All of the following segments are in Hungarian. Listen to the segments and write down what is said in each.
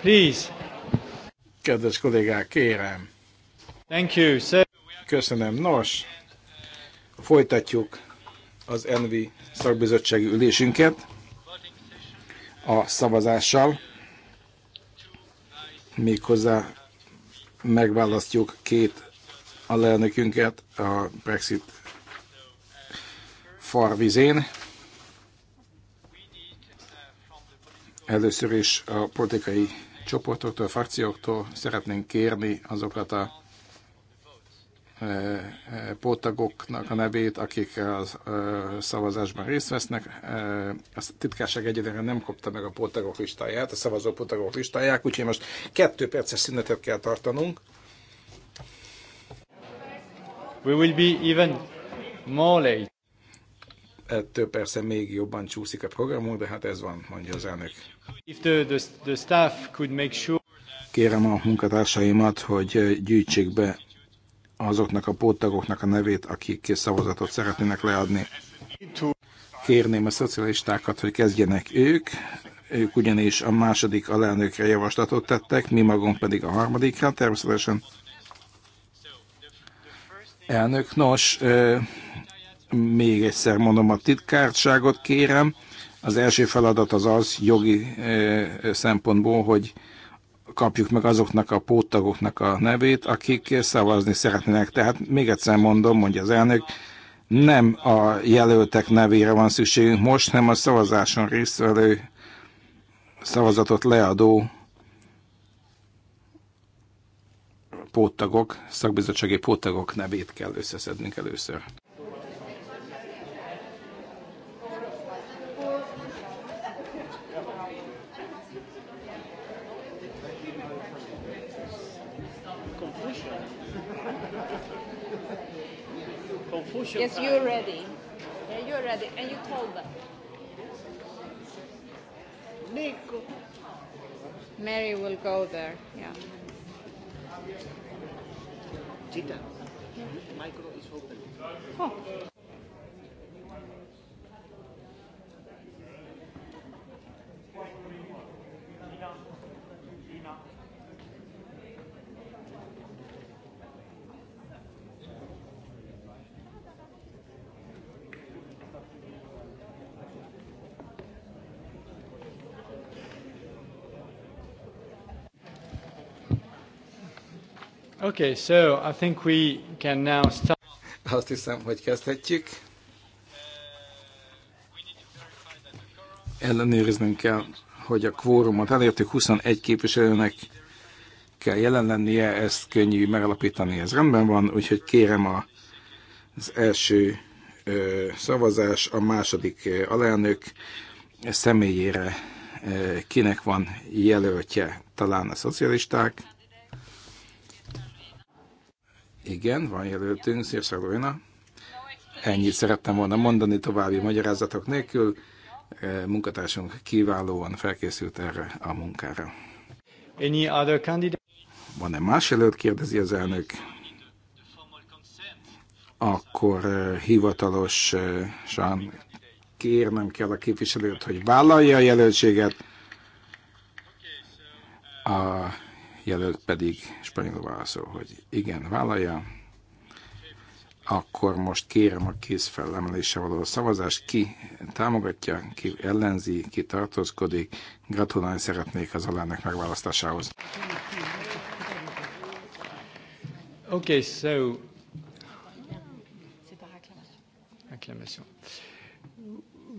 Please. Kedves kollégák, kérem. Thank you. Sir. Köszönöm. Nos, folytatjuk az Envi szakbizottsági ülésünket a szavazással. Méghozzá megválasztjuk két a lelnökünket a Brexit farvizén. Először is a politikai csoportoktól, frakcióktól szeretnénk kérni azokat a e, e, pótagoknak a nevét, akik a e, szavazásban részt vesznek. A titkárság egyedülre nem kopta meg a pótagok listáját, a szavazó pótagok listáját, úgyhogy most kettő perces szünetet kell tartanunk. We will be even more late ettől persze még jobban csúszik a programunk, de hát ez van, mondja az elnök. Kérem a munkatársaimat, hogy gyűjtsék be azoknak a póttagoknak a nevét, akik szavazatot szeretnének leadni. Kérném a szocialistákat, hogy kezdjenek ők, ők ugyanis a második alelnökre javaslatot tettek, mi magunk pedig a harmadikra, természetesen. Elnök, nos, még egyszer mondom, a titkárságot kérem. Az első feladat az az jogi szempontból, hogy kapjuk meg azoknak a póttagoknak a nevét, akik szavazni szeretnének. Tehát még egyszer mondom, mondja az elnök, nem a jelöltek nevére van szükségünk most, hanem a szavazáson résztvevő szavazatot leadó póttagok, szakbizottsági póttagok nevét kell összeszednünk először. Social yes, time. you're ready. Yeah, you're ready. And you told them. Nico. Mary will go there. Yeah. Tita, mm-hmm. the micro is open. Oh. Okay, so I think we can now start. Azt hiszem, hogy kezdhetjük. Ellenőriznünk kell, hogy a kvórumot elértük, 21 képviselőnek kell jelen lennie, ezt könnyű megalapítani, ez rendben van, úgyhogy kérem a, az első ö, szavazás, a második ö, alelnök személyére ö, kinek van jelöltje, talán a szocialisták igen, van jelöltünk, Szirszak Ennyit szerettem volna mondani további magyarázatok nélkül. E, munkatársunk kiválóan felkészült erre a munkára. Any other Van-e más jelölt, kérdezi az elnök. Akkor e, hivatalosan e, kérnem kell a képviselőt, hogy vállalja a jelöltséget. A jelölt pedig spanyolul válaszol, hogy igen, vállalja, akkor most kérem a kész felemelése való szavazást, ki támogatja, ki ellenzi, ki tartózkodik. Gratulálni szeretnék az alának megválasztásához. Okay, so...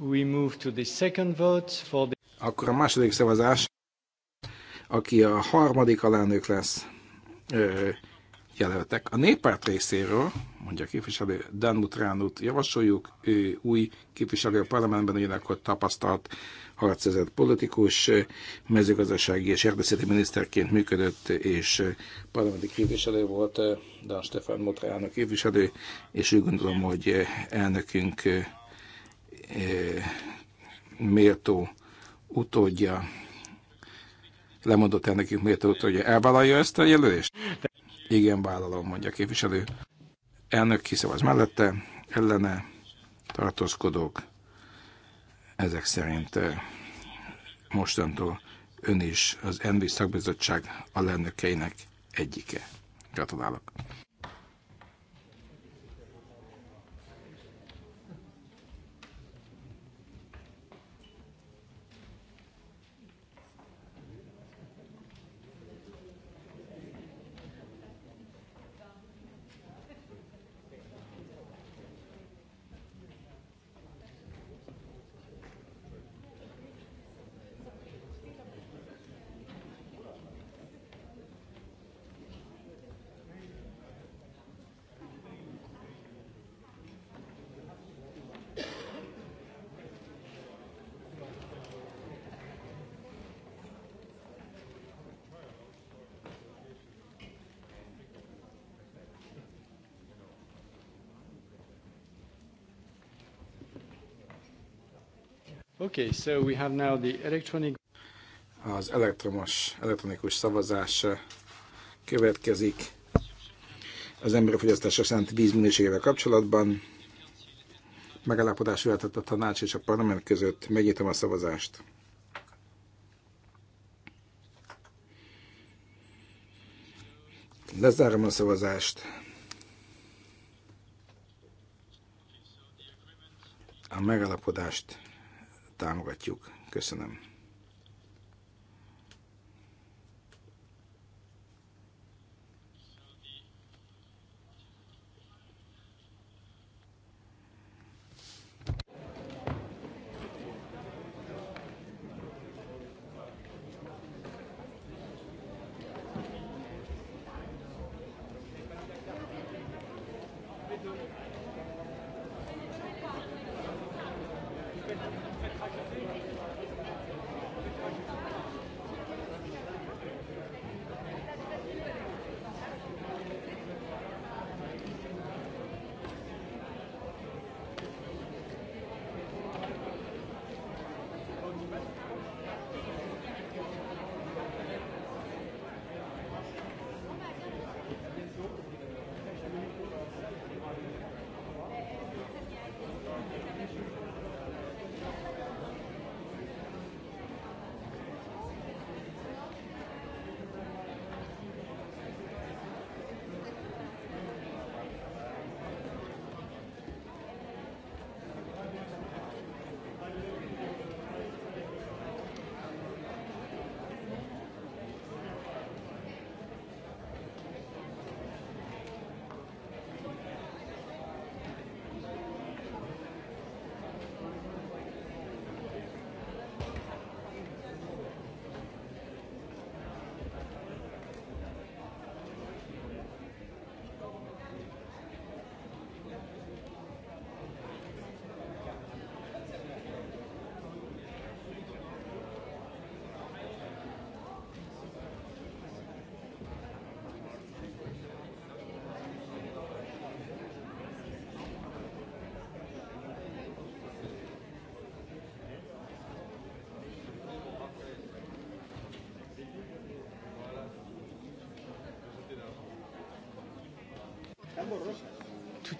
We move to the second vote for the... Akkor a második szavazás aki a harmadik alelnök lesz jelöltek. A néppárt részéről, mondja a képviselő Dan Mutránut javasoljuk, ő új képviselő a parlamentben, ugyanakkor tapasztalt harcezett politikus, mezőgazdasági és erdészeti miniszterként működött, és parlamenti képviselő volt, Dan Stefan Mutránu képviselő, és úgy gondolom, hogy elnökünk méltó utódja lemondott miért méltót, hogy elvállalja ezt a jelölést? Igen, vállalom, mondja a képviselő. Elnök kiszavaz mellette, ellene tartózkodók. Ezek szerint eh, mostantól ön is az Envi szakbizottság alelnökeinek egyike. Gratulálok! Okay, so we have now the electronic... Az elektromos, elektronikus szavazás eh, következik az emberi fogyasztásra szánt vízminőségével kapcsolatban. Megállapodás született a tanács és a parlament között. Megnyitom a szavazást. Lezárom a szavazást. A megállapodást támogatjuk. Köszönöm.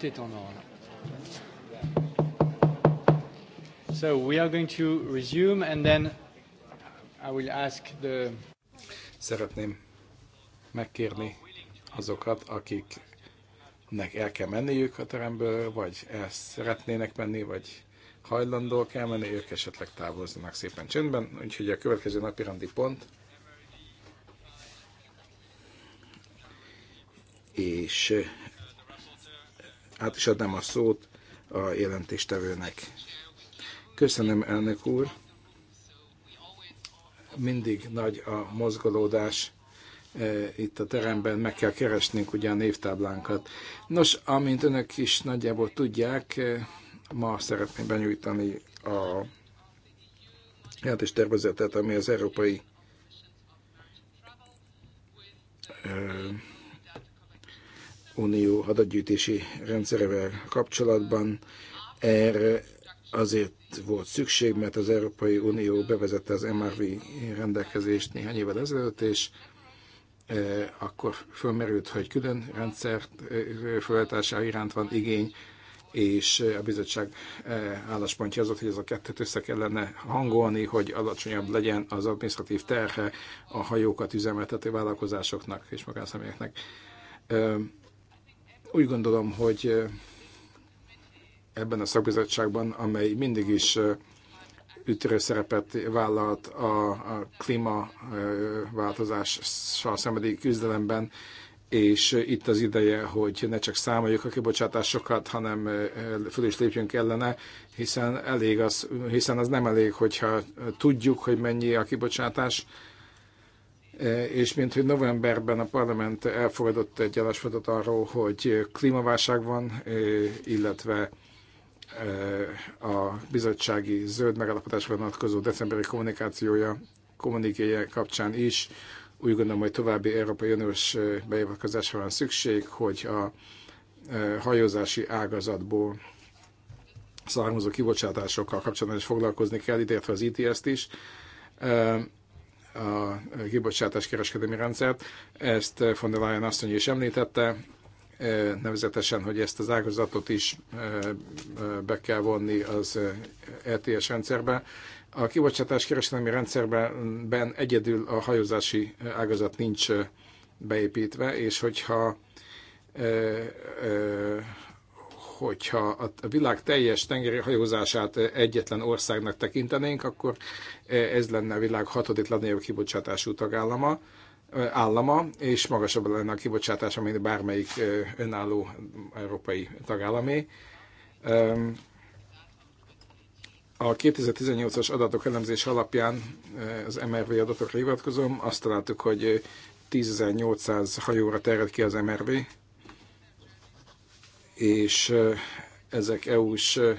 tout est en ordre. So we are going to resume and then I will ask the... Szeretném megkérni azokat, akiknek el kell menniük a teremből, vagy el szeretnének menni, vagy hajlandóak elmenni, ők esetleg távoznak szépen csöndben. Úgyhogy a következő napi rendi pont és át is adnám a szót a jelentéstevőnek. Köszönöm, elnök úr. Mindig nagy a mozgolódás e, itt a teremben, meg kell keresnünk ugye a névtáblánkat. Nos, amint önök is nagyjából tudják, e, ma szeretném benyújtani a jelentéstervezetet, ami az európai Unió hadatgyűjtési rendszerével kapcsolatban. Erre azért volt szükség, mert az Európai Unió bevezette az MRV rendelkezést néhány évvel ezelőtt, és e, akkor fölmerült, hogy külön rendszer e, felállítása iránt van igény, és e, a bizottság álláspontja az hogy ez a kettőt össze kellene hangolni, hogy alacsonyabb legyen az administratív terhe a hajókat üzemeltető vállalkozásoknak és magánszemélyeknek. Úgy gondolom, hogy ebben a szakbizottságban, amely mindig is ütörő szerepet vállalt a, klímaváltozással szemedi küzdelemben, és itt az ideje, hogy ne csak számoljuk a kibocsátásokat, hanem föl is lépjünk ellene, hiszen, elég az, hiszen az nem elég, hogyha tudjuk, hogy mennyi a kibocsátás, Eh, és mint hogy novemberben a parlament elfogadott egy javaslatot arról, hogy klímaválság van, eh, illetve eh, a bizottsági zöld megállapodásra vonatkozó decemberi kommunikációja kommunikéje kapcsán is úgy gondolom, hogy további Európai Uniós beavatkozásra van szükség, hogy a hajózási ágazatból származó kibocsátásokkal kapcsolatban is foglalkozni kell, ideértve az ITS-t is a kibocsátás kereskedelmi rendszert. Ezt von der Leyen asszony is említette, eh, nevezetesen, hogy ezt az ágazatot is eh, eh, be kell vonni az ETS e rendszerbe. A kibocsátás kereskedelmi rendszerben egyedül a hajózási ágazat nincs beépítve, és hogyha hogyha a világ teljes tengeri hajózását egyetlen országnak tekintenénk, akkor e, ez lenne a világ hatodik legnagyobb kibocsátású tagállama, e, állama, és magasabb lenne a kibocsátása, mint bármelyik e, önálló európai tagállamé. A 2018-as adatok elemzés alapján az MRV er adatokra hivatkozom, azt találtuk, hogy 10.800 hajóra terjed ki az MRV, és eh, ezek EU-s eh,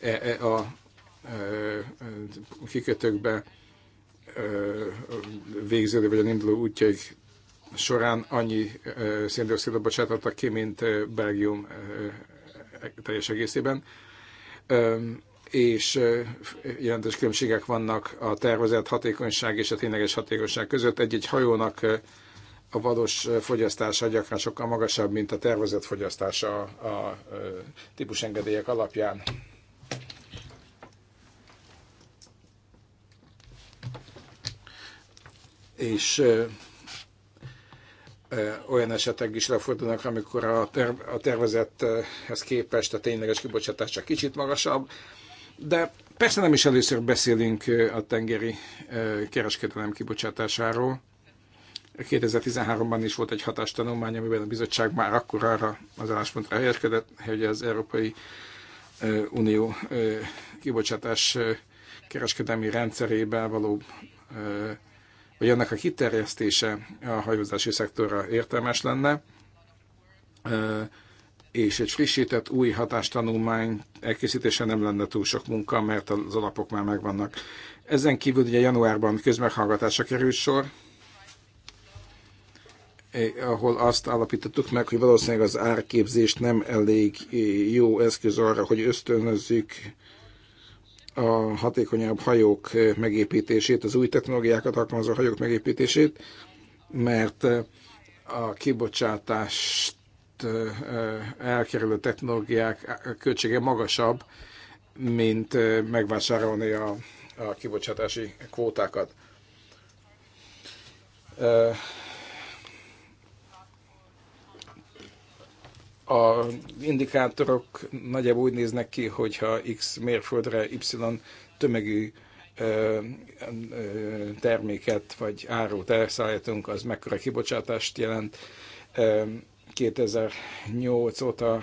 e, e, a e, kikötőkbe e, végződő vagy a induló útjaik során annyi e, széndiokszidot bocsátottak ki, mint e, Belgium e, teljes egészében. E, és jelentős különbségek vannak a tervezett hatékonyság és a tényleges hatékonyság között. Egy-egy hajónak a vados fogyasztása gyakran sokkal magasabb, mint a tervezett fogyasztása a, a típusengedélyek alapján. És ö, ö, olyan esetek is lefordulnak, amikor a, ter- a tervezethez képest a tényleges kibocsátás csak kicsit magasabb, de persze nem is először beszélünk a tengeri kereskedelem kibocsátásáról 2013-ban is volt egy hatástanulmány, amiben a bizottság már akkor arra az álláspontra helyezkedett, hogy az Európai Unió kibocsátás kereskedelmi rendszerében való, vagy annak a kiterjesztése a hajózási szektorra értelmes lenne, és egy frissített új hatástanulmány elkészítése nem lenne túl sok munka, mert az alapok már megvannak. Ezen kívül ugye januárban közmeghallgatásra került sor, Eh, ahol azt állapítottuk meg, hogy valószínűleg az árképzés nem elég eh, jó eszköz arra, hogy ösztönözzük a hatékonyabb hajók eh, megépítését, az új technológiákat alkalmazó hajók megépítését, mert a kibocsátást elkerülő technológiák költsége magasabb, mint megvásárolni a, a kibocsátási kvótákat a indikátorok nagyjából úgy néznek ki, hogyha X mérföldre Y tömegű terméket vagy árut elszállítunk, az mekkora kibocsátást jelent. 2008 óta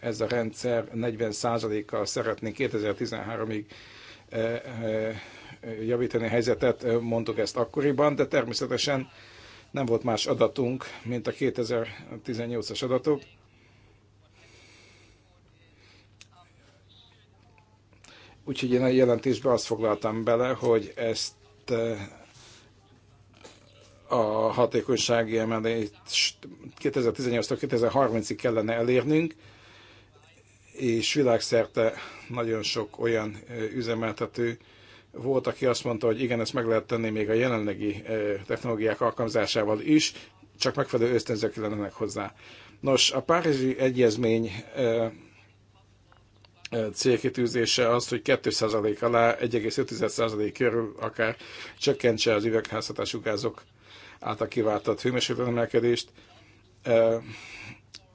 ez a rendszer 40%-kal szeretné 2013-ig javítani a helyzetet, mondtuk ezt akkoriban, de természetesen nem volt más adatunk, mint a 2018-as adatok. Úgyhogy én a jelentésbe azt foglaltam bele, hogy ezt eh, a hatékonysági emelést 2018-tól 2030-ig kellene elérnünk, és világszerte nagyon sok olyan eh, üzemeltető volt, aki azt mondta, hogy igen, ezt meg lehet tenni még a jelenlegi eh, technológiák alkalmazásával is, csak megfelelő ösztönzők lennének hozzá. Nos, a Párizsi Egyezmény célkitűzése az, hogy 2% alá 1,5% körül akár csökkentse az üvegházhatású gázok által kiváltott hőmérsékletemelkedést.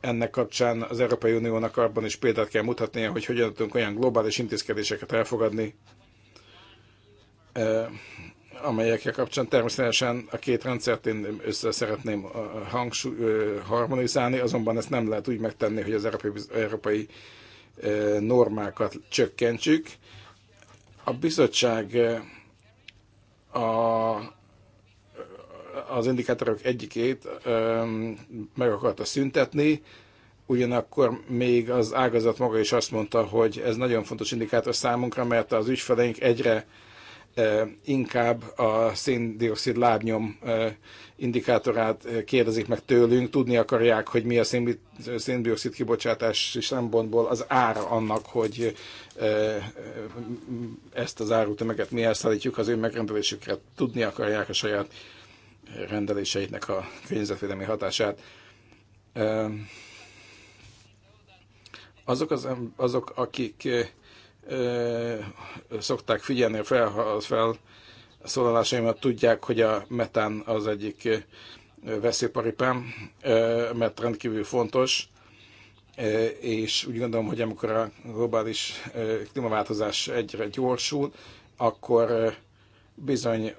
Ennek kapcsán az Európai Uniónak abban is példát kell mutatnia, hogy hogyan tudunk olyan globális intézkedéseket elfogadni, amelyekkel kapcsán természetesen a két rendszert én össze szeretném hangsúly, harmonizálni, azonban ezt nem lehet úgy megtenni, hogy az Európai, Európai normákat csökkentsük. A bizottság a, az indikátorok egyikét meg akarta szüntetni, ugyanakkor még az ágazat maga is azt mondta, hogy ez nagyon fontos indikátor számunkra, mert az ügyfeleink egyre inkább a széndiokszid lábnyom indikátorát kérdezik meg tőlünk, tudni akarják, hogy mi a széndiokszid kibocsátási szempontból az ára annak, hogy ezt az árutömeget mi elszállítjuk az ő megrendelésükre, tudni akarják a saját rendeléseiknek a környezetvédelmi hatását. Azok, az, azok akik szokták figyelni a fel, felszólalásaimat, tudják, hogy a metán az egyik veszélyparipám, mert rendkívül fontos, és úgy gondolom, hogy amikor a globális klímaváltozás egyre gyorsul, akkor bizony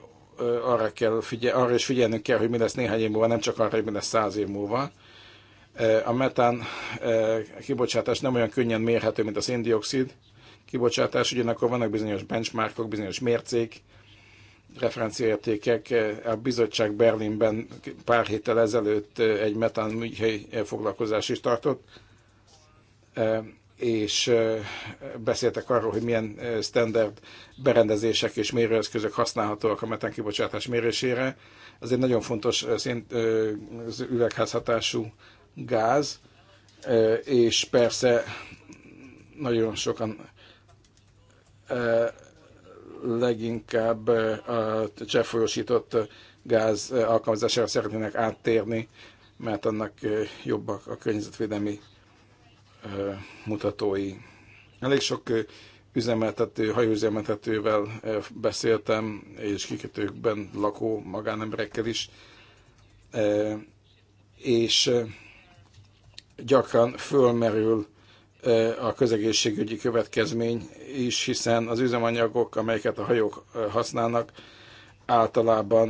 arra, kell figyel, arra is figyelnünk kell, hogy mi lesz néhány év múlva, nem csak arra, hogy mi lesz száz év múlva. A metán kibocsátás nem olyan könnyen mérhető, mint a széndiokszid, kibocsátás, ugyanakkor vannak bizonyos benchmarkok, bizonyos mércék, referenciaértékek. A bizottság Berlinben pár héttel ezelőtt egy metán foglalkozás is tartott, és beszéltek arról, hogy milyen standard berendezések és mérőeszközök használhatóak a metán kibocsátás mérésére. Ez egy nagyon fontos szint, üvegházhatású gáz, és persze nagyon sokan leginkább a cseppfolyósított gáz alkalmazására szeretnének áttérni, mert annak jobbak a környezetvédelmi mutatói. Elég sok üzemeltető, hajóüzemeltetővel beszéltem, és kikötőkben lakó magánemberekkel is, és gyakran fölmerül a közegészségügyi következmény is, hiszen az üzemanyagok, amelyeket a hajók használnak, általában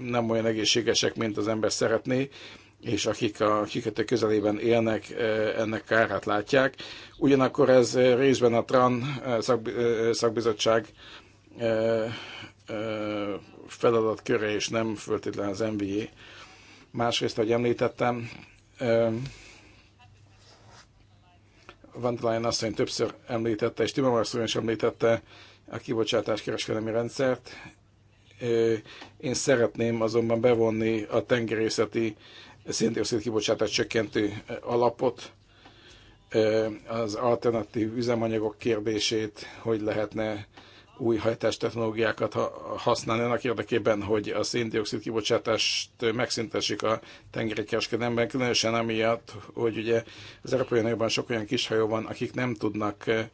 nem olyan egészségesek, mint az ember szeretné, és akik a kikötő közelében élnek, ennek kárát látják. Ugyanakkor ez részben a TRAN szakbizottság feladatköre, és nem föltétlenül az MBA. Másrészt, ahogy említettem, van Leyen asszony többször említette, és asszony is említette a kibocsátás kereskedelmi rendszert. Én szeretném azonban bevonni a tengerészeti széndiokszid kibocsátás csökkentő alapot, az alternatív üzemanyagok kérdését, hogy lehetne új hajtás technológiákat használni annak érdekében, hogy a széndiokszid kibocsátást megszüntessék a tengeri kereskedelemben, különösen amiatt, hogy ugye az Európai Unióban sok olyan kis hajó van, akik nem tudnak eh,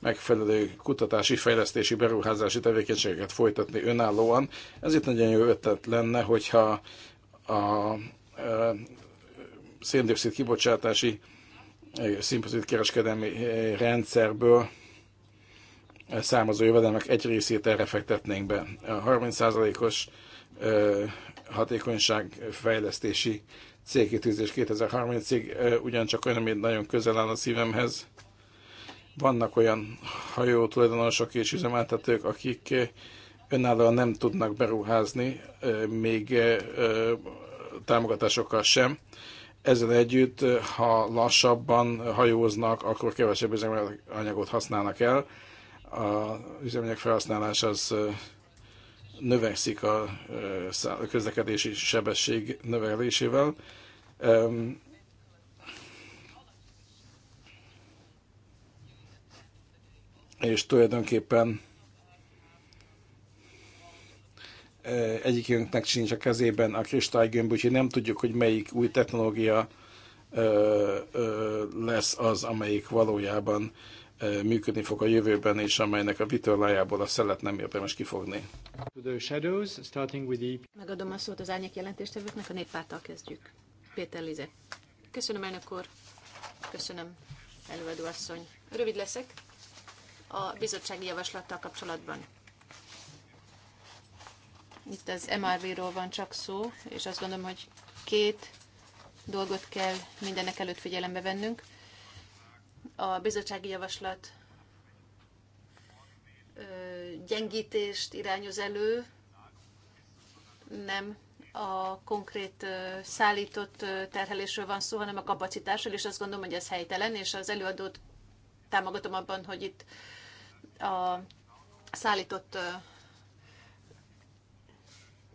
megfelelő kutatási, fejlesztési, beruházási tevékenységeket folytatni önállóan. Ez itt nagyon jó ötlet lenne, hogyha a, eh, széndiokszid kibocsátási eh, szimpozit kereskedelmi rendszerből E származó jövedelmek egy részét erre fektetnénk be. A 30%-os hatékonyság fejlesztési célkitűzés 2030-ig ugyancsak olyan, nagyon közel áll a szívemhez. Vannak olyan hajó tulajdonosok és üzemeltetők, akik önállóan nem tudnak beruházni, még támogatásokkal sem. Ezzel együtt, ha lassabban hajóznak, akkor kevesebb üzemanyagot használnak el, a üzemanyag felhasználás az növekszik a közlekedési sebesség növelésével. És tulajdonképpen egyikünknek sincs a kezében a kristálygömb, úgyhogy nem tudjuk, hogy melyik új technológia lesz az, amelyik valójában működni fog a jövőben, és amelynek a vitorlájából a szelet nem érdemes kifogni. E Megadom a szót az árnyék jelentéstevőknek, a néppártal kezdjük. Péter Lize. Köszönöm, elnök úr. Köszönöm, előadó asszony. Rövid leszek a bizottsági javaslattal kapcsolatban. Itt az MRV-ról van csak szó, és azt gondolom, hogy két dolgot kell mindenek előtt figyelembe vennünk a bizottsági javaslat gyengítést irányoz elő, nem a konkrét szállított terhelésről van szó, hanem a kapacitásról, és azt gondolom, hogy ez helytelen, és az előadót támogatom abban, hogy itt a szállított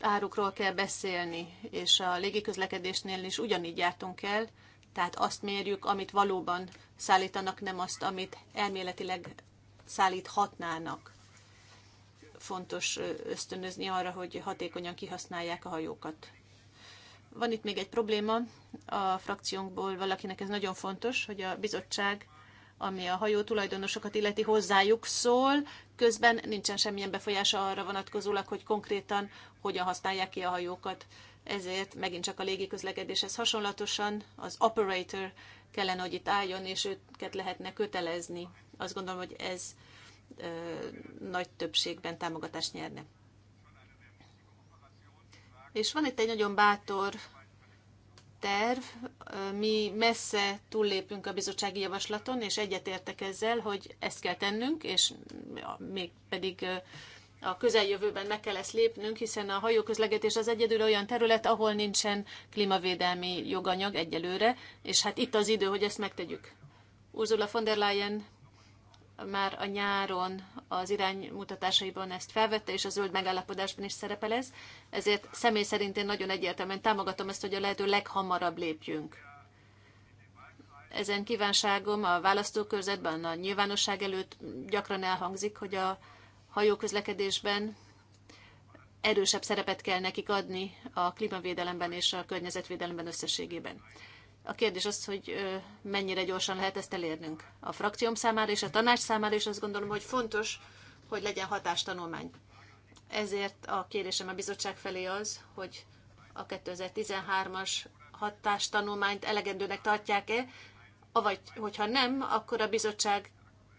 árukról kell beszélni, és a légiközlekedésnél is ugyanígy jártunk el, tehát azt mérjük, amit valóban szállítanak, nem azt, amit elméletileg szállíthatnának. Fontos ösztönözni arra, hogy hatékonyan kihasználják a hajókat. Van itt még egy probléma a frakciónkból, valakinek ez nagyon fontos, hogy a bizottság, ami a hajó tulajdonosokat illeti, hozzájuk szól, közben nincsen semmilyen befolyása arra vonatkozólag, hogy konkrétan hogyan használják ki a hajókat. Ezért megint csak a légiközlekedéshez hasonlatosan az operator kellene, hogy itt álljon, és őket lehetne kötelezni. Azt gondolom, hogy ez ö, nagy többségben támogatást nyerne. És van itt egy nagyon bátor terv, mi messze túllépünk a bizottsági javaslaton, és egyetértek ezzel, hogy ezt kell tennünk, és még pedig a közeljövőben meg kell ezt lépnünk, hiszen a hajóközlekedés az egyedül olyan terület, ahol nincsen klímavédelmi joganyag egyelőre, és hát itt az idő, hogy ezt megtegyük. Ursula von der Leyen már a nyáron az iránymutatásaiban ezt felvette, és a zöld megállapodásban is szerepel ez, ezért személy szerint én nagyon egyértelműen támogatom ezt, hogy a lehető leghamarabb lépjünk. Ezen kívánságom a választókörzetben, a nyilvánosság előtt gyakran elhangzik, hogy a hajóközlekedésben, erősebb szerepet kell nekik adni a klímavédelemben és a környezetvédelemben összességében. A kérdés az, hogy mennyire gyorsan lehet ezt elérnünk. A frakcióm számára és a tanács számára is azt gondolom, hogy fontos, hogy legyen hatástanulmány. Ezért a kérésem a bizottság felé az, hogy a 2013-as hatástanulmányt elegendőnek tartják-e, vagy hogyha nem, akkor a bizottság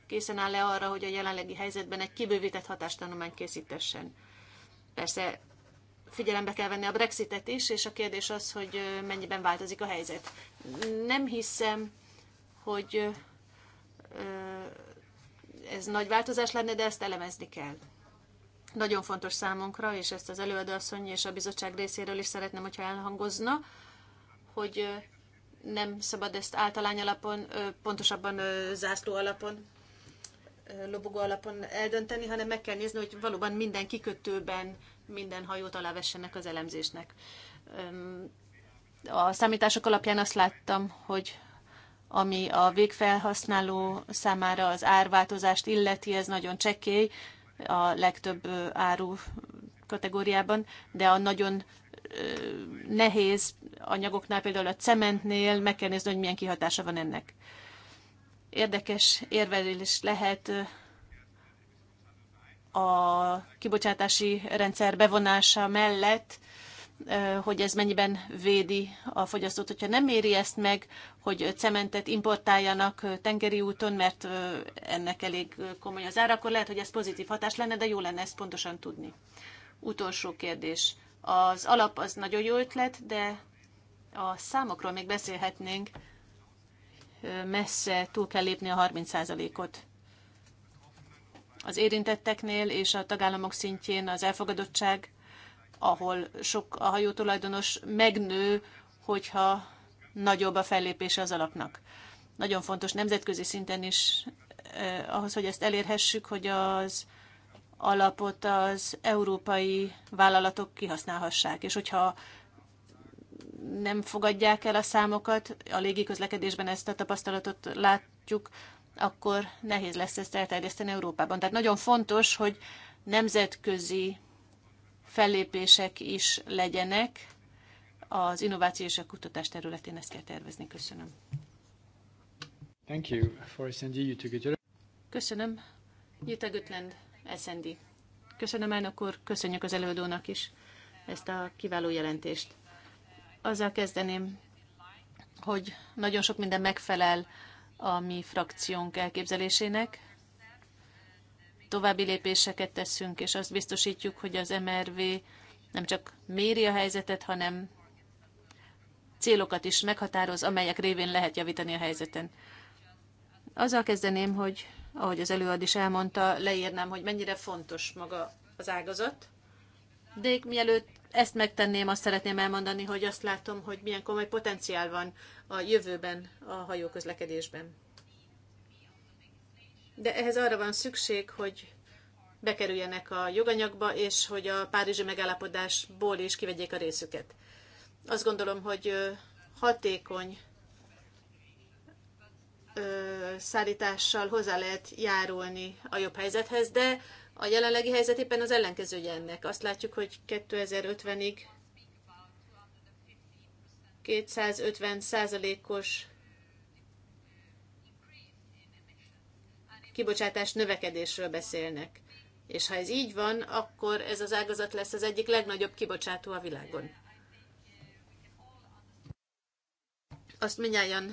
készen áll-e arra, hogy a jelenlegi helyzetben egy kibővített hatástanulmány készítessen. Persze figyelembe kell venni a Brexitet is, és a kérdés az, hogy mennyiben változik a helyzet. Nem hiszem, hogy ez nagy változás lenne, de ezt elemezni kell. Nagyon fontos számunkra, és ezt az előadóasszony és a bizottság részéről is szeretném, hogyha elhangozna, hogy nem szabad ezt általány alapon, pontosabban zászló alapon lobogó alapon eldönteni, hanem meg kell nézni, hogy valóban minden kikötőben minden hajót alávessenek az elemzésnek. A számítások alapján azt láttam, hogy ami a végfelhasználó számára az árváltozást illeti, ez nagyon csekély a legtöbb áru kategóriában, de a nagyon nehéz anyagoknál, például a cementnél meg kell nézni, hogy milyen kihatása van ennek érdekes érvelés lehet a kibocsátási rendszer bevonása mellett, hogy ez mennyiben védi a fogyasztót. Hogyha nem éri ezt meg, hogy cementet importáljanak tengeri úton, mert ennek elég komoly az ára, akkor lehet, hogy ez pozitív hatás lenne, de jó lenne ezt pontosan tudni. Utolsó kérdés. Az alap az nagyon jó ötlet, de a számokról még beszélhetnénk, messze túl kell lépni a 30%-ot. Az érintetteknél és a tagállamok szintjén az elfogadottság, ahol sok a hajótulajdonos megnő, hogyha nagyobb a fellépése az alapnak. Nagyon fontos nemzetközi szinten is eh, ahhoz, hogy ezt elérhessük, hogy az alapot az európai vállalatok kihasználhassák. És hogyha nem fogadják el a számokat, a légiközlekedésben ezt a tapasztalatot látjuk, akkor nehéz lesz ezt elterjeszteni Európában. Tehát nagyon fontos, hogy nemzetközi fellépések is legyenek az innováció és a kutatás területén. Ezt kell tervezni. Köszönöm. Thank you for SND, Köszönöm. Jutta Götland, SND. Köszönöm elnök úr, köszönjük az előadónak is ezt a kiváló jelentést. Azzal kezdeném, hogy nagyon sok minden megfelel a mi frakciónk elképzelésének. További lépéseket teszünk, és azt biztosítjuk, hogy az MRV nem csak méri a helyzetet, hanem célokat is meghatároz, amelyek révén lehet javítani a helyzeten. Azzal kezdeném, hogy ahogy az előad is elmondta, leírnám, hogy mennyire fontos maga az ágazat. De mielőtt ezt megtenném, azt szeretném elmondani, hogy azt látom, hogy milyen komoly potenciál van a jövőben a hajóközlekedésben. De ehhez arra van szükség, hogy bekerüljenek a joganyagba, és hogy a párizsi megállapodásból is kivegyék a részüket. Azt gondolom, hogy hatékony szállítással hozzá lehet járulni a jobb helyzethez, de a jelenlegi helyzet éppen az ellenkezője ennek. Azt látjuk, hogy 2050-ig 250 százalékos kibocsátás növekedésről beszélnek. És ha ez így van, akkor ez az ágazat lesz az egyik legnagyobb kibocsátó a világon. Azt mindjárt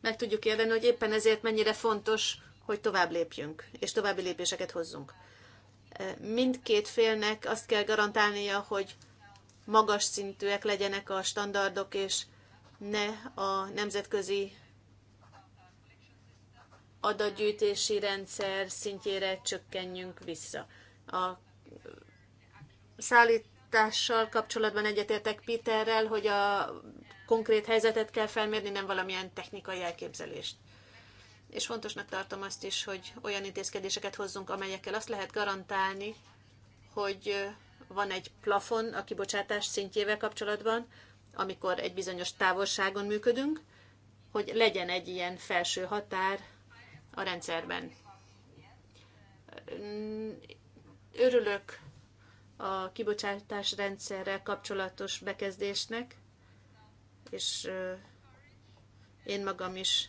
meg tudjuk érteni, hogy éppen ezért mennyire fontos, hogy tovább lépjünk, és további lépéseket hozzunk mindkét félnek azt kell garantálnia, hogy magas szintűek legyenek a standardok, és ne a nemzetközi adatgyűjtési rendszer szintjére csökkenjünk vissza. A szállítással kapcsolatban egyetértek Peterrel, hogy a konkrét helyzetet kell felmérni, nem valamilyen technikai elképzelést és fontosnak tartom azt is, hogy olyan intézkedéseket hozzunk, amelyekkel azt lehet garantálni, hogy van egy plafon a kibocsátás szintjével kapcsolatban, amikor egy bizonyos távolságon működünk, hogy legyen egy ilyen felső határ a rendszerben. Örülök a kibocsátás rendszerrel kapcsolatos bekezdésnek, és én magam is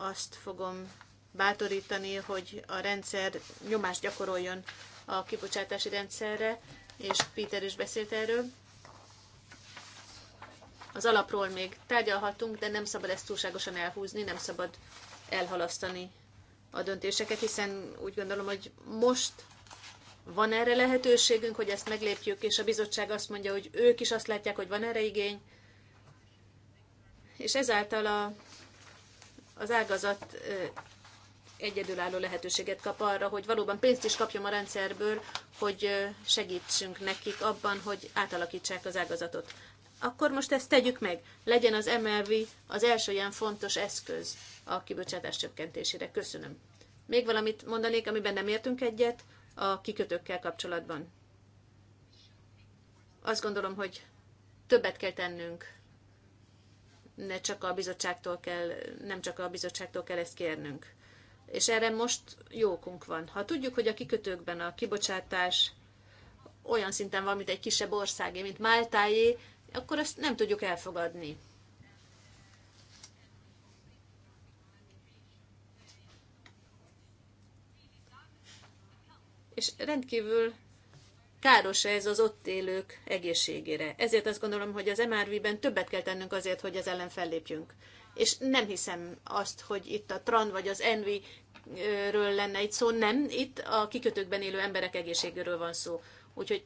azt fogom bátorítani, hogy a rendszer nyomást gyakoroljon a kibocsátási rendszerre, és Péter is beszélt erről. Az alapról még tárgyalhatunk, de nem szabad ezt túlságosan elhúzni, nem szabad elhalasztani a döntéseket, hiszen úgy gondolom, hogy most van erre lehetőségünk, hogy ezt meglépjük, és a bizottság azt mondja, hogy ők is azt látják, hogy van erre igény, és ezáltal a az ágazat egyedülálló lehetőséget kap arra, hogy valóban pénzt is kapjon a rendszerből, hogy segítsünk nekik abban, hogy átalakítsák az ágazatot. Akkor most ezt tegyük meg. Legyen az MLV az első ilyen fontos eszköz a kibocsátás csökkentésére. Köszönöm. Még valamit mondanék, amiben nem értünk egyet a kikötőkkel kapcsolatban. Azt gondolom, hogy többet kell tennünk ne csak a bizottságtól kell, nem csak a bizottságtól kell ezt kérnünk. És erre most jókunk van. Ha tudjuk, hogy a kikötőkben a kibocsátás olyan szinten van, mint egy kisebb országé, mint Máltáé, akkor azt nem tudjuk elfogadni. És rendkívül káros ez az ott élők egészségére. Ezért azt gondolom, hogy az MRV-ben többet kell tennünk azért, hogy ez ellen fellépjünk. És nem hiszem azt, hogy itt a TRAN vagy az ENVI ről lenne itt szó, nem, itt a kikötőkben élő emberek egészségéről van szó. Úgyhogy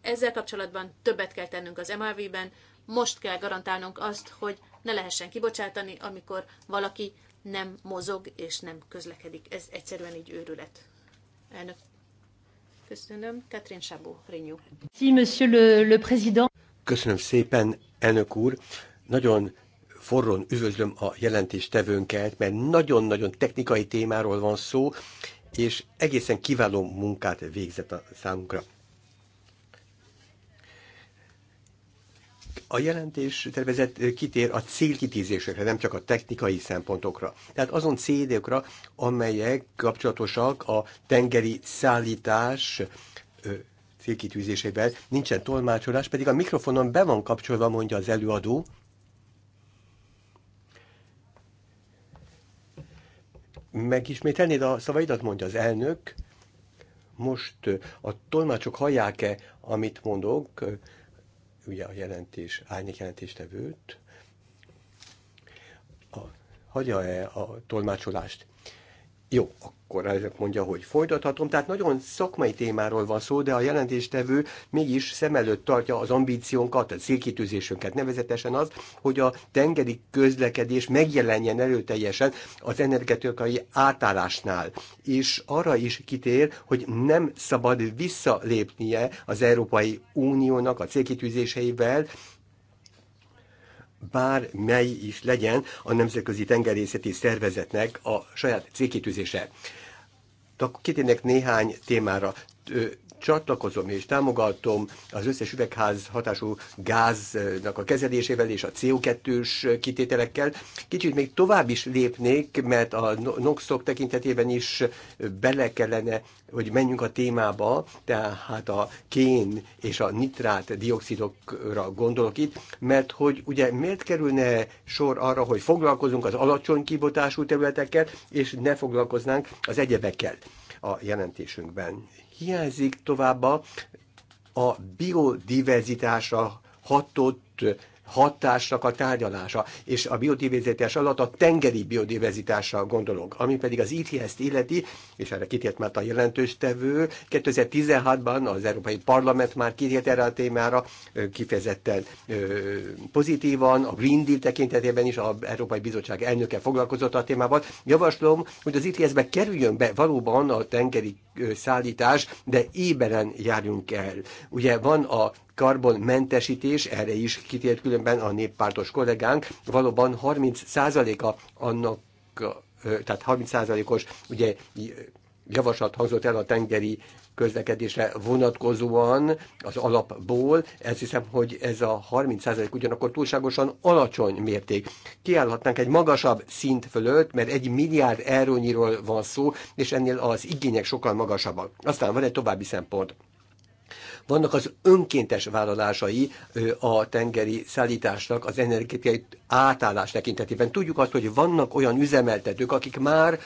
ezzel kapcsolatban többet kell tennünk az MRV-ben, most kell garantálnunk azt, hogy ne lehessen kibocsátani, amikor valaki nem mozog és nem közlekedik. Ez egyszerűen így őrület. Elnök, Köszönöm. Catherine Chabot, Renew. Si, monsieur le, le président. Köszönöm szépen, elnök úr. Nagyon forron üdvözlöm a jelentéstevőnket, mert nagyon-nagyon technikai témáról van szó, és egészen kiváló munkát végzett a számunkra. a jelentés tervezet kitér a célkitűzésekre, nem csak a technikai szempontokra. Tehát azon célokra, amelyek kapcsolatosak a tengeri szállítás célkitűzésével, nincsen tolmácsolás, pedig a mikrofonon be van kapcsolva, mondja az előadó. Megismételnéd a szavaidat, mondja az elnök. Most a tolmácsok hallják-e, amit mondok? ugye a jelentés, árnyék jelentéstevőt, a, hagyja-e a tolmácsolást? Jó, akkor ezek mondja, hogy folytathatom. Tehát nagyon szakmai témáról van szó, de a jelentéstevő mégis szem előtt tartja az ambíciónkat, a célkitűzésünket, nevezetesen az, hogy a tengeri közlekedés megjelenjen előteljesen az energetikai átállásnál. És arra is kitér, hogy nem szabad visszalépnie az Európai Uniónak a célkitűzéseivel, bármely is legyen a Nemzetközi Tengerészeti Szervezetnek a saját célkitűzése. kitérnek néhány témára csatlakozom és támogatom az összes üvegház hatású gáznak a kezelésével és a CO2-s kitételekkel. Kicsit még tovább is lépnék, mert a NOXok tekintetében is bele kellene, hogy menjünk a témába, tehát a kén és a nitrát dioxidokra gondolok itt, mert hogy ugye miért kerülne sor arra, hogy foglalkozunk az alacsony kibotású területekkel, és ne foglalkoznánk az egyebekkel a jelentésünkben hiányzik továbbá a biodiverzitásra hatott hatásnak a tárgyalása, és a biodiverzitás alatt a tengeri biodiverzitásra gondolok, ami pedig az ETS t illeti, és erre kitért már a jelentős tevő, 2016-ban az Európai Parlament már kitért erre a témára kifejezetten pozitívan, a Green Deal tekintetében is az Európai Bizottság elnöke foglalkozott a témával. Javaslom, hogy az ets be kerüljön be valóban a tengeri szállítás, de éberen járjunk el. Ugye van a karbonmentesítés, erre is kitért különben a néppártos kollégánk, valóban 30%-a annak, tehát 30%-os ugye javaslat hangzott el a tengeri közlekedésre vonatkozóan az alapból. Ez hiszem, hogy ez a 30% ugyanakkor túlságosan alacsony mérték. Kiállhatnánk egy magasabb szint fölött, mert egy milliárd eurónyiról van szó, és ennél az igények sokkal magasabbak. Aztán van egy további szempont vannak az önkéntes vállalásai a tengeri szállításnak, az energetikai átállás tekintetében. Tudjuk azt, hogy vannak olyan üzemeltetők, akik már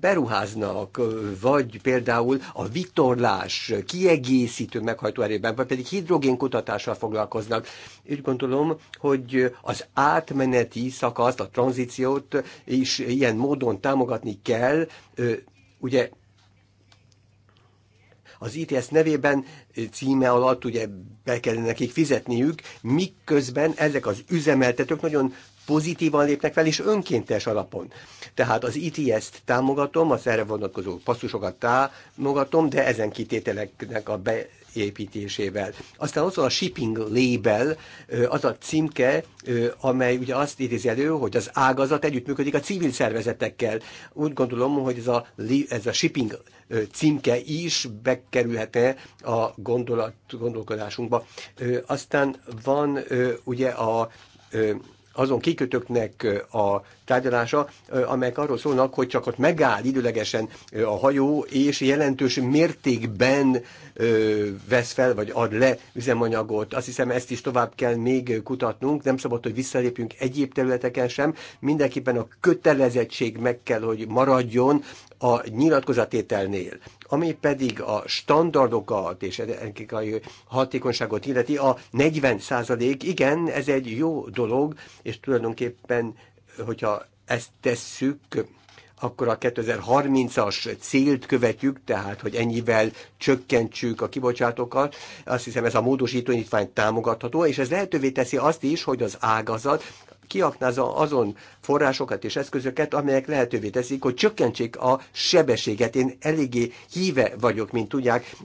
beruháznak, vagy például a vitorlás kiegészítő meghajtó erőben, vagy pedig hidrogén kutatással foglalkoznak. Úgy gondolom, hogy az átmeneti szakaszt, a tranzíciót is ilyen módon támogatni kell. Ugye az ITS nevében címe alatt ugye be kellene nekik fizetniük, miközben ezek az üzemeltetők nagyon pozitívan lépnek fel, és önkéntes alapon. Tehát az ITS-t támogatom, az erre vonatkozó passzusokat támogatom, de ezen kitételeknek a be, építésével. Aztán ott van a shipping label, az a címke, amely ugye azt idézi elő, hogy az ágazat együttműködik a civil szervezetekkel. Úgy gondolom, hogy ez a, ez a shipping címke is bekerülhet-e a gondolat, gondolkodásunkba. Aztán van ugye a azon kikötőknek a tárgyalása, amelyek arról szólnak, hogy csak ott megáll időlegesen a hajó, és jelentős mértékben vesz fel, vagy ad le üzemanyagot. Azt hiszem, ezt is tovább kell még kutatnunk, nem szabad, hogy visszalépjünk egyéb területeken sem. Mindenképpen a kötelezettség meg kell, hogy maradjon a nyilatkozatételnél, ami pedig a standardokat és a hatékonyságot illeti, a 40 százalék, igen, ez egy jó dolog, és tulajdonképpen, hogyha ezt tesszük, akkor a 2030-as célt követjük, tehát hogy ennyivel csökkentsük a kibocsátókat. Azt hiszem ez a módosító indítvány támogatható, és ez lehetővé teszi azt is, hogy az ágazat kiaknázza azon forrásokat és eszközöket, amelyek lehetővé teszik, hogy csökkentsék a sebességet. Én eléggé híve vagyok, mint tudják,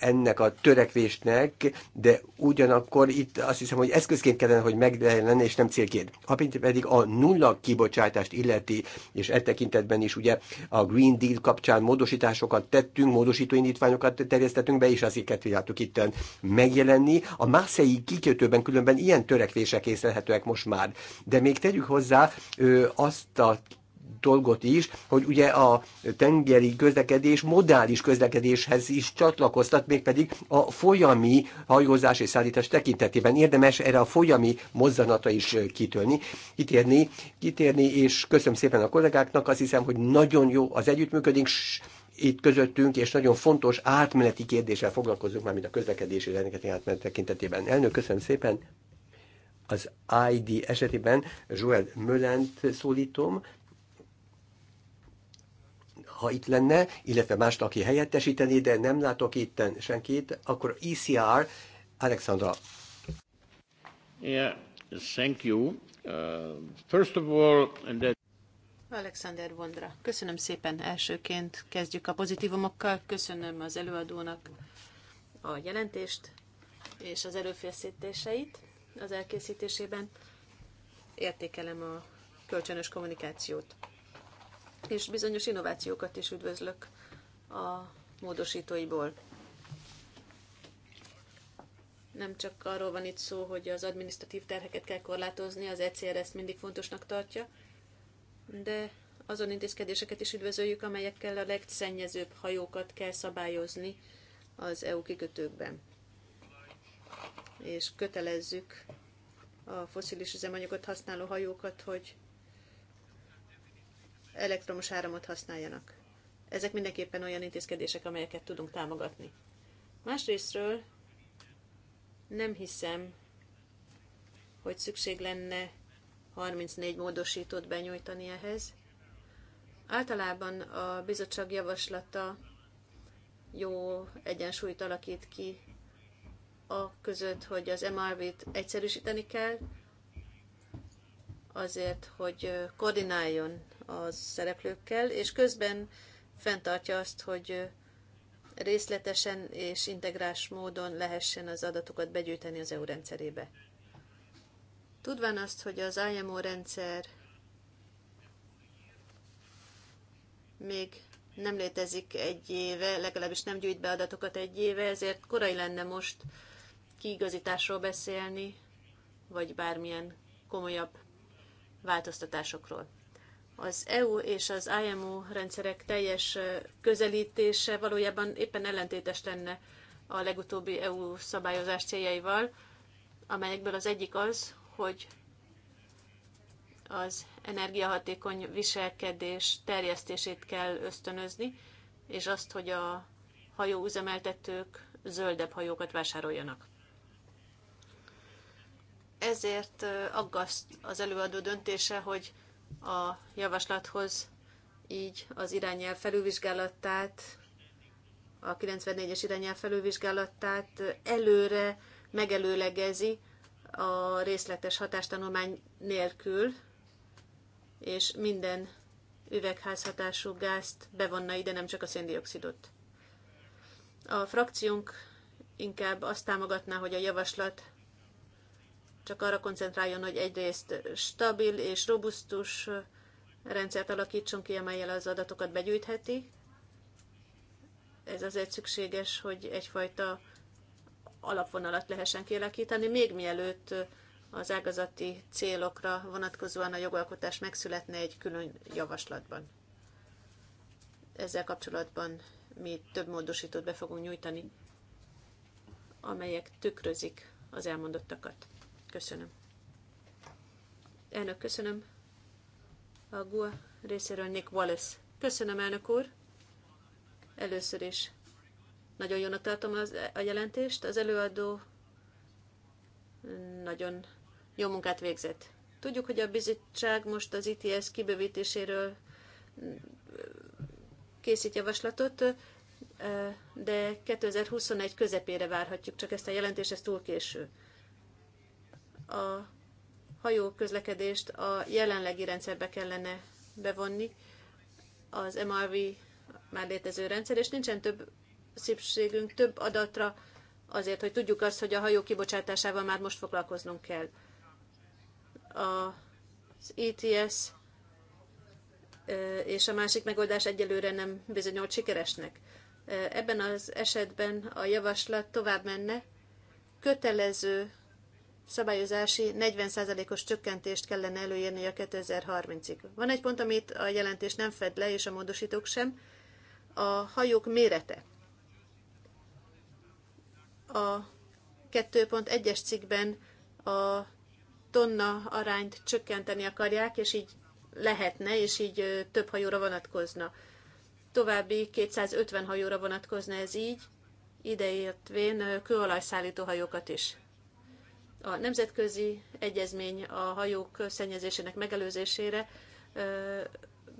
ennek a törekvésnek, de ugyanakkor itt azt hiszem, hogy eszközként kellene, hogy megjelenne, és nem célként. Ha pedig a nulla kibocsátást illeti, és e tekintetben is ugye a Green Deal kapcsán módosításokat tettünk, módosító indítványokat terjesztettünk be, és azért láttuk itt megjelenni. A Mászei kikötőben különben ilyen törekvések észlelhetőek most már. De még tegyük hozzá azt a dolgot is, hogy ugye a tengeri közlekedés modális közlekedéshez is csatlakoztat, mégpedig a folyami hajózás és szállítás tekintetében. Érdemes erre a folyami mozzanata is kitölni, kitérni, kitérni, és köszönöm szépen a kollégáknak, azt hiszem, hogy nagyon jó az együttműködés, itt közöttünk, és nagyon fontos átmeneti kérdéssel foglalkozunk már, mint a közlekedési rengeteg átmenet tekintetében. Elnök, köszönöm szépen! az ID esetében Joel Mölent szólítom, ha itt lenne, illetve mást, aki helyettesíteni, de nem látok itt senkit, akkor ECR, Alexandra. Yeah, thank you. Uh, first of all, and that... Alexander Vondra. Köszönöm szépen elsőként. Kezdjük a pozitívumokkal. Köszönöm az előadónak a jelentést és az erőfeszítéseit az elkészítésében, értékelem a kölcsönös kommunikációt. És bizonyos innovációkat is üdvözlök a módosítóiból. Nem csak arról van itt szó, hogy az administratív terheket kell korlátozni, az ECR ezt mindig fontosnak tartja, de azon intézkedéseket is üdvözöljük, amelyekkel a legszennyezőbb hajókat kell szabályozni az EU kikötőkben és kötelezzük a foszilis üzemanyagot használó hajókat, hogy elektromos áramot használjanak. Ezek mindenképpen olyan intézkedések, amelyeket tudunk támogatni. Másrésztről nem hiszem, hogy szükség lenne 34 módosítót benyújtani ehhez. Általában a bizottság javaslata jó egyensúlyt alakít ki a között, hogy az MRV-t egyszerűsíteni kell, azért, hogy koordináljon a szereplőkkel, és közben fenntartja azt, hogy részletesen és integrás módon lehessen az adatokat begyűjteni az EU rendszerébe. Tudván azt, hogy az IMO rendszer még nem létezik egy éve, legalábbis nem gyűjt be adatokat egy éve, ezért korai lenne most kiigazításról beszélni, vagy bármilyen komolyabb változtatásokról. Az EU és az IMO rendszerek teljes közelítése valójában éppen ellentétes lenne a legutóbbi EU szabályozás céljaival, amelyekből az egyik az, hogy az energiahatékony viselkedés terjesztését kell ösztönözni, és azt, hogy a hajóüzemeltetők zöldebb hajókat vásároljanak. Ezért aggaszt az előadó döntése, hogy a javaslathoz így az irányel felülvizsgálatát, a 94-es irányel felülvizsgálatát előre megelőlegezi a részletes hatástanulmány nélkül, és minden üvegházhatású gázt bevonna ide, nem csak a széndiokszidot. A frakciónk inkább azt támogatná, hogy a javaslat csak arra koncentráljon, hogy egyrészt stabil és robusztus rendszert alakítson ki, amelyel az adatokat begyűjtheti. Ez azért szükséges, hogy egyfajta alapvonalat lehessen kialakítani, még mielőtt az ágazati célokra vonatkozóan a jogalkotás megszületne egy külön javaslatban. Ezzel kapcsolatban mi több módosítót be fogunk nyújtani, amelyek tükrözik az elmondottakat. Köszönöm. Elnök, köszönöm. A GUA részéről Nick Wallace. Köszönöm, elnök úr. Először is nagyon jónak tartom az, a jelentést. Az előadó nagyon jó munkát végzett. Tudjuk, hogy a bizottság most az ITS kibővítéséről készít javaslatot, de 2021 közepére várhatjuk, csak ezt a jelentést, ez túl késő a hajó közlekedést a jelenlegi rendszerbe kellene bevonni, az MRV már létező rendszer, és nincsen több szükségünk több adatra azért, hogy tudjuk azt, hogy a hajó kibocsátásával már most foglalkoznunk kell. Az ETS és a másik megoldás egyelőre nem bizonyult sikeresnek. Ebben az esetben a javaslat tovább menne, kötelező szabályozási 40%-os csökkentést kellene előírni a 2030-ig. Van egy pont, amit a jelentés nem fed le, és a módosítók sem, a hajók mérete. A 2.1-es cikkben a tonna arányt csökkenteni akarják, és így lehetne, és így több hajóra vonatkozna. További 250 hajóra vonatkozna ez így, ideértvén kőolajszállító hajókat is. A nemzetközi egyezmény a hajók szennyezésének megelőzésére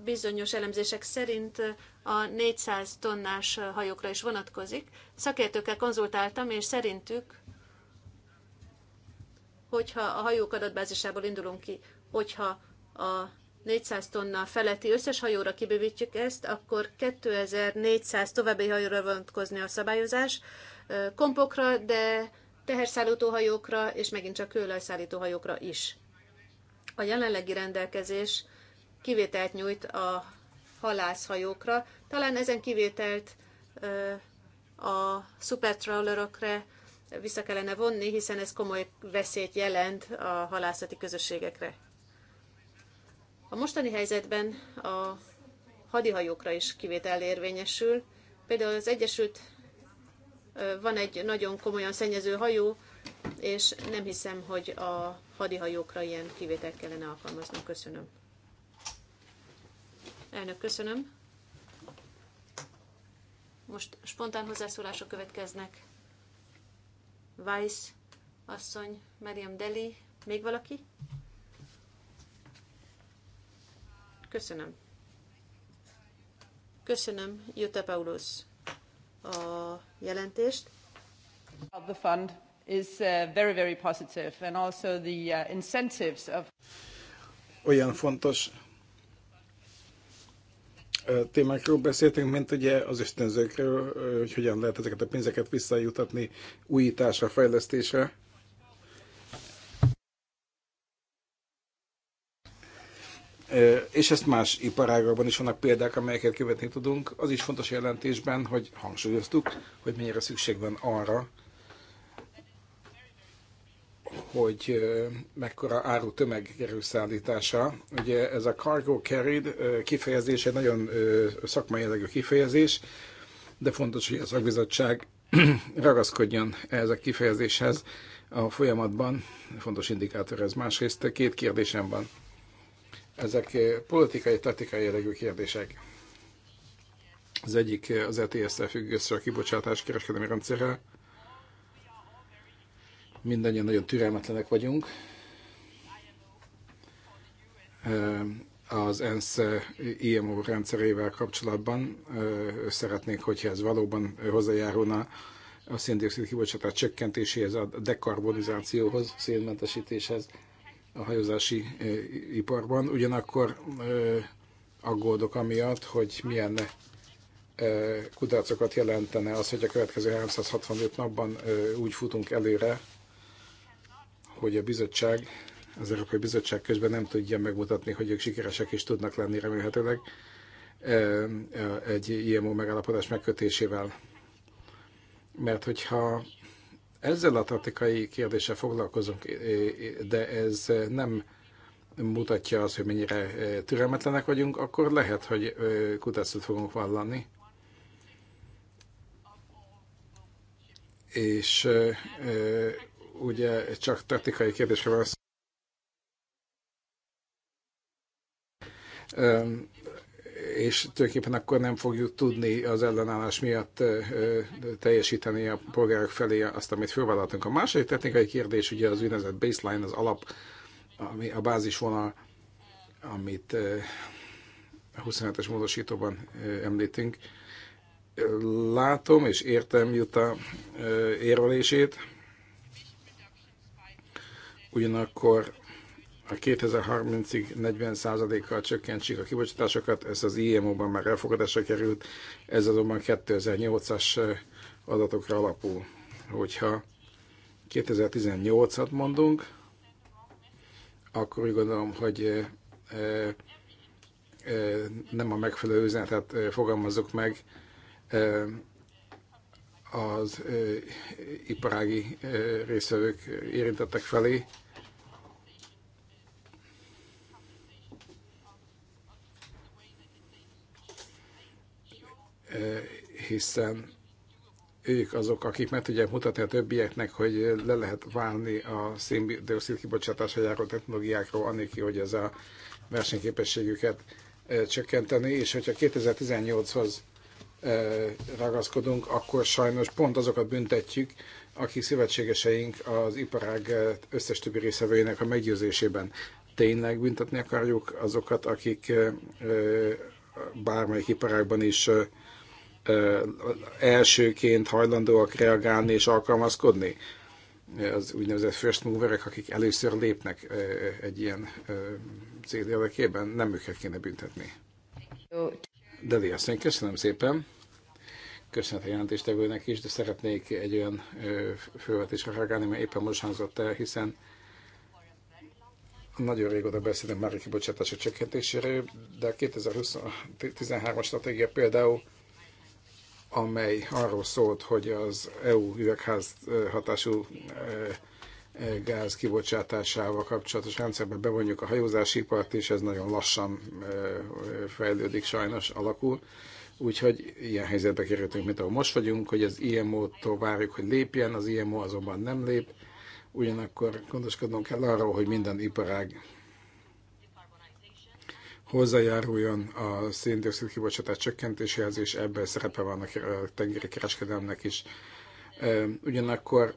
bizonyos elemzések szerint a 400 tonnás hajókra is vonatkozik. Szakértőkkel konzultáltam, és szerintük, hogyha a hajók adatbázisából indulunk ki, hogyha a 400 tonna feletti összes hajóra kibővítjük ezt, akkor 2400 további hajóra vonatkozni a szabályozás, kompokra, de teherszállítóhajókra, és megint csak kőolajszállítóhajókra is. A jelenlegi rendelkezés kivételt nyújt a halászhajókra, talán ezen kivételt a szupertrawlerokra vissza kellene vonni, hiszen ez komoly veszélyt jelent a halászati közösségekre. A mostani helyzetben a hadihajókra is kivétel érvényesül. Például az Egyesült van egy nagyon komolyan szennyező hajó, és nem hiszem, hogy a hadihajókra ilyen kivételt kellene alkalmaznom. Köszönöm. Elnök, köszönöm. Most spontán hozzászólások következnek. Weiss, asszony, Meriam Deli, még valaki? Köszönöm. Köszönöm, Jutta Paulus a jelentést. The fund is uh, very, very positive, and also the uh, incentives of... Olyan fontos témákról beszéltünk, mint ugye az ösztönzőkről, hogy hogyan lehet ezeket a pénzeket visszajutatni újításra, fejlesztésre. és ezt más iparágokban is vannak példák, amelyeket követni tudunk. Az is fontos jelentésben, hogy hangsúlyoztuk, hogy mennyire szükség van arra, hogy mekkora áru tömeg kerül szállítása. Ugye ez a cargo carried kifejezés egy nagyon szakmai jellegű kifejezés, de fontos, hogy a szakbizottság ragaszkodjon ehhez a kifejezéshez a folyamatban. Fontos indikátor ez. Másrészt két kérdésem van ezek politikai, taktikai jellegű kérdések. Az egyik az ETS-tel függ össze a kibocsátás kereskedelmi rendszerrel. Mindannyian nagyon türelmetlenek vagyunk. Az ENSZ IMO rendszerével kapcsolatban szeretnénk, hogyha ez valóban hozzájárulna a széndiokszid kibocsátás csökkentéséhez, a dekarbonizációhoz, szénmentesítéshez a hajózási e, iparban, ugyanakkor e, aggódok amiatt, hogy milyen e, kudarcokat jelentene az, hogy a következő 365 napban úgy futunk előre, hogy a bizottság, az Európai Bizottság közben nem tudja megmutatni, hogy ők sikeresek is tudnak lenni remélhetőleg egy ilyen megállapodás megkötésével. Mert hogyha ezzel a taktikai kérdéssel foglalkozunk, de ez nem mutatja azt, hogy mennyire türelmetlenek vagyunk, akkor lehet, hogy kutatást fogunk vallani. És ugye csak taktikai kérdésre van szó és tulajdonképpen akkor nem fogjuk tudni az ellenállás miatt teljesíteni a polgárok felé azt, amit fölvállaltunk. A második technikai kérdés ugye az úgynevezett baseline, az alap, ami a bázisvonal, amit a 27-es módosítóban említünk. Látom és értem Juta érvelését, ugyanakkor a 2030-ig 40%-kal csökkentsék a kibocsátásokat, ez az IMO-ban már elfogadásra került, ez azonban 2008-as adatokra alapul. Hogyha 2018-at mondunk, akkor úgy gondolom, hogy nem a megfelelő üzenetet fogalmazzuk meg az iparági részvevők érintettek felé, hiszen ők azok, akik meg tudják mutatni a többieknek, hogy le lehet válni a széndiokszid kibocsátásra járó technológiákról, anélkül, hogy ez a versenyképességüket csökkenteni, és hogyha 2018-hoz ragaszkodunk, akkor sajnos pont azokat büntetjük, akik szövetségeseink az iparág összes többi részevőjének a meggyőzésében. Tényleg büntetni akarjuk azokat, akik bármelyik iparágban is elsőként hajlandóak reagálni és alkalmazkodni? Az úgynevezett first moverek, akik először lépnek egy ilyen cél érdekében, nem őket kéne büntetni. Deli asszony, köszönöm szépen. Köszönet a jelentéstevőnek is, de szeretnék egy olyan fővetésre reagálni, mert éppen most hangzott el, hiszen nagyon régóta beszélünk már a kibocsátások csökkentéséről, de a 2013-as stratégia például amely arról szólt, hogy az EU üvegház hatású e, e, gáz kibocsátásával kapcsolatos rendszerbe bevonjuk a hajózásipart, és ez nagyon lassan e, fejlődik, sajnos alakul. Úgyhogy ilyen helyzetbe kerültünk, mint ahol most vagyunk, hogy az IMO-tól várjuk, hogy lépjen, az IMO azonban nem lép, ugyanakkor gondoskodnunk kell arról, hogy minden iparág hozzájáruljon a széndiokszid kibocsátás csökkentéséhez, és ebben szerepe van a tengeri kereskedelmnek is. Ugyanakkor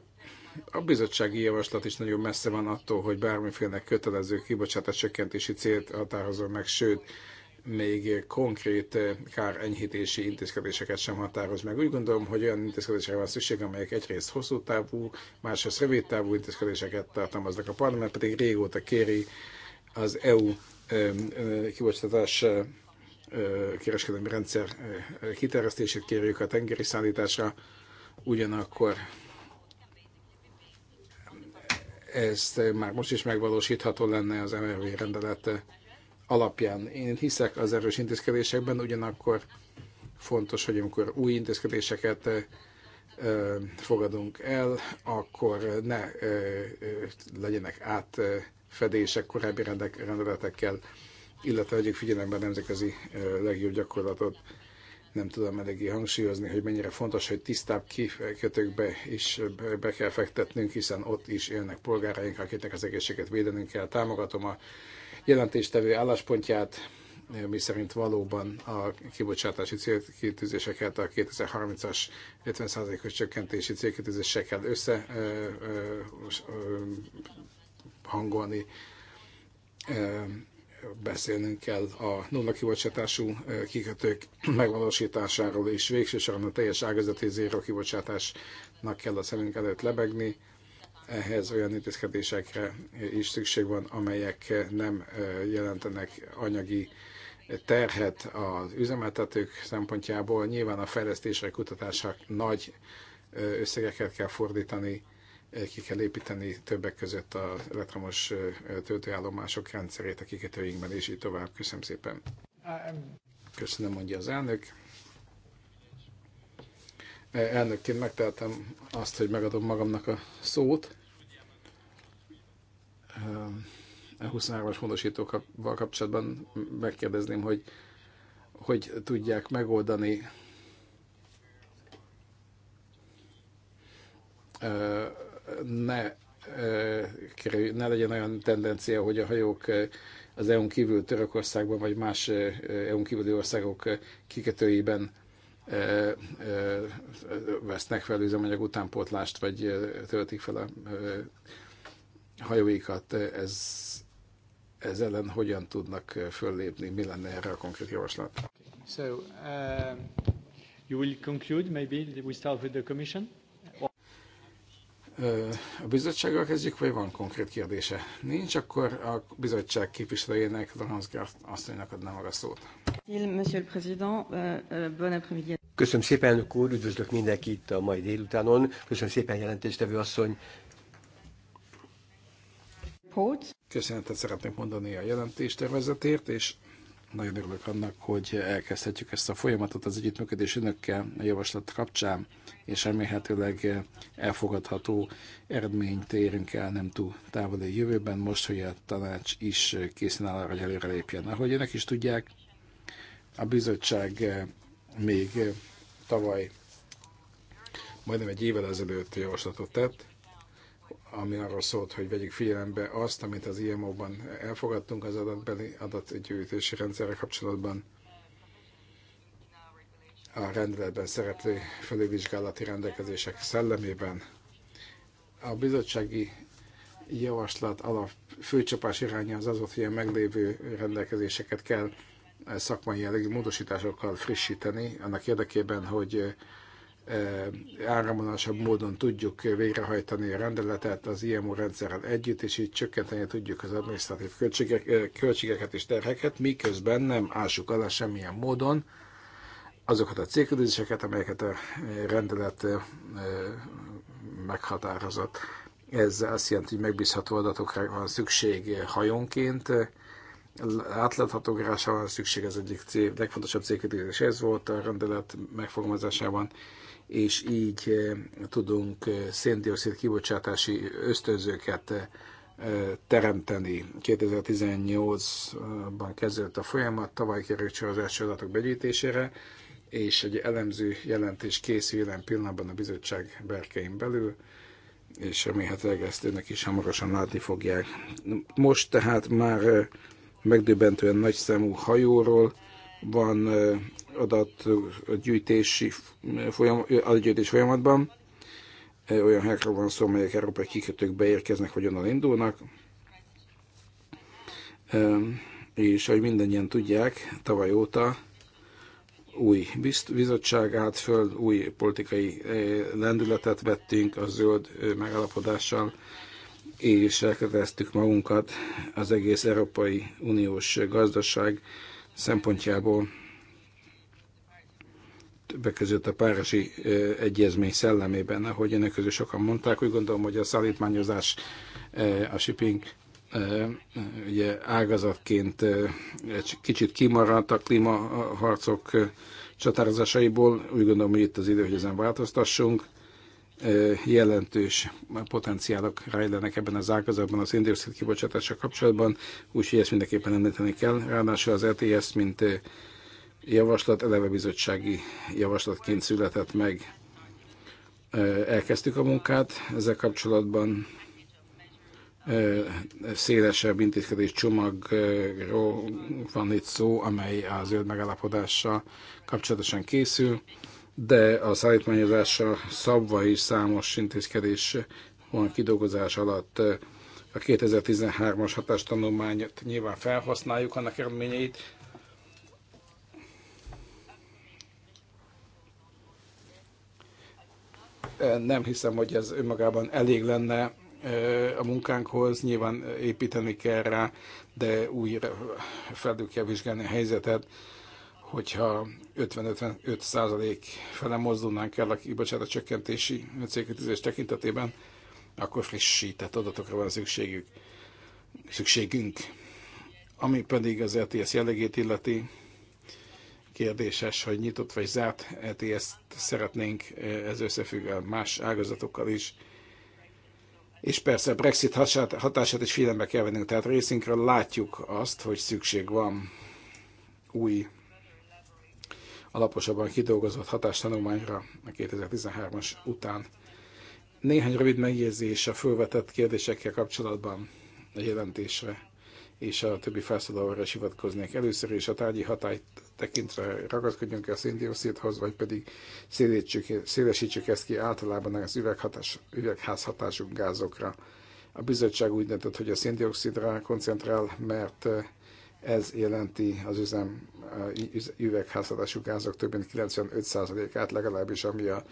a bizottsági javaslat is nagyon messze van attól, hogy bármiféle kötelező kibocsátás csökkentési célt határozol meg, sőt, még konkrét kárenyhítési intézkedéseket sem határoz meg. Úgy gondolom, hogy olyan intézkedésekre van szükség, amelyek egyrészt hosszú távú, másrészt rövid távú intézkedéseket tartalmaznak. A parlament pedig régóta kéri az EU kibocsátás kereskedelmi rendszer kiterjesztését kérjük a tengeri szállításra, ugyanakkor ezt már most is megvalósítható lenne az MRV rendelet alapján. Én hiszek az erős intézkedésekben, ugyanakkor fontos, hogy amikor új intézkedéseket fogadunk el, akkor ne legyenek át fedések korábbi rendek, rendeletekkel, illetve egyik figyelembe a nemzetközi legjobb gyakorlatot. Nem tudom eléggé hangsúlyozni, hogy mennyire fontos, hogy tisztább kikötőkbe is be kell fektetnünk, hiszen ott is élnek polgáraink, akiknek az egészséget védenünk kell. Támogatom a jelentéstevő álláspontját, mi szerint valóban a kibocsátási célkitűzéseket a 2030-as 50%-os csökkentési célkitűzésekkel össze ö, ö, ö, hangolni, beszélnünk kell a nulla kibocsátású kikötők megvalósításáról, és végső soron a teljes ágazati zéro kibocsátásnak kell a szemünk előtt lebegni. Ehhez olyan intézkedésekre is szükség van, amelyek nem jelentenek anyagi terhet az üzemeltetők szempontjából. Nyilván a fejlesztésre, kutatásra nagy összegeket kell fordítani, ki kell építeni többek között az elektromos töltőállomások rendszerét a kikötőinkben, és így tovább. Köszönöm szépen. Köszönöm, mondja az elnök. E, elnökként megteltem azt, hogy megadom magamnak a szót. A e, 23-as e módosítókkal kapcsolatban megkérdezném, hogy hogy tudják megoldani ne, ne legyen olyan tendencia, hogy a hajók az EU-n kívül Törökországban vagy más EU-n kívüli országok kiketőiben vesznek fel üzemanyag utánpótlást, vagy töltik fel a hajóikat. Ez, ez ellen hogyan tudnak föllépni? Mi lenne erre a konkrét javaslat? So, uh, you will conclude, maybe we start with the commission. A bizottsággal kezdjük, vagy van konkrét kérdése? Nincs, akkor a bizottság képviselőjének, Graf asszonynak adnám meg a szót. Köszönöm szépen, elnök úr, üdvözlök mindenkit a mai délutánon. Köszönöm szépen, jelentéstevő asszony. Köszönetet szeretnék mondani a jelentéstervezetért, és nagyon örülök annak, hogy elkezdhetjük ezt a folyamatot az együttműködés önökkel a javaslat kapcsán, és remélhetőleg elfogadható eredményt érünk el nem túl távoli jövőben, most, hogy a tanács is készen áll arra, hogy lépjen. Ahogy önök is tudják, a bizottság még tavaly majdnem egy évvel ezelőtt javaslatot tett, ami arról szólt, hogy vegyük figyelembe azt, amit az IMO-ban elfogadtunk az adatbeli adatgyűjtési rendszerre kapcsolatban a rendeletben szereplő felülvizsgálati rendelkezések szellemében. A bizottsági javaslat alap főcsapás iránya az az hogy a meglévő rendelkezéseket kell szakmai jellegű módosításokkal frissíteni, annak érdekében, hogy áramonosabb módon tudjuk végrehajtani a rendeletet az IMO rendszerrel együtt, és így csökkenteni tudjuk az adminisztratív költségek, költségeket és terheket, miközben nem ásuk alá semmilyen módon azokat a célkötőzéseket, amelyeket a rendelet meghatározott. Ez azt jelenti, hogy megbízható adatokra van szükség hajónként, átlátható van szükség, az egyik cég, legfontosabb célkötőzés ez volt a rendelet megfogalmazásában és így eh, tudunk eh, széndiokszid kibocsátási ösztönzőket eh, teremteni. 2018-ban kezdődött a folyamat, tavaly került sor az első adatok begyűjtésére, és egy elemző jelentés készül jelen pillanatban a bizottság berkein belül, és remélhetőleg ezt önök is hamarosan látni fogják. Most tehát már megdöbbentően nagy számú hajóról, van adatgyűjtési folyam, adatgyűjtés folyamatban. Olyan helyekről van szó, melyek európai kikötőkbe érkeznek, hogy onnan indulnak. És ahogy mindannyian tudják, tavaly óta új bizottság állt föl, új politikai lendületet vettünk a zöld megállapodással, és elköteleztük magunkat az egész Európai Uniós gazdaság szempontjából többek között a párosi Egyezmény szellemében, ahogy ennek közül sokan mondták, úgy gondolom, hogy a szállítmányozás, a shipping ugye ágazatként kicsit kimaradt a klímaharcok csatározásaiból. Úgy gondolom, hogy itt az idő, hogy ezen változtassunk jelentős potenciálok rejlenek ebben az ágazatban az indioxid kibocsátása kapcsolatban, úgyhogy ezt mindenképpen említeni kell. Ráadásul az ETS, mint javaslat, eleve bizottsági javaslatként született meg. Elkezdtük a munkát ezzel kapcsolatban, szélesebb intézkedés csomagról van itt szó, amely az zöld megállapodással kapcsolatosan készül de a szállítmányozással szabva is számos intézkedés van kidolgozás alatt. A 2013-as hatástanulmányt nyilván felhasználjuk annak eredményeit, nem hiszem, hogy ez önmagában elég lenne a munkánkhoz, nyilván építeni kell rá, de újra felül kell vizsgálni a helyzetet, hogyha 50-55 százalék fele mozdulnánk el a kibocsátás csökkentési célkötőzés tekintetében, akkor frissített adatokra van szükségük, szükségünk. Ami pedig az LTS e jellegét illeti, kérdéses, hogy nyitott vagy zárt ETS-t szeretnénk, e, ez összefügg más ágazatokkal is. És persze a Brexit hatását, hatását is figyelembe kell vennünk, tehát részünkről látjuk azt, hogy szükség van új alaposabban kidolgozott hatástanulmányra a 2013-as után. Néhány rövid megjegyzés a fölvetett kérdésekkel kapcsolatban a jelentésre és a többi felszólalóra is hivatkoznék. Először is a tárgyi hatályt tekintve ragaszkodjunk el a széndiokszidhoz, vagy pedig szélesítsük ezt ki általában az üveghatás, üvegházhatású gázokra. A bizottság úgy döntött, hogy a széndiokszidra koncentrál, mert ez jelenti az üzem eh, üvegházhatású gázok több mint 95%-át, legalábbis ami a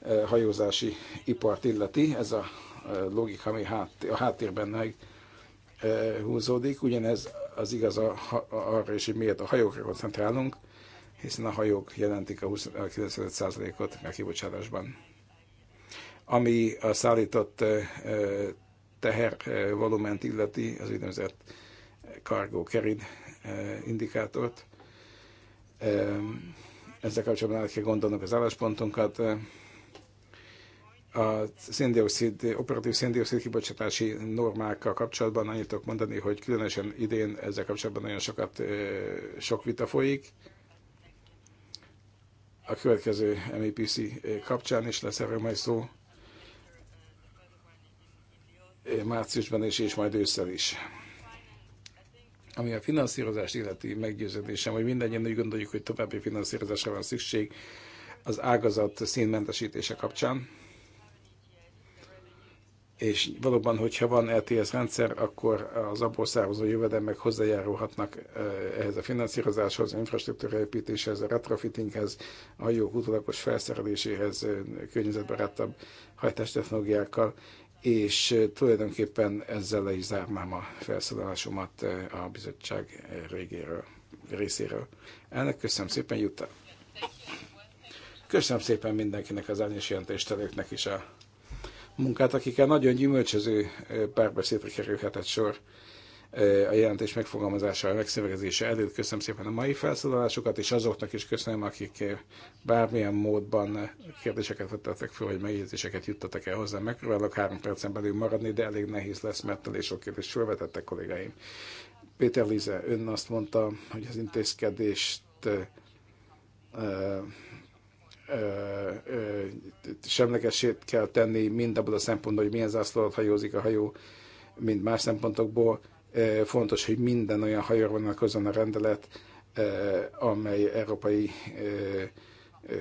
eh, hajózási ipart illeti. Ez a eh, logika, ami a háttérben húzódik. Ugyanez az igaz a, arra is, hogy miért a hajókra koncentrálunk, hiszen a hajók jelentik a 95%-ot a kibocsátásban. Ami a szállított teher volument illeti, az úgynevezett cargo carried eh, indikátort. Eh, ezzel kapcsolatban el kell gondolnunk az álláspontunkat. Eh, a széndiokszid, operatív széndiokszid kibocsátási normákkal kapcsolatban annyit tudok mondani, hogy különösen idén ezzel kapcsolatban nagyon sokat, sok vita folyik. A következő MEPC kapcsán is lesz erről majd szó márciusban is, és majd ősszel is. Ami a finanszírozást illeti meggyőződésem, hogy mindannyian úgy gondoljuk, hogy további finanszírozásra van szükség az ágazat színmentesítése kapcsán. És valóban, hogyha van LTS e rendszer, akkor az abból származó jövedelmek hozzájárulhatnak ehhez a finanszírozáshoz, infrastruktúra építéshez, a retrofittinghez, a jó utolagos felszereléséhez, környezetbarátabb hajtástechnológiákkal, és tulajdonképpen ezzel le is zárnám a felszólalásomat a bizottság régéről, részéről. Ennek köszönöm szépen, Jutta. Köszönöm szépen mindenkinek, az elnyes jelentéstelőknek is a munkát, akikkel nagyon gyümölcsöző párbeszédre kerülhetett sor a jelentés megfogalmazása, a megszövegezése előtt. Köszönöm szépen a mai felszólalásokat, és azoknak is köszönöm, akik bármilyen módban kérdéseket tettek fel, hogy megjegyzéseket juttatok el hozzá. Megpróbálok három percen belül maradni, de elég nehéz lesz, mert elég sok kérdést felvetettek kollégáim. Péter Lize, ön azt mondta, hogy az intézkedést semlegesét kell tenni mind abban a szempontból, hogy milyen zászlót hajózik a hajó, mind más szempontokból. Fontos, hogy minden olyan hajóra vonatkozzon a rendelet, amely európai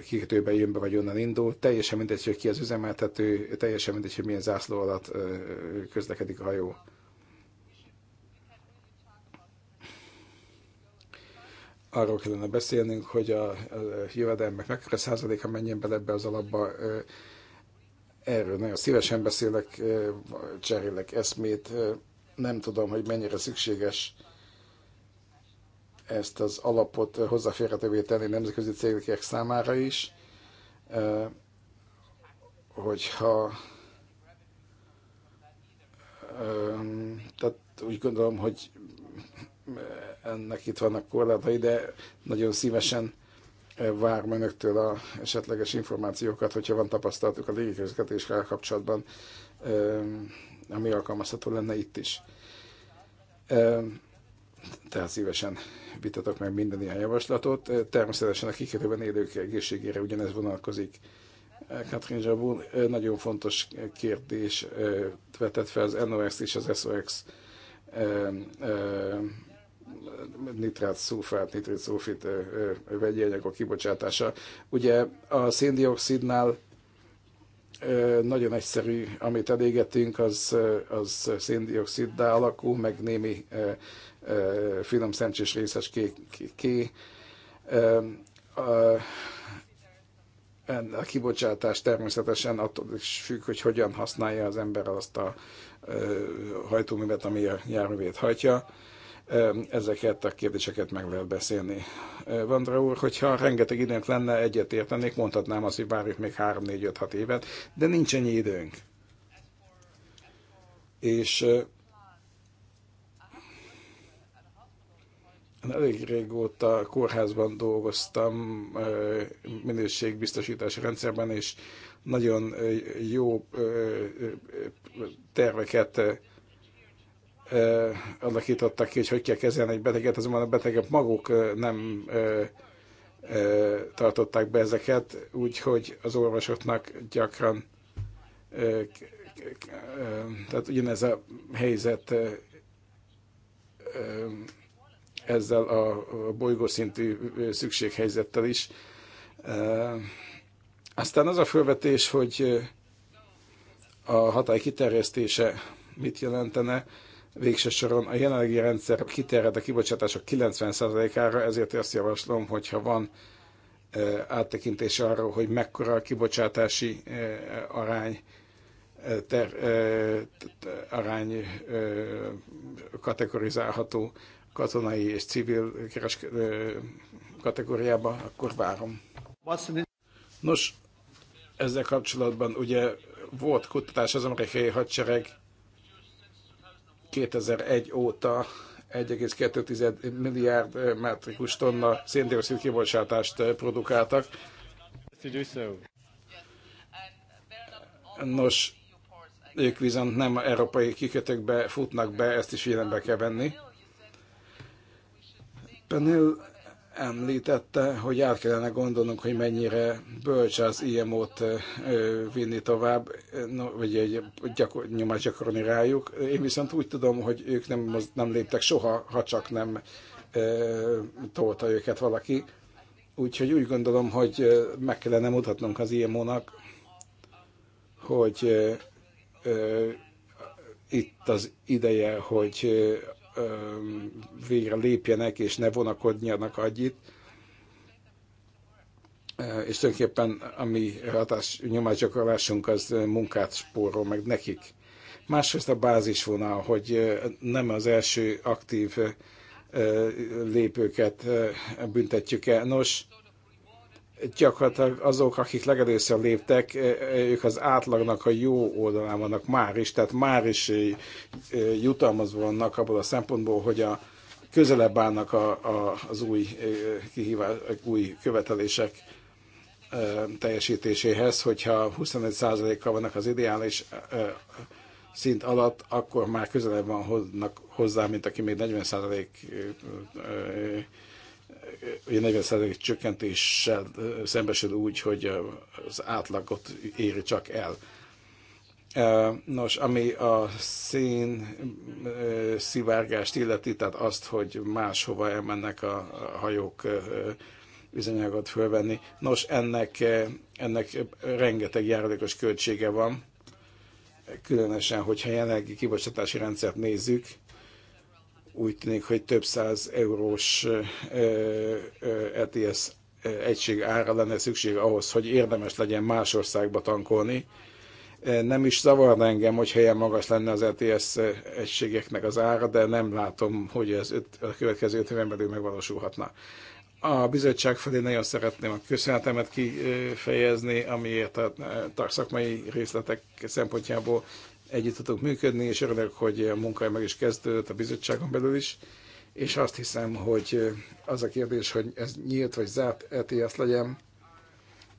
kikötőben jön be, vagy onnan indul. Teljesen mindegy, hogy ki az üzemeltető, teljesen mindegy, hogy milyen zászló alatt közlekedik a hajó. Arról kellene beszélnünk, hogy a, a jövedelmek mekkora százaléka menjen bele ebbe az alapba. Erről nagyon szívesen beszélek, cserélek eszmét, nem tudom, hogy mennyire szükséges ezt az alapot hozzáférhetővé tenni nemzetközi cégek számára is, hogyha tehát úgy gondolom, hogy ennek itt vannak korlátai, de nagyon szívesen várom önöktől a esetleges információkat, hogyha van tapasztalatuk a légiközlekedéssel kapcsolatban ami alkalmazható lenne itt is. Tehát szívesen vitatok meg minden ilyen javaslatot. Természetesen a kikerülben élők egészségére ugyanez vonatkozik. Katrin Zsabul nagyon fontos kérdés vetett fel az NOx és az SOx nitrát szulfát, nitrit szulfit vegyi anyagok kibocsátása. Ugye a széndiokszidnál nagyon egyszerű, amit elégetünk, az, az széndioksziddá alakú, meg némi finom szemcsés részes ké, ké, a kibocsátás természetesen attól is függ, hogy hogyan használja az ember azt a hajtóművet, ami a járművét hajtja ezeket a kérdéseket meg lehet beszélni. Vandra úr, hogyha rengeteg időnk lenne, egyet értenék, mondhatnám azt, hogy várjuk még 3-4-5-6 évet, de nincs ennyi időnk. És elég régóta kórházban dolgoztam minőségbiztosítási rendszerben, és nagyon jó terveket alakítottak ki, hogy hogy kell kezelni egy beteget, azonban a betegek maguk nem tartották be ezeket, úgyhogy az orvosoknak gyakran tehát ugyanez a helyzet ezzel a bolygószintű szükséghelyzettel is. Aztán az a felvetés, hogy a hatály kiterjesztése mit jelentene, Végső soron a jelenlegi rendszer kiterjed a kibocsátások 90%-ára, ezért azt javaslom, hogyha van áttekintés arról, hogy mekkora a kibocsátási arány, ter, arány kategorizálható katonai és civil kategóriába, akkor várom. Nos, ezzel kapcsolatban ugye volt kutatás az amerikai hadsereg 2001 óta 1,2 milliárd eh, metrikus tonna széndiokszid kibocsátást eh, produkáltak. Nos, ők viszont nem európai kikötőkbe futnak be, ezt is figyelembe kell venni. Penel említette, hogy át kellene gondolnunk, hogy mennyire bölcs az IMO-t vinni tovább, no, vagy egy gyakor, nyomást gyakorolni rájuk. Én viszont úgy tudom, hogy ők nem, nem léptek soha, ha csak nem ö, tolta őket valaki. Úgyhogy úgy gondolom, hogy meg kellene mutatnunk az IMO-nak, hogy itt az ideje, hogy végre lépjenek és ne vonakodjanak agyit. És tulajdonképpen a mi hatás, nyomásgyakorlásunk az munkát spórol meg nekik. Másrészt a bázisvonal, hogy nem az első aktív lépőket büntetjük el. Nos, gyakorlatilag azok, akik legelőször léptek, ők az átlagnak a jó oldalán vannak már is, tehát már is jutalmazva vannak abból a szempontból, hogy a közelebb állnak a, a, az új kihívás, új követelések teljesítéséhez, hogyha 25%-kal vannak az ideális szint alatt, akkor már közelebb van hozzá, mint aki még 40% ugye 40% csökkentéssel szembesül úgy, hogy az átlagot éri csak el. Nos, ami a szén szivárgást illeti, tehát azt, hogy máshova elmennek a hajók üzenyagot fölvenni. Nos, ennek, ennek rengeteg járulékos költsége van, különösen, hogyha jelenlegi kibocsátási rendszert nézzük, úgy tűnik, hogy több száz eurós ETS egység ára lenne szükség ahhoz, hogy érdemes legyen más országba tankolni. Nem is zavarna engem, hogy helyen magas lenne az ETS egységeknek az ára, de nem látom, hogy ez öt, a következő öt belül megvalósulhatna. A bizottság felé nagyon szeretném a köszönetemet kifejezni, amiért a szakmai részletek szempontjából együtt tudunk működni, és örülök, hogy a munkája meg is kezdődött a bizottságon belül is, és azt hiszem, hogy az a kérdés, hogy ez nyílt vagy zárt ETS legyen,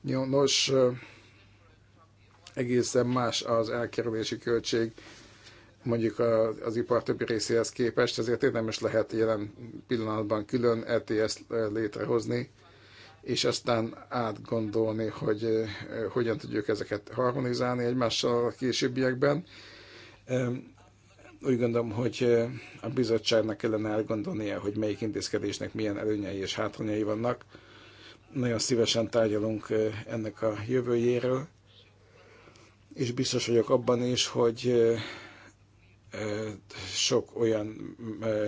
nos, egészen más az elkerülési költség, mondjuk az ipar többi részéhez képest, ezért érdemes lehet jelen pillanatban külön ets létrehozni, és aztán átgondolni, hogy eh, hogyan tudjuk ezeket harmonizálni egymással a későbbiekben. Úgy gondolom, hogy eh, a bizottságnak kellene elgondolnia, hogy melyik intézkedésnek milyen előnyei és hátrányai vannak. Nagyon szívesen tárgyalunk eh, ennek a jövőjéről, és biztos vagyok abban is, hogy sok olyan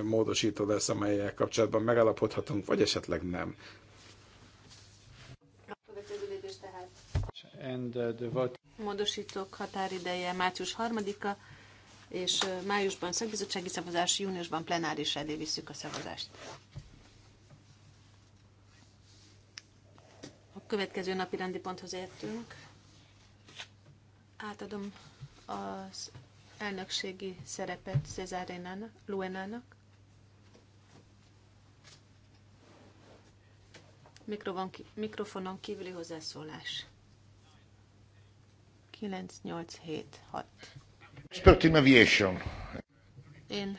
módosító lesz, amelyel kapcsolatban megállapodhatunk, vagy esetleg nem. and uh, the vote. Módosítók határideje március 3-a, és uh, májusban szakbizottsági szavazás, júniusban plenáris elé visszük a szavazást. A következő napi rendi ponthoz értünk. Átadom az elnökségi szerepet Cezárénának, Luenának. mikrofonon kívüli hozzászólás. 9876. Expert in aviation. Én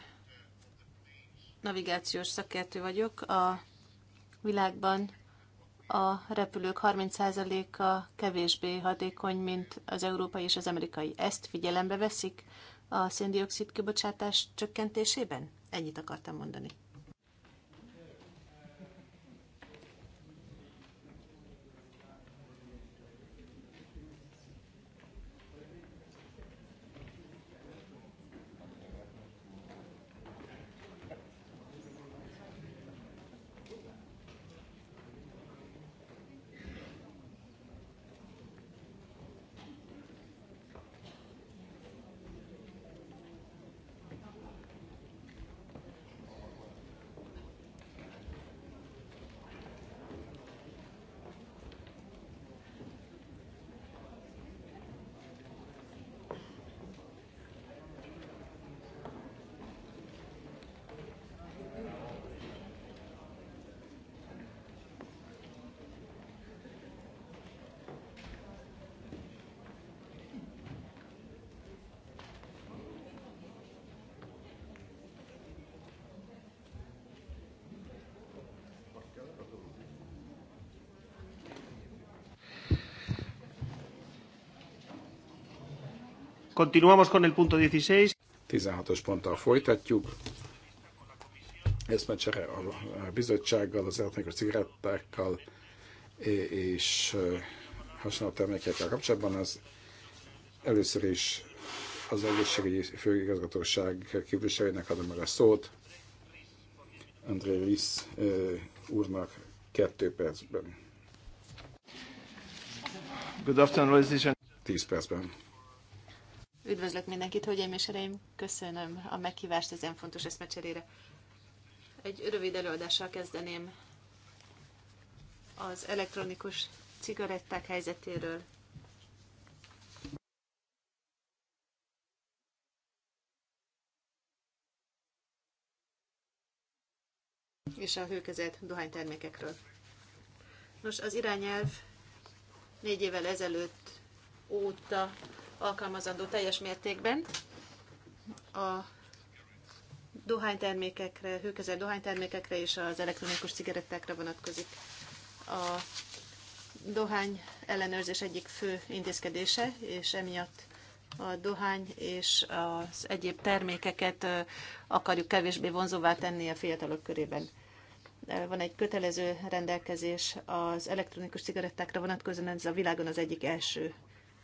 navigációs szakértő vagyok. A világban a repülők 30%-a kevésbé hatékony, mint az európai és az amerikai. Ezt figyelembe veszik a széndiokszid kibocsátás csökkentésében? Ennyit akartam mondani. Continuamos con el punto 16. 16-os ponttal folytatjuk. Eszmecsere a bizottsággal, az elektronikus cigarettákkal és hasonló termékekkel kapcsolatban. Az először is az egészségügyi főigazgatóság képviselőjének adom meg a szót, André Risz úrnak kettő percben. Good afternoon, ladies and 10 percben. Üdvözlök mindenkit, hölgyeim és ereim, köszönöm a meghívást ezen fontos eszmecserére. Egy rövid előadással kezdeném az elektronikus cigaretták helyzetéről. és a hőkezelt dohánytermékekről. Nos, az irányelv négy évvel ezelőtt óta alkalmazandó teljes mértékben. A dohánytermékekre, hőkezel dohánytermékekre és az elektronikus cigarettákra vonatkozik. A dohány ellenőrzés egyik fő intézkedése, és emiatt a dohány és az egyéb termékeket akarjuk kevésbé vonzóvá tenni a fiatalok körében. Van egy kötelező rendelkezés az elektronikus cigarettákra vonatkozóan, ez a világon az egyik első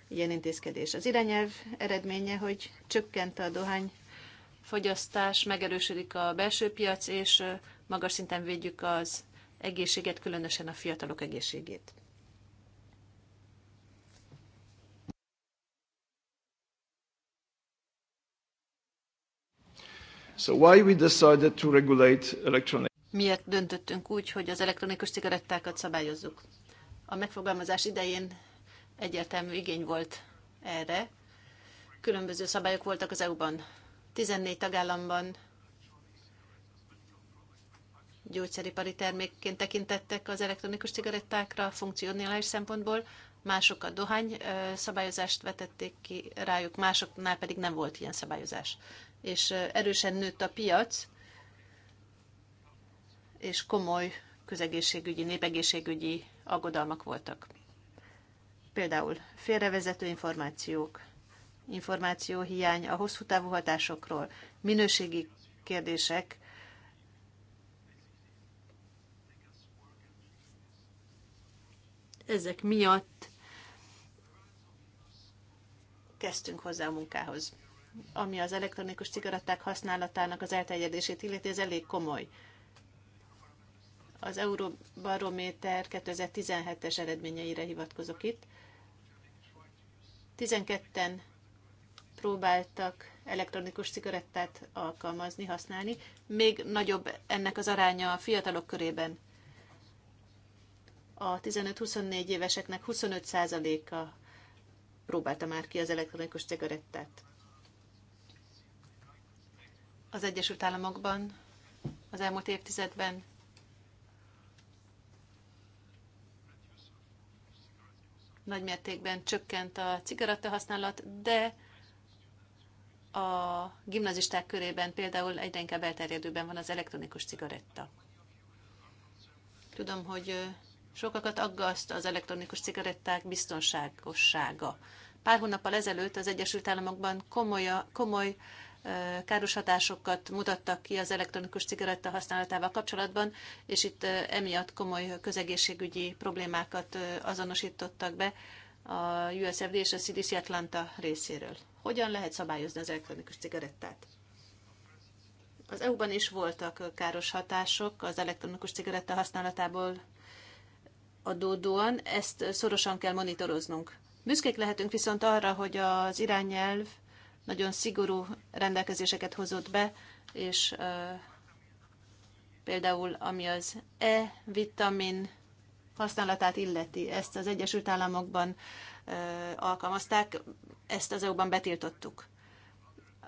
ilyen intézkedés. Az irányelv eredménye, hogy csökkent a dohány fogyasztás, megerősödik a belső piac, és magas szinten védjük az egészséget, különösen a fiatalok egészségét. So why we decided to regulate electronic... Miért döntöttünk úgy, hogy az elektronikus cigarettákat szabályozzuk? A megfogalmazás idején egyértelmű igény volt erre. Különböző szabályok voltak az EU-ban. 14 tagállamban gyógyszeripari termékként tekintettek az elektronikus cigarettákra funkcionális szempontból, mások a dohány szabályozást vetették ki rájuk, másoknál pedig nem volt ilyen szabályozás. És erősen nőtt a piac, és komoly közegészségügyi, népegészségügyi aggodalmak voltak. Például félrevezető információk, információhiány a hosszú távú hatásokról, minőségi kérdések, ezek miatt kezdtünk hozzá a munkához. Ami az elektronikus cigaretták használatának az elterjedését illeti, ez elég komoly. Az Euróbarométer 2017-es eredményeire hivatkozok itt. 12-en próbáltak elektronikus cigarettát alkalmazni, használni. Még nagyobb ennek az aránya a fiatalok körében. A 15-24 éveseknek 25%-a próbálta már ki az elektronikus cigarettát. Az Egyesült Államokban az elmúlt évtizedben nagymértékben csökkent a cigarettahasználat, de a gimnazisták körében például egyre inkább elterjedőben van az elektronikus cigaretta. Tudom, hogy sokakat aggaszt az elektronikus cigaretták biztonságossága. Pár hónappal ezelőtt az Egyesült Államokban komoly, komoly káros hatásokat mutattak ki az elektronikus cigaretta használatával kapcsolatban, és itt emiatt komoly közegészségügyi problémákat azonosítottak be a USFD és a CDC Atlanta részéről. Hogyan lehet szabályozni az elektronikus cigarettát? Az EU-ban is voltak káros hatások az elektronikus cigaretta használatából adódóan, ezt szorosan kell monitoroznunk. Büszkék lehetünk viszont arra, hogy az irányelv nagyon szigorú rendelkezéseket hozott be, és például ami az E-vitamin használatát illeti, ezt az Egyesült Államokban alkalmazták, ezt az EU-ban betiltottuk.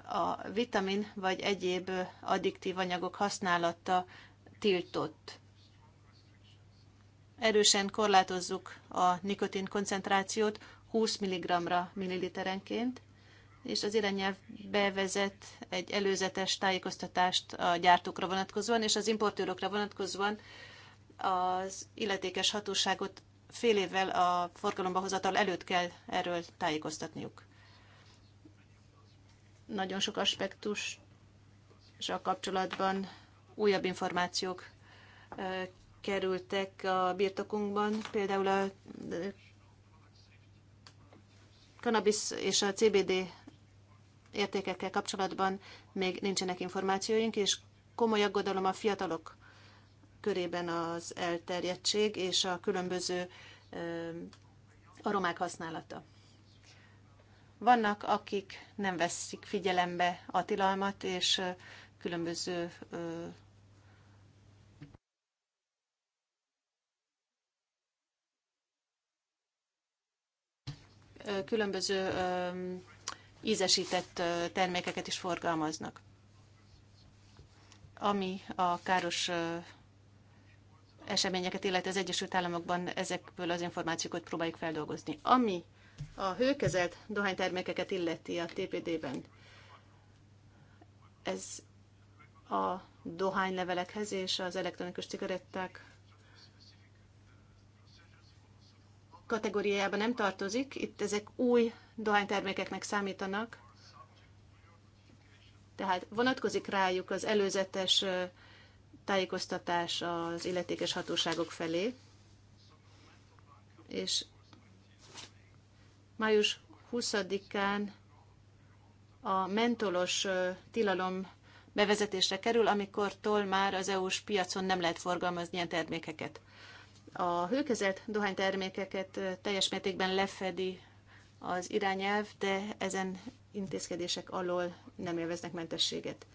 A vitamin vagy egyéb addiktív anyagok használata tiltott. Erősen korlátozzuk a nikotin koncentrációt 20 mg-ra milliliterenként, és az irányelv bevezet egy előzetes tájékoztatást a gyártókra vonatkozóan, és az importőrökre vonatkozóan az illetékes hatóságot fél évvel a forgalomba hozatal előtt kell erről tájékoztatniuk. Nagyon sok aspektus és a kapcsolatban újabb információk kerültek a birtokunkban, például a cannabis és a CBD értékekkel kapcsolatban még nincsenek információink, és komoly aggodalom a fiatalok körében az elterjedtség és a különböző aromák használata. Vannak, akik nem veszik figyelembe a tilalmat, és különböző különböző ízesített termékeket is forgalmaznak. Ami a káros eseményeket, illetve az Egyesült Államokban ezekből az információkat próbáljuk feldolgozni. Ami a hőkezelt dohánytermékeket illeti a TPD-ben, ez a dohánylevelekhez és az elektronikus cigarettákhoz kategóriájába nem tartozik, itt ezek új dohánytermékeknek számítanak, tehát vonatkozik rájuk az előzetes tájékoztatás az illetékes hatóságok felé, és május 20-án a mentolos tilalom bevezetésre kerül, amikortól már az EU-s piacon nem lehet forgalmazni ilyen termékeket. A hőkezelt dohánytermékeket teljes mértékben lefedi az irányelv, de ezen intézkedések alól nem élveznek mentességet.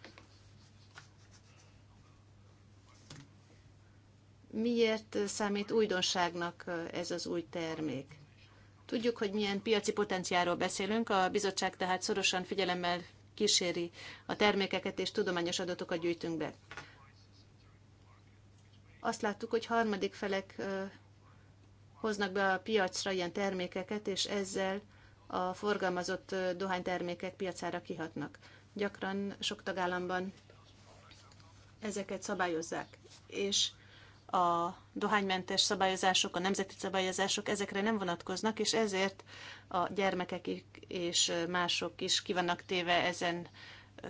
Miért számít újdonságnak ez az új termék? Tudjuk, hogy milyen piaci potenciáról beszélünk, a bizottság tehát szorosan figyelemmel kíséri a termékeket, és tudományos adatokat gyűjtünk be. Azt láttuk, hogy harmadik felek hoznak be a piacra ilyen termékeket, és ezzel a forgalmazott dohánytermékek piacára kihatnak. Gyakran sok tagállamban ezeket szabályozzák, és a dohánymentes szabályozások, a nemzeti szabályozások ezekre nem vonatkoznak, és ezért a gyermekek és mások is kivannak téve ezen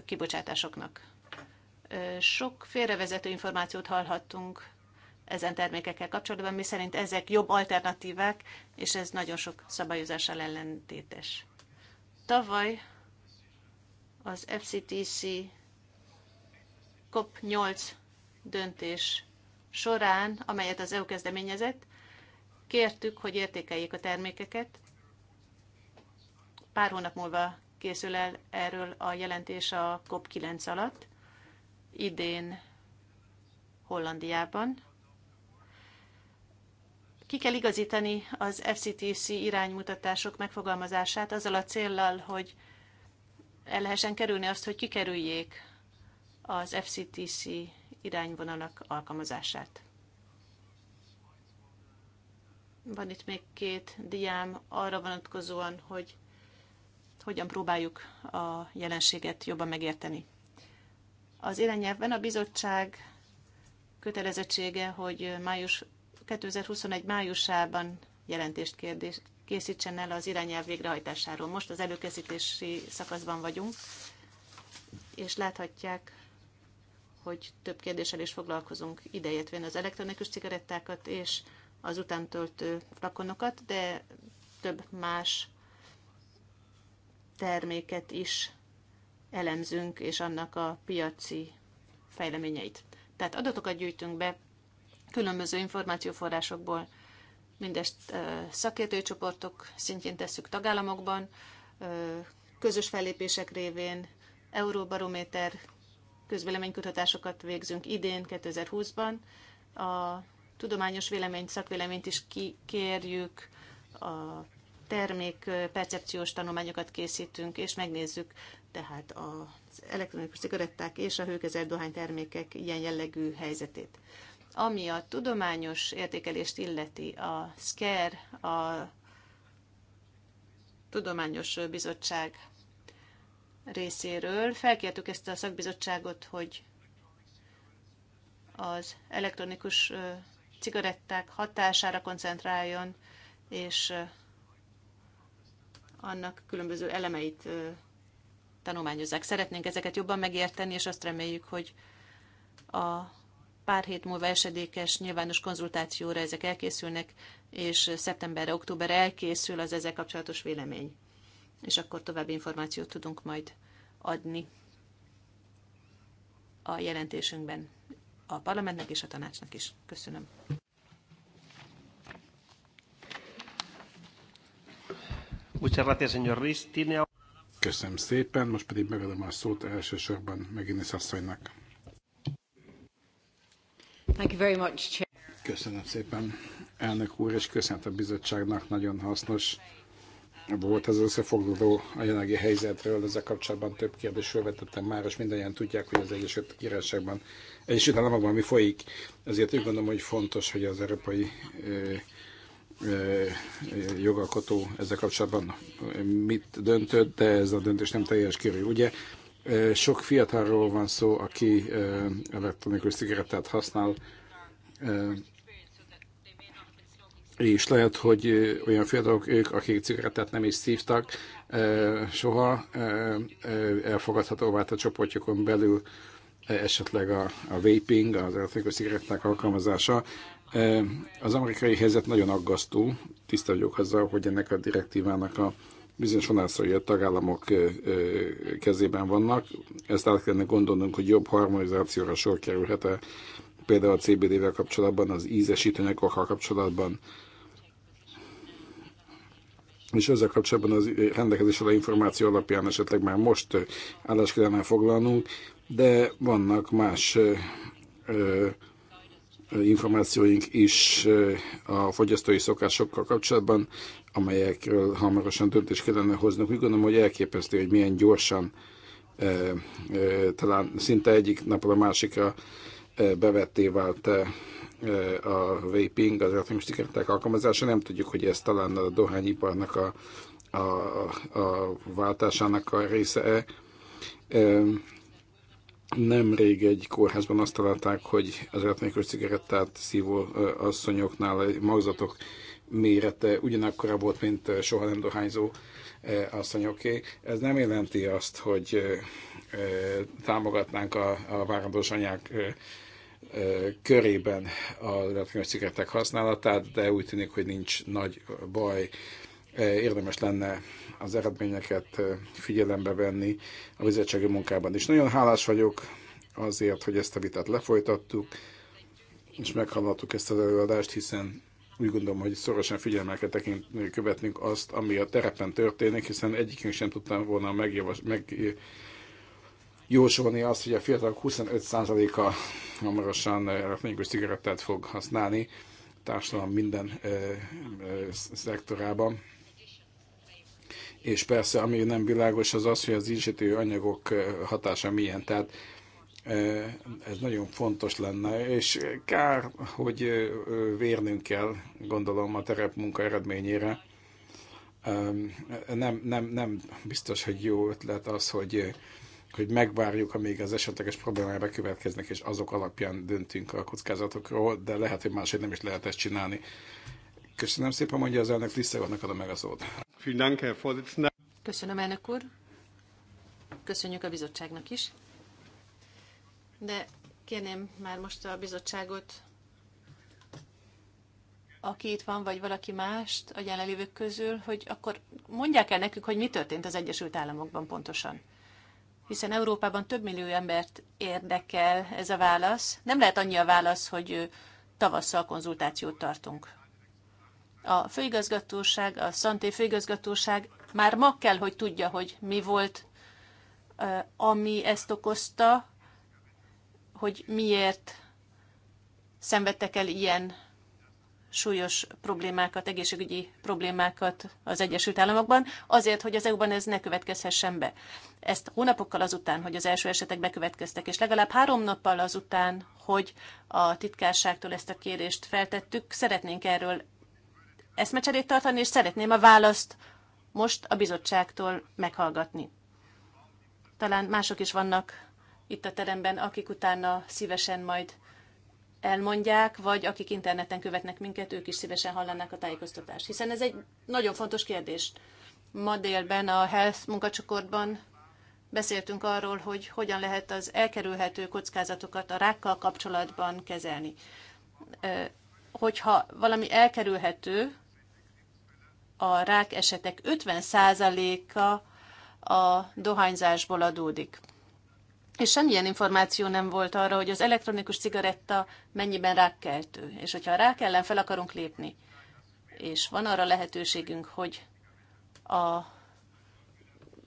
kibocsátásoknak. Sok félrevezető információt hallhattunk ezen termékekkel kapcsolatban, szerint ezek jobb alternatívák, és ez nagyon sok szabályozással ellentétes. Tavaly az FCTC COP8 döntés során, amelyet az EU kezdeményezett, kértük, hogy értékeljék a termékeket. Pár hónap múlva készül el erről a jelentés a COP9 alatt, idén Hollandiában. Ki kell igazítani az FCTC iránymutatások megfogalmazását azzal a céllal, hogy el lehessen kerülni azt, hogy kikerüljék az FCTC irányvonalak alkalmazását. Van itt még két diám arra vonatkozóan, hogy hogyan próbáljuk a jelenséget jobban megérteni. Az irányelvben a bizottság kötelezettsége, hogy május 2021 májusában jelentést kérdés, készítsen el az irányelv végrehajtásáról. Most az előkészítési szakaszban vagyunk, és láthatják, hogy több kérdéssel is foglalkozunk venni az elektronikus cigarettákat és az utántöltő flakonokat, de több más terméket is elemzünk, és annak a piaci fejleményeit. Tehát adatokat gyűjtünk be különböző információforrásokból. Mindezt szakértői csoportok szintjén tesszük tagállamokban, közös fellépések révén, Euróbarométer közvéleménykutatásokat végzünk idén, 2020-ban. A tudományos véleményt, szakvéleményt is kikérjük, a termék percepciós tanulmányokat készítünk, és megnézzük tehát az elektronikus cigaretták és a hőkezelt dohánytermékek ilyen jellegű helyzetét. Ami a tudományos értékelést illeti, a SCER, a Tudományos Bizottság részéről felkértük ezt a szakbizottságot, hogy az elektronikus cigaretták hatására koncentráljon, és annak különböző elemeit tanulmányozzák. Szeretnénk ezeket jobban megérteni, és azt reméljük, hogy a Pár hét múlva esedékes nyilvános konzultációra ezek elkészülnek, és szeptemberre, október elkészül az ezzel kapcsolatos vélemény. És akkor további információt tudunk majd adni a jelentésünkben a parlamentnek és a tanácsnak is. Köszönöm. Köszönöm szépen, most pedig megadom a szót elsősorban Megénész asszonynak. Köszönöm szépen, elnök úr, és köszönet a bizottságnak, nagyon hasznos volt az összefoglaló a jelenlegi helyzetről, ezzel kapcsolatban több kérdés felvetettem már, és mindannyian tudják, hogy az Egyesült Királyságban, Egyesült Államokban mi folyik, ezért úgy gondolom, hogy fontos, hogy az európai ö, ö, jogalkotó ezzel kapcsolatban mit döntött, de ez a döntés nem teljes körül. Ugye sok fiatalról van szó, aki elektronikus cigarettát használ, és lehet, hogy olyan fiatalok ők, akik cigarettát nem is szívtak, soha elfogadhatóvá a csoportjukon belül esetleg a, a vaping, az elektronikus cigaretták alkalmazása. Az amerikai helyzet nagyon aggasztó, tiszta vagyok azzal, hogy ennek a direktívának a bizonyos vonászai a tagállamok kezében vannak. Ezt át kellene gondolnunk, hogy jobb harmonizációra sor kerülhet-e például a CBD-vel kapcsolatban, az ízesítőanyagokkal kapcsolatban, és ezzel kapcsolatban az rendelkezésre információ alapján esetleg már most állást kellene foglalnunk, de vannak más ö, információink is a fogyasztói szokásokkal kapcsolatban amelyekről hamarosan döntés kellene hoznunk. Úgy gondolom, hogy elképesztő, hogy milyen gyorsan, e, e, talán szinte egyik napon a másikra e, bevetté vált e, e a vaping, az elektronikus cigaretták alkalmazása. Nem tudjuk, hogy ez talán a dohányiparnak a, a, a váltásának a része-e. E, Nemrég egy kórházban azt találták, hogy az elektronikus cigarettát szívó e, asszonyoknál magzatok mérete ugyanakkora volt, mint eh, soha nem dohányzó eh, asszonyoké. Ez nem jelenti azt, hogy eh, támogatnánk a, a várandós anyák körében a elektronikus cigarettek használatát, de úgy tűnik, hogy nincs nagy baj. Érdemes lenne az eredményeket figyelembe venni a bizottsági munkában is. Nagyon hálás vagyok azért, hogy ezt a vitát lefolytattuk, és meghallottuk ezt az előadást, hiszen úgy gondolom, hogy szorosan figyelmel tekint, követnünk azt, ami a terepen történik, hiszen egyikünk sem tudtam volna megjavas, meg azt, hogy a fiatalok 25%-a hamarosan eh, elektronikus cigarettát fog használni társadalom minden ö, eh, ö, eh, szektorában. És persze, ami nem világos, az az, hogy az ízsítő anyagok hatása milyen. Tehát ez nagyon fontos lenne, és kár, hogy vérnünk kell, gondolom, a terepmunka eredményére. Nem, nem, nem biztos, hogy jó ötlet az, hogy hogy megvárjuk, amíg az esetleges problémák bekövetkeznek, és azok alapján döntünk a kockázatokról, de lehet, hogy máshogy nem is lehet ezt csinálni. Köszönöm szépen, mondja az elnök Lisszegornak adom meg a szót. Köszönöm, elnök úr. Köszönjük a bizottságnak is de kérném már most a bizottságot, aki itt van, vagy valaki mást a jelenlévők közül, hogy akkor mondják el nekünk, hogy mi történt az Egyesült Államokban pontosan. Hiszen Európában több millió embert érdekel ez a válasz. Nem lehet annyi a válasz, hogy tavasszal konzultációt tartunk. A főigazgatóság, a Szanté főigazgatóság már ma kell, hogy tudja, hogy mi volt, ami ezt okozta, hogy miért szenvedtek el ilyen súlyos problémákat, egészségügyi problémákat az Egyesült Államokban, azért, hogy az EU-ban ez ne következhessen be. Ezt hónapokkal azután, hogy az első esetek bekövetkeztek, és legalább három nappal azután, hogy a titkárságtól ezt a kérést feltettük, szeretnénk erről eszmecserét tartani, és szeretném a választ most a bizottságtól meghallgatni. Talán mások is vannak itt a teremben, akik utána szívesen majd elmondják, vagy akik interneten követnek minket, ők is szívesen hallanák a tájékoztatást. Hiszen ez egy nagyon fontos kérdés. Ma délben a Health munkacsoportban beszéltünk arról, hogy hogyan lehet az elkerülhető kockázatokat a rákkal kapcsolatban kezelni. Hogyha valami elkerülhető, a rák esetek 50%-a a dohányzásból adódik és semmilyen információ nem volt arra, hogy az elektronikus cigaretta mennyiben rákkeltő, és hogyha a rák ellen fel akarunk lépni, és van arra lehetőségünk, hogy a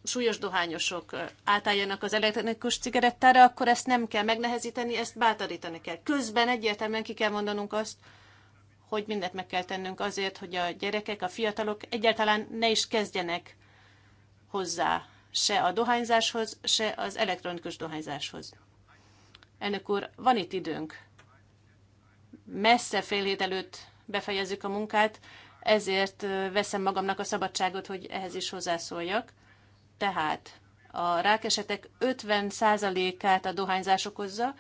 súlyos dohányosok átálljanak az elektronikus cigarettára, akkor ezt nem kell megnehezíteni, ezt bátorítani kell. Közben egyértelműen ki kell mondanunk azt, hogy mindent meg kell tennünk azért, hogy a gyerekek, a fiatalok egyáltalán ne is kezdjenek hozzá se a dohányzáshoz, se az elektronikus dohányzáshoz. Elnök úr, van itt időnk. Messze fél hét előtt befejezzük a munkát, ezért veszem magamnak a szabadságot, hogy ehhez is hozzászóljak. Tehát a rákesetek 50%-át a dohányzás okozza,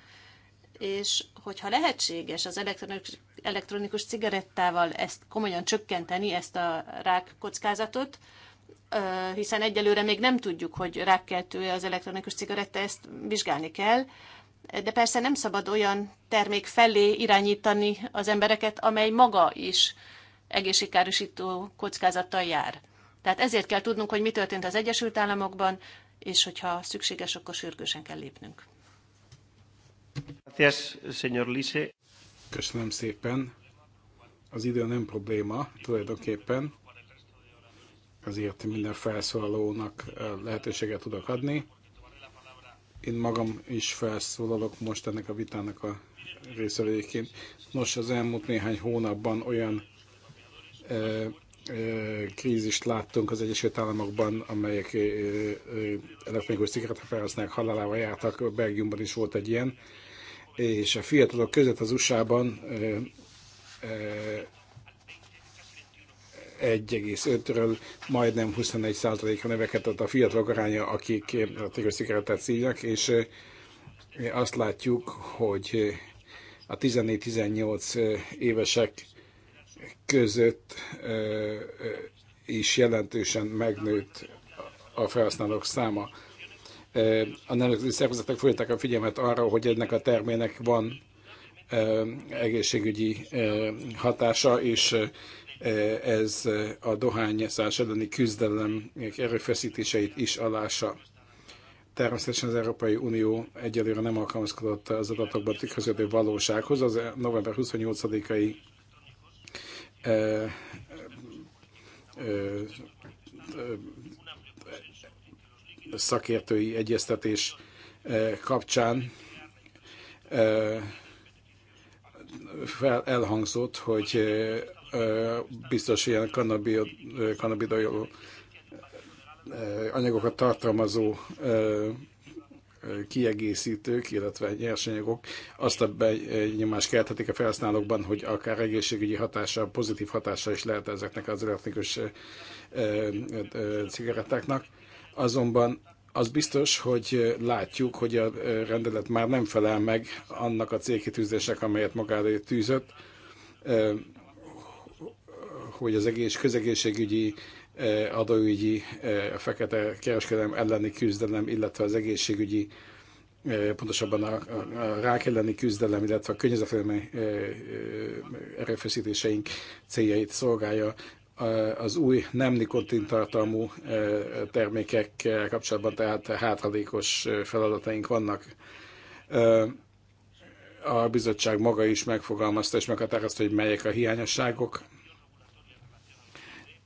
és hogyha lehetséges az elektronikus, elektronikus cigarettával ezt komolyan csökkenteni, ezt a rák kockázatot, hiszen egyelőre még nem tudjuk, hogy rákkeltő az elektronikus cigaretta, ezt vizsgálni kell. De persze nem szabad olyan termék felé irányítani az embereket, amely maga is egészségkárosító kockázattal jár. Tehát ezért kell tudnunk, hogy mi történt az Egyesült Államokban, és hogyha szükséges, akkor sürgősen kell lépnünk. Köszönöm szépen. Az idő nem probléma tulajdonképpen ezért minden felszólalónak lehetőséget tudok adni. Én magam is felszólalok most ennek a vitának a részeléként. Nos, az elmúlt néhány hónapban olyan e, e, krízist láttunk az Egyesült Államokban, amelyek e, e, elektronikus cigarettafelhasználók halálával jártak, Belgiumban is volt egy ilyen, és a fiatalok között az USA-ban 1,5-ről majdnem 21%-ra növekedett a fiatalok aránya, akik a tigros szívnak, és azt látjuk, hogy a 14-18 évesek között is jelentősen megnőtt a felhasználók száma. A nemzetközi szervezetek folytatják a figyelmet arra, hogy ennek a termének van egészségügyi hatása, és ez a dohányzás elleni küzdelem erőfeszítéseit is alása. Természetesen az Európai Unió egyelőre nem alkalmazkodott az adatokban tükröződő valósághoz. Az november 28-ai eh, eh, eh, szakértői egyeztetés kapcsán elhangzott, hogy biztos ilyen kannabidajó anyagokat tartalmazó kiegészítők, illetve nyersanyagok azt a benyomást kelthetik a felhasználókban, hogy akár egészségügyi hatása, pozitív hatása is lehet ezeknek az elektronikus cigarettáknak. Azonban az biztos, hogy látjuk, hogy a rendelet már nem felel meg annak a célkitűzésnek, amelyet magára tűzött hogy az egész közegészségügyi, eh, adóügyi, eh, a fekete kereskedelem elleni küzdelem, illetve az egészségügyi, eh, pontosabban a, a rák elleni küzdelem, illetve a környezetvédelmi erőfeszítéseink céljait szolgálja, az új nem nikotintartalmú termékekkel kapcsolatban tehát hátralékos feladataink vannak. A bizottság maga is megfogalmazta és meghatározta, hogy melyek a hiányosságok,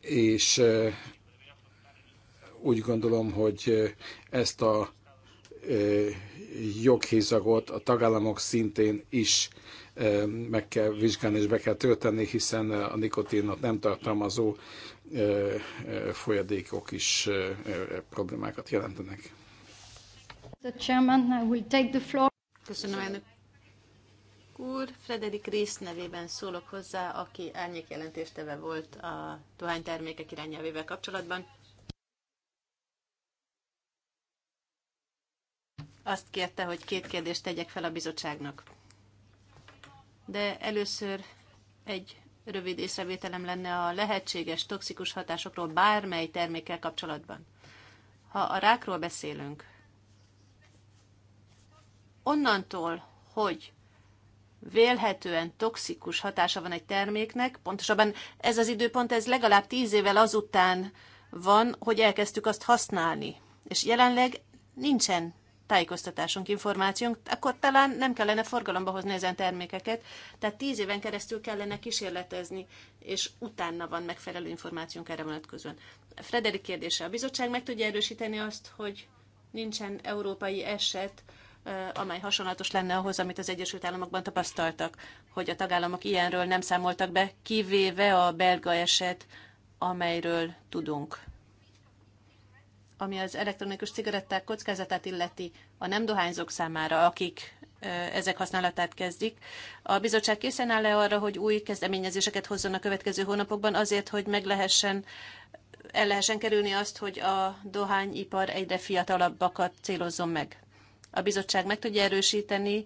és úgy gondolom, hogy ezt a joghézagot a tagállamok szintén is meg kell vizsgálni és be kell tölteni, hiszen a nikotinot nem tartalmazó folyadékok is problémákat jelentenek. The chairman, I will take the floor. Köszönöm, elnök úr, Frederik Rész nevében szólok hozzá, aki árnyékjelentésteve volt a dohánytermékek irányelvével kapcsolatban. Azt kérte, hogy két kérdést tegyek fel a bizottságnak. De először egy rövid észrevételem lenne a lehetséges toxikus hatásokról bármely termékkel kapcsolatban. Ha a rákról beszélünk, onnantól, hogy vélhetően toxikus hatása van egy terméknek, pontosabban ez az időpont, ez legalább tíz évvel azután van, hogy elkezdtük azt használni. És jelenleg nincsen tájékoztatásunk, információnk, akkor talán nem kellene forgalomba hozni ezen termékeket, tehát tíz éven keresztül kellene kísérletezni, és utána van megfelelő információnk erre vonatkozóan. Frederik kérdése. A bizottság meg tudja erősíteni azt, hogy nincsen európai eset, amely hasonlatos lenne ahhoz, amit az Egyesült Államokban tapasztaltak, hogy a tagállamok ilyenről nem számoltak be, kivéve a belga eset, amelyről tudunk. Ami az elektronikus cigaretták kockázatát illeti a nem dohányzók számára, akik ezek használatát kezdik. A bizottság készen áll-e arra, hogy új kezdeményezéseket hozzon a következő hónapokban azért, hogy meg lehessen, el lehessen kerülni azt, hogy a dohányipar egyre fiatalabbakat célozzon meg? a bizottság meg tudja erősíteni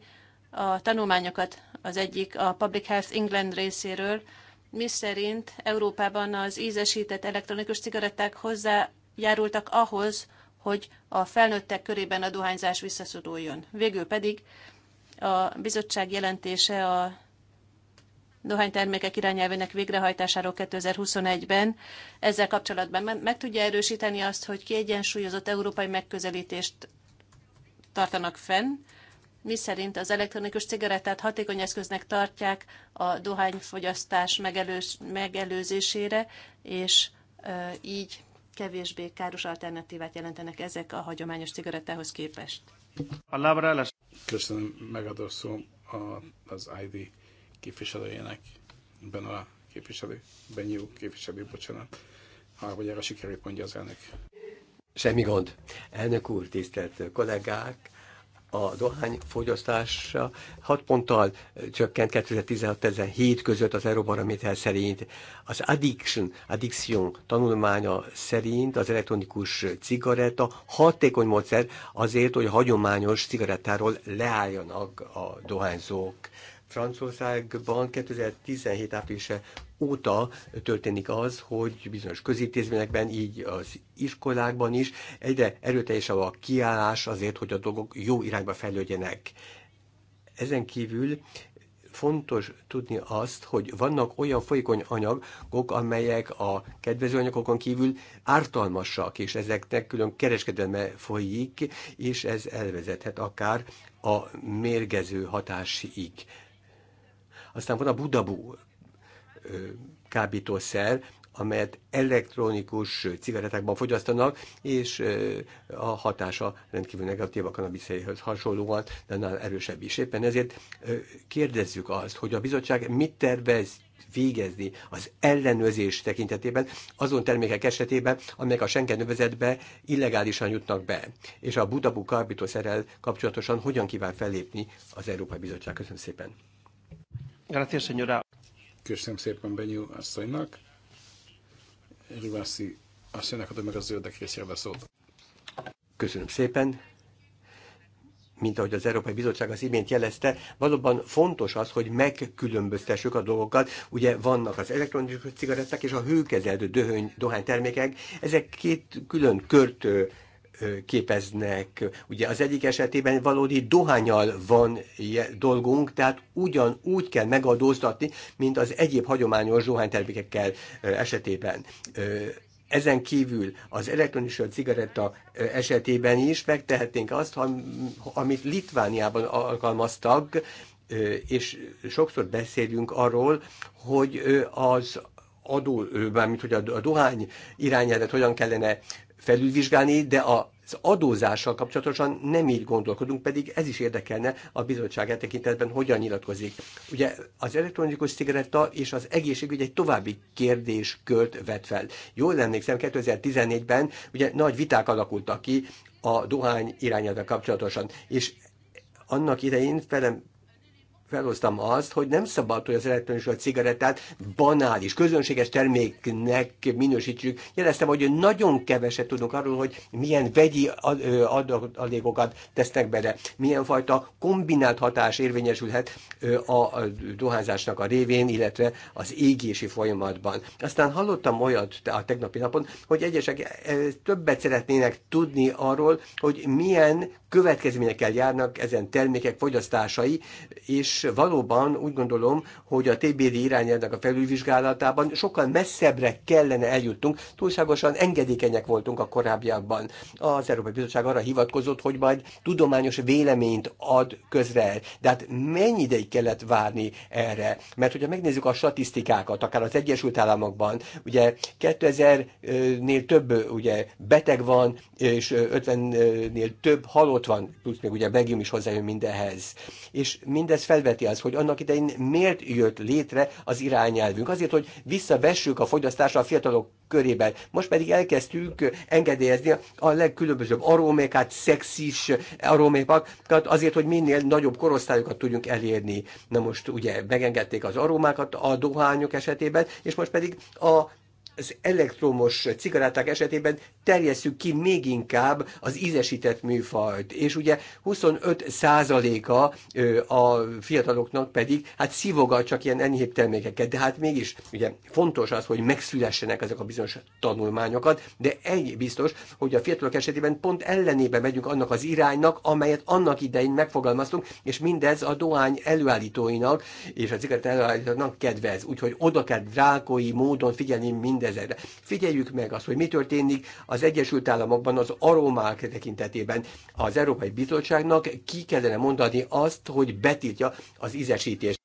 a tanulmányokat az egyik a Public Health England részéről, mi szerint Európában az ízesített elektronikus cigaretták hozzájárultak ahhoz, hogy a felnőttek körében a dohányzás visszaszoruljon. Végül pedig a bizottság jelentése a dohánytermékek irányelvének végrehajtásáról 2021-ben. Ezzel kapcsolatban meg tudja erősíteni azt, hogy kiegyensúlyozott európai megközelítést tartanak fenn, miszerint az elektronikus cigarettát hatékony eszköznek tartják a dohányfogyasztás megelőz, megelőzésére, és így kevésbé káros alternatívát jelentenek ezek a hagyományos cigarettához képest. Köszönöm, megadó szó az ID képviselőjének, Ben a képviselő, Benyú képviselő, bocsánat. erre sikerült mondja az elnök. Semmi gond. Elnök úr, tisztelt kollégák, a dohány fogyasztása 6 ponttal csökkent 2016-17 között az Eurobarométer szerint. Az Addiction, Addiction tanulmánya szerint az elektronikus cigaretta hatékony módszer azért, hogy a hagyományos cigarettáról leálljanak a dohányzók. Franciaországban 2017 áprilise óta történik az, hogy bizonyos közintézményekben, így az iskolákban is egyre erőteljesebb a kiállás azért, hogy a dolgok jó irányba fejlődjenek. Ezen kívül fontos tudni azt, hogy vannak olyan folyékony anyagok, amelyek a kedvező anyagokon kívül ártalmasak, és ezeknek külön kereskedelme folyik, és ez elvezethet akár a mérgező hatásig. Aztán van a Budabú kábítószer, amelyet elektronikus cigarettákban fogyasztanak, és a hatása rendkívül negatív a kanabiszéhez hasonlóan, de annál erősebb is. Éppen ezért kérdezzük azt, hogy a bizottság mit tervez végezni az ellenőrzés tekintetében azon termékek esetében, amelyek a Schengen övezetbe illegálisan jutnak be, és a Budapú kábítószerrel kapcsolatosan hogyan kíván fellépni az Európai Bizottság. Köszönöm szépen! Gracias, señora. Köszönöm szépen Benyú asszonynak. Rubászi asszonynak adom meg az zöldek részére szót. Köszönöm szépen mint ahogy az Európai Bizottság az imént jelezte, valóban fontos az, hogy megkülönböztessük a dolgokat. Ugye vannak az elektronikus cigaretták és a hőkezelő dohány termékek, ezek két külön kört képeznek. Ugye az egyik esetében valódi dohányal van dolgunk, tehát ugyanúgy kell megadóztatni, mint az egyéb hagyományos dohánytermékekkel esetében. Ezen kívül az elektronikus cigaretta esetében is megtehetnénk azt, amit Litvániában alkalmaztak, és sokszor beszélünk arról, hogy az adó, mármint hogy a dohány irányelvet hogyan kellene felülvizsgálni, de a az adózással kapcsolatosan nem így gondolkodunk, pedig ez is érdekelne a bizottság e tekintetben, hogyan nyilatkozik. Ugye az elektronikus cigaretta és az egészségügy egy további kérdés költ vet fel. Jól emlékszem, 2014-ben ugye nagy viták alakultak ki a dohány irányával kapcsolatosan, és annak idején felem felhoztam azt, hogy nem szabad, hogy az elektronikus a cigarettát banális, közönséges terméknek minősítsük. Jeleztem, hogy nagyon keveset tudunk arról, hogy milyen vegyi adalékokat tesznek bele, milyen fajta kombinált hatás érvényesülhet a dohányzásnak a révén, illetve az égési folyamatban. Aztán hallottam olyat a tegnapi napon, hogy egyesek többet szeretnének tudni arról, hogy milyen következményekkel járnak ezen termékek fogyasztásai, és valóban úgy gondolom, hogy a TBD irányelvnek a felülvizsgálatában sokkal messzebbre kellene eljutnunk, túlságosan engedékenyek voltunk a korábbiakban. Az Európai Bizottság arra hivatkozott, hogy majd tudományos véleményt ad közre. De hát mennyi ideig kellett várni erre? Mert hogyha megnézzük a statisztikákat, akár az Egyesült Államokban, ugye 2000-nél több ugye, beteg van, és 50-nél több halott ott van, plusz még ugye Belgium is hozzájön mindenhez. És mindez felveti az, hogy annak idején miért jött létre az irányelvünk. Azért, hogy visszavessük a fogyasztásra a fiatalok körében. Most pedig elkezdtük engedélyezni a legkülönbözőbb arómékát, szexis arómékat, azért, hogy minél nagyobb korosztályokat tudjunk elérni. Na most ugye megengedték az arómákat a dohányok esetében, és most pedig a az elektromos cigaretták esetében terjesszük ki még inkább az ízesített műfajt. És ugye 25 százaléka a fiataloknak pedig hát szívogat csak ilyen enyhébb termékeket, de hát mégis ugye fontos az, hogy megszülessenek ezek a bizonyos tanulmányokat, de egy biztos, hogy a fiatalok esetében pont ellenébe megyünk annak az iránynak, amelyet annak idején megfogalmaztunk, és mindez a dohány előállítóinak és a cigaretta előállítóinak kedvez. Úgyhogy oda kell drákoi módon figyelni minden mindezerre. Figyeljük meg azt, hogy mi történik az Egyesült Államokban az aromák tekintetében. Az Európai Bizottságnak ki kellene mondani azt, hogy betiltja az ízesítést.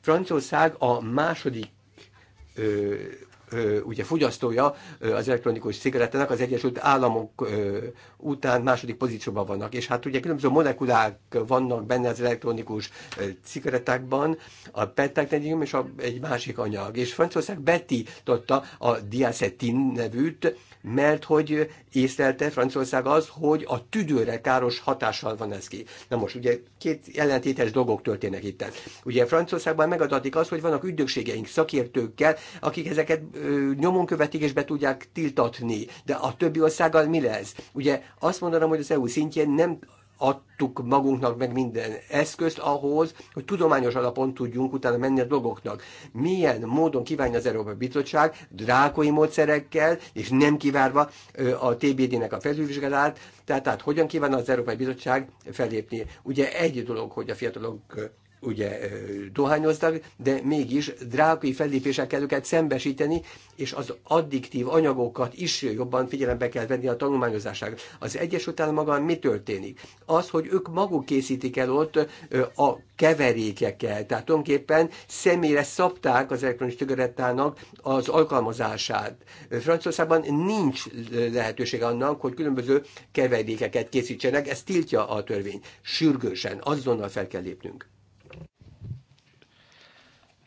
Franciaország a második ö, ugye fogyasztója az elektronikus cigarettának az Egyesült Államok után második pozícióban vannak. És hát ugye különböző molekulák vannak benne az elektronikus cigarettákban, a pentaknedium és a, egy másik anyag. És Franciaország betiltotta a diacetin nevűt, mert hogy észlelte Franciaország az, hogy a tüdőre káros hatással van ez ki. Na most ugye két ellentétes dolgok történnek itt. Ugye Franciaországban megadatik az, hogy vannak ügynökségeink szakértőkkel, akik ezeket nyomon követik és be tudják tiltatni. De a többi országgal mi lesz? Ugye azt mondanám, hogy az EU szintjén nem adtuk magunknak meg minden eszközt ahhoz, hogy tudományos alapon tudjunk utána menni a dolgoknak. Milyen módon kívánja az Európai Bizottság drákoi módszerekkel, és nem kivárva a TBD-nek a felülvizsgálatát, tehát, tehát hogyan kíván az Európai Bizottság felépni. Ugye egy dolog, hogy a fiatalok ugye dohányoztak, de mégis drákai fellépések kell őket szembesíteni, és az addiktív anyagokat is jobban figyelembe kell venni a tanulmányozásnak. Az Egyesült Államokban mi történik? Az, hogy ők maguk készítik el ott a keverékekkel, tehát tulajdonképpen személyre szabták az elektronikus cigarettának az alkalmazását. Franciaországban nincs lehetőség annak, hogy különböző keverékeket készítsenek, ezt tiltja a törvény. Sürgősen, azonnal fel kell lépnünk.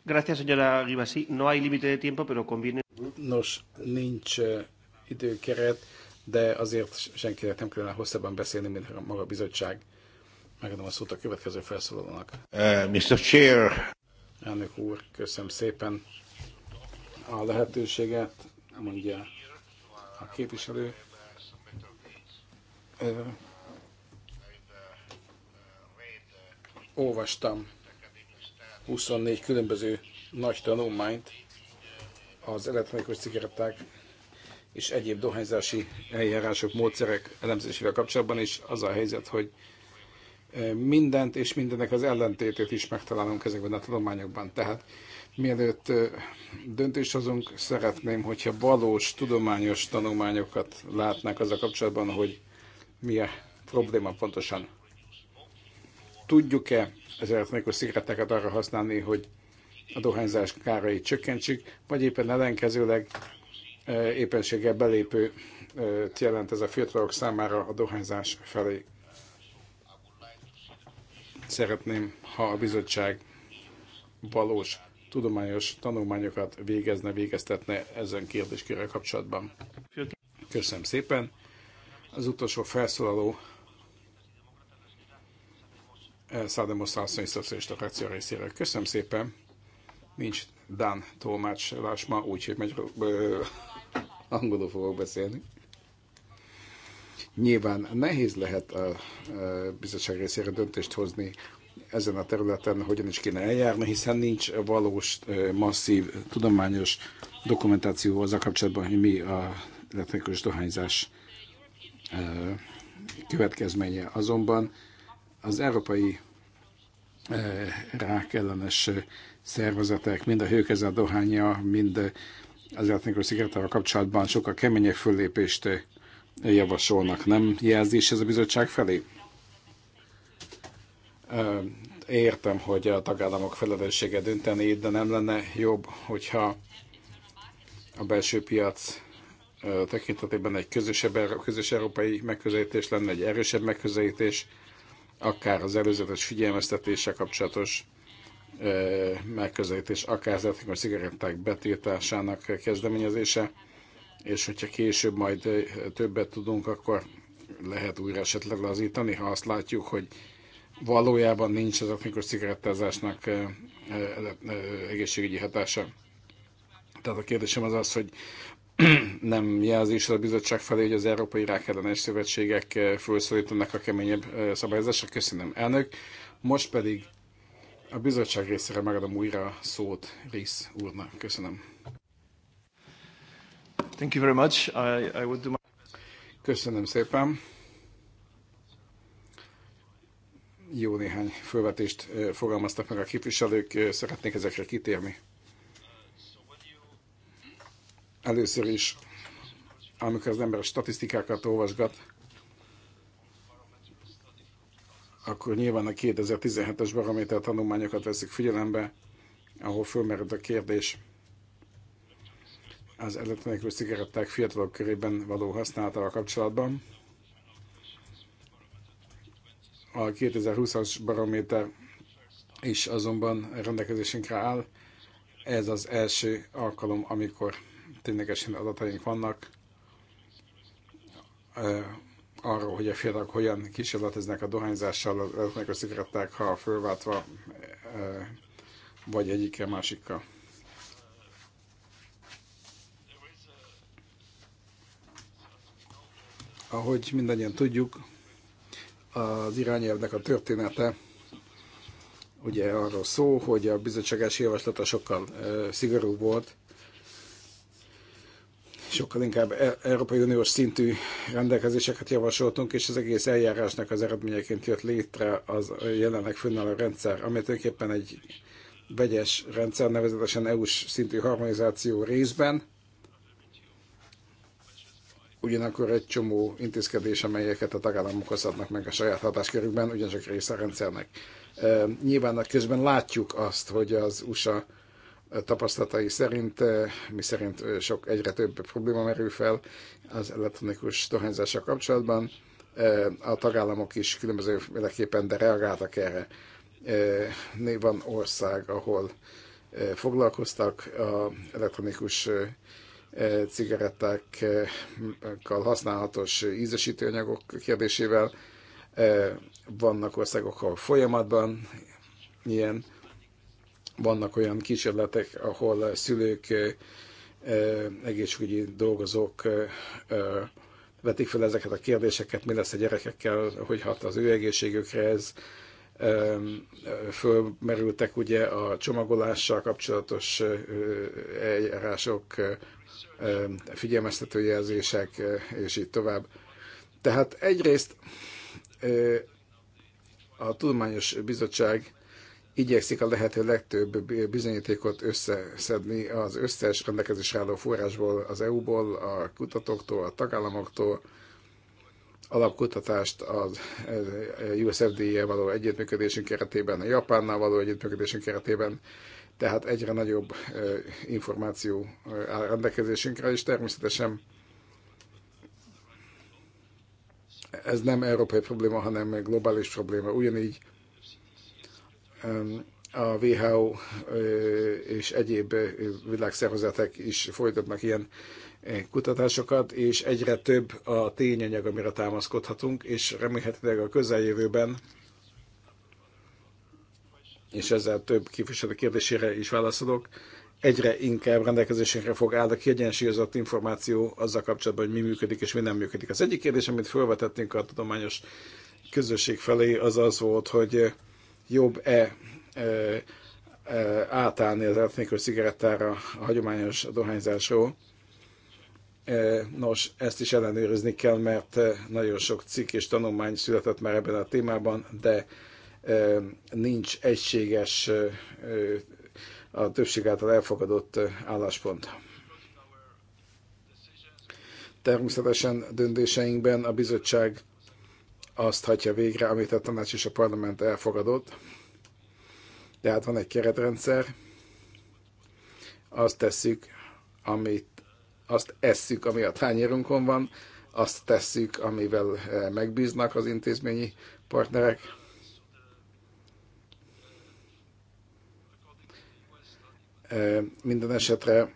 Gracias, señora Rivasi. No hay límite de tiempo, pero conviene... Nos, nincs eh, időkeret, de azért senkinek nem kellene hosszabban beszélni, mint a maga bizottság. Megadom a szót a következő felszólalónak. Uh, Mr. Chair. Elnök úr, köszönöm szépen a lehetőséget, mondja a képviselő. Uh, olvastam 24 különböző nagy tanulmányt az elektronikus cigaretták és egyéb dohányzási eljárások, módszerek elemzésével kapcsolatban, és az a helyzet, hogy mindent és mindennek az ellentétét is megtalálunk ezekben a tudományokban. Tehát mielőtt döntést hozunk, szeretném, hogyha valós tudományos tanulmányokat látnák az a kapcsolatban, hogy mi a probléma pontosan. Tudjuk-e az elektronikus szigeteket arra használni, hogy a dohányzás kárait csökkentsük, vagy éppen ellenkezőleg e, éppenséggel belépő e, jelent ez a fiatalok számára a dohányzás felé. Szeretném, ha a bizottság valós tudományos tanulmányokat végezne, végeztetne ezen kérdéskörrel kapcsolatban. Köszönöm szépen. Az utolsó felszólaló Szádem asszony szocialista frakció részéről. Köszönöm szépen. Nincs Dán tolmácsolás Lásma, úgyhogy megy, angolul fogok beszélni. Nyilván nehéz lehet a bizottság részére döntést hozni ezen a területen, hogyan is kéne eljárni, hiszen nincs valós, masszív, tudományos dokumentáció az a kapcsolatban, hogy mi a elektronikus dohányzás következménye. Azonban az európai rákellenes szervezetek, mind a hőkezel dohánya, mind az elektronikus szigetával kapcsolatban sokkal keményebb föllépést javasolnak. Nem jelzés ez a bizottság felé? Értem, hogy a tagállamok felelőssége dönteni, de nem lenne jobb, hogyha a belső piac tekintetében egy közös, közös európai megközelítés lenne, egy erősebb megközelítés, akár az előzetes figyelmeztetése kapcsolatos megközelítés, akár az a cigaretták betiltásának kezdeményezése, és hogyha később majd többet tudunk, akkor lehet újra esetleg lazítani, ha azt látjuk, hogy valójában nincs az elektronikus cigarettázásnak egészségügyi hatása. Tehát a kérdésem az az, hogy nem jelzésre a bizottság felé, hogy az Európai Rákellenes Szövetségek eh, felszólítanak a keményebb eh, szabályozásra. Köszönöm, elnök. Most pedig a bizottság részére megadom újra szót Rész úrnak. Köszönöm. Thank you very much. I, I would do my... Köszönöm szépen. Jó néhány fölvetést eh, fogalmaztak meg a képviselők, szeretnék ezekre kitérni. Először is, amikor az ember a statisztikákat olvasgat, akkor nyilván a 2017-es barométer tanulmányokat veszik figyelembe, ahol fölmerült a kérdés az elektronikus cigaretták fiatalok körében való használatával kapcsolatban. A 2020-as barométer is azonban rendelkezésünkre áll. Ez az első alkalom, amikor ténylegesen adataink vannak arról, hogy a fiatalok hogyan kísérleteznek a dohányzással, a szigaretták, ha fölváltva, vagy egyikkel másikkal. Ahogy mindannyian tudjuk, az irányelvnek a története ugye arról szó, hogy a bizottság első javaslata sokkal szigorúbb volt, sokkal inkább e- Európai Uniós szintű rendelkezéseket javasoltunk, és az egész eljárásnak az eredményeként jött létre az jelenleg fönnálló rendszer, amely tulajdonképpen egy vegyes rendszer, nevezetesen EU-s szintű harmonizáció részben, ugyanakkor egy csomó intézkedés, amelyeket a tagállamok hozhatnak meg a saját hatáskörükben, ugyancsak része a rendszernek. Nyilván közben látjuk azt, hogy az USA tapasztalatai szerint, eh, mi szerint eh, sok, egyre több probléma merül fel az elektronikus dohányzással kapcsolatban. Eh, a tagállamok is különböző különbözőféleképpen, de reagáltak erre. Van ország, ahol foglalkoztak a elektronikus cigarettákkal használatos ízesítőanyagok kérdésével. Vannak országok, ahol folyamatban ilyen vannak olyan kísérletek, ahol szülők, egészségügyi dolgozók vetik fel ezeket a kérdéseket, mi lesz a gyerekekkel, hogy hat az ő egészségükre ez. Fölmerültek ugye a csomagolással kapcsolatos eljárások, figyelmeztető jelzések, és így tovább. Tehát egyrészt a Tudományos Bizottság igyekszik a lehető legtöbb bizonyítékot összeszedni az összes rendelkezés álló forrásból, az EU-ból, a kutatóktól, a tagállamoktól, alapkutatást az eh, USFD-jel való együttműködésünk keretében, a Japánnal való együttműködésünk keretében, tehát egyre nagyobb eh, információ eh, áll rendelkezésünkre, és természetesen ez nem európai probléma, hanem globális probléma. Ugyanígy a WHO és egyéb világszervezetek is folytatnak ilyen kutatásokat, és egyre több a tényanyag, amire támaszkodhatunk, és remélhetőleg a közeljövőben, és ezzel több képviselő kérdésére is válaszolok, egyre inkább rendelkezésünkre fog állni kiegyensúlyozott információ azzal kapcsolatban, hogy mi működik és mi nem működik. Az egyik kérdés, amit felvetettünk a tudományos közösség felé, az az volt, hogy jobb-e átállni az elektronikus cigarettára a hagyományos dohányzásról. Nos, ezt is ellenőrizni kell, mert nagyon sok cikk és tanulmány született már ebben a témában, de nincs egységes a többség által elfogadott álláspont. Természetesen döntéseinkben a bizottság azt hagyja végre, amit a tanács és a parlament elfogadott. Tehát van egy keretrendszer, azt tesszük, amit azt esszük, ami a tányérunkon van, azt tesszük, amivel eh, megbíznak az intézményi partnerek. Eh, minden esetre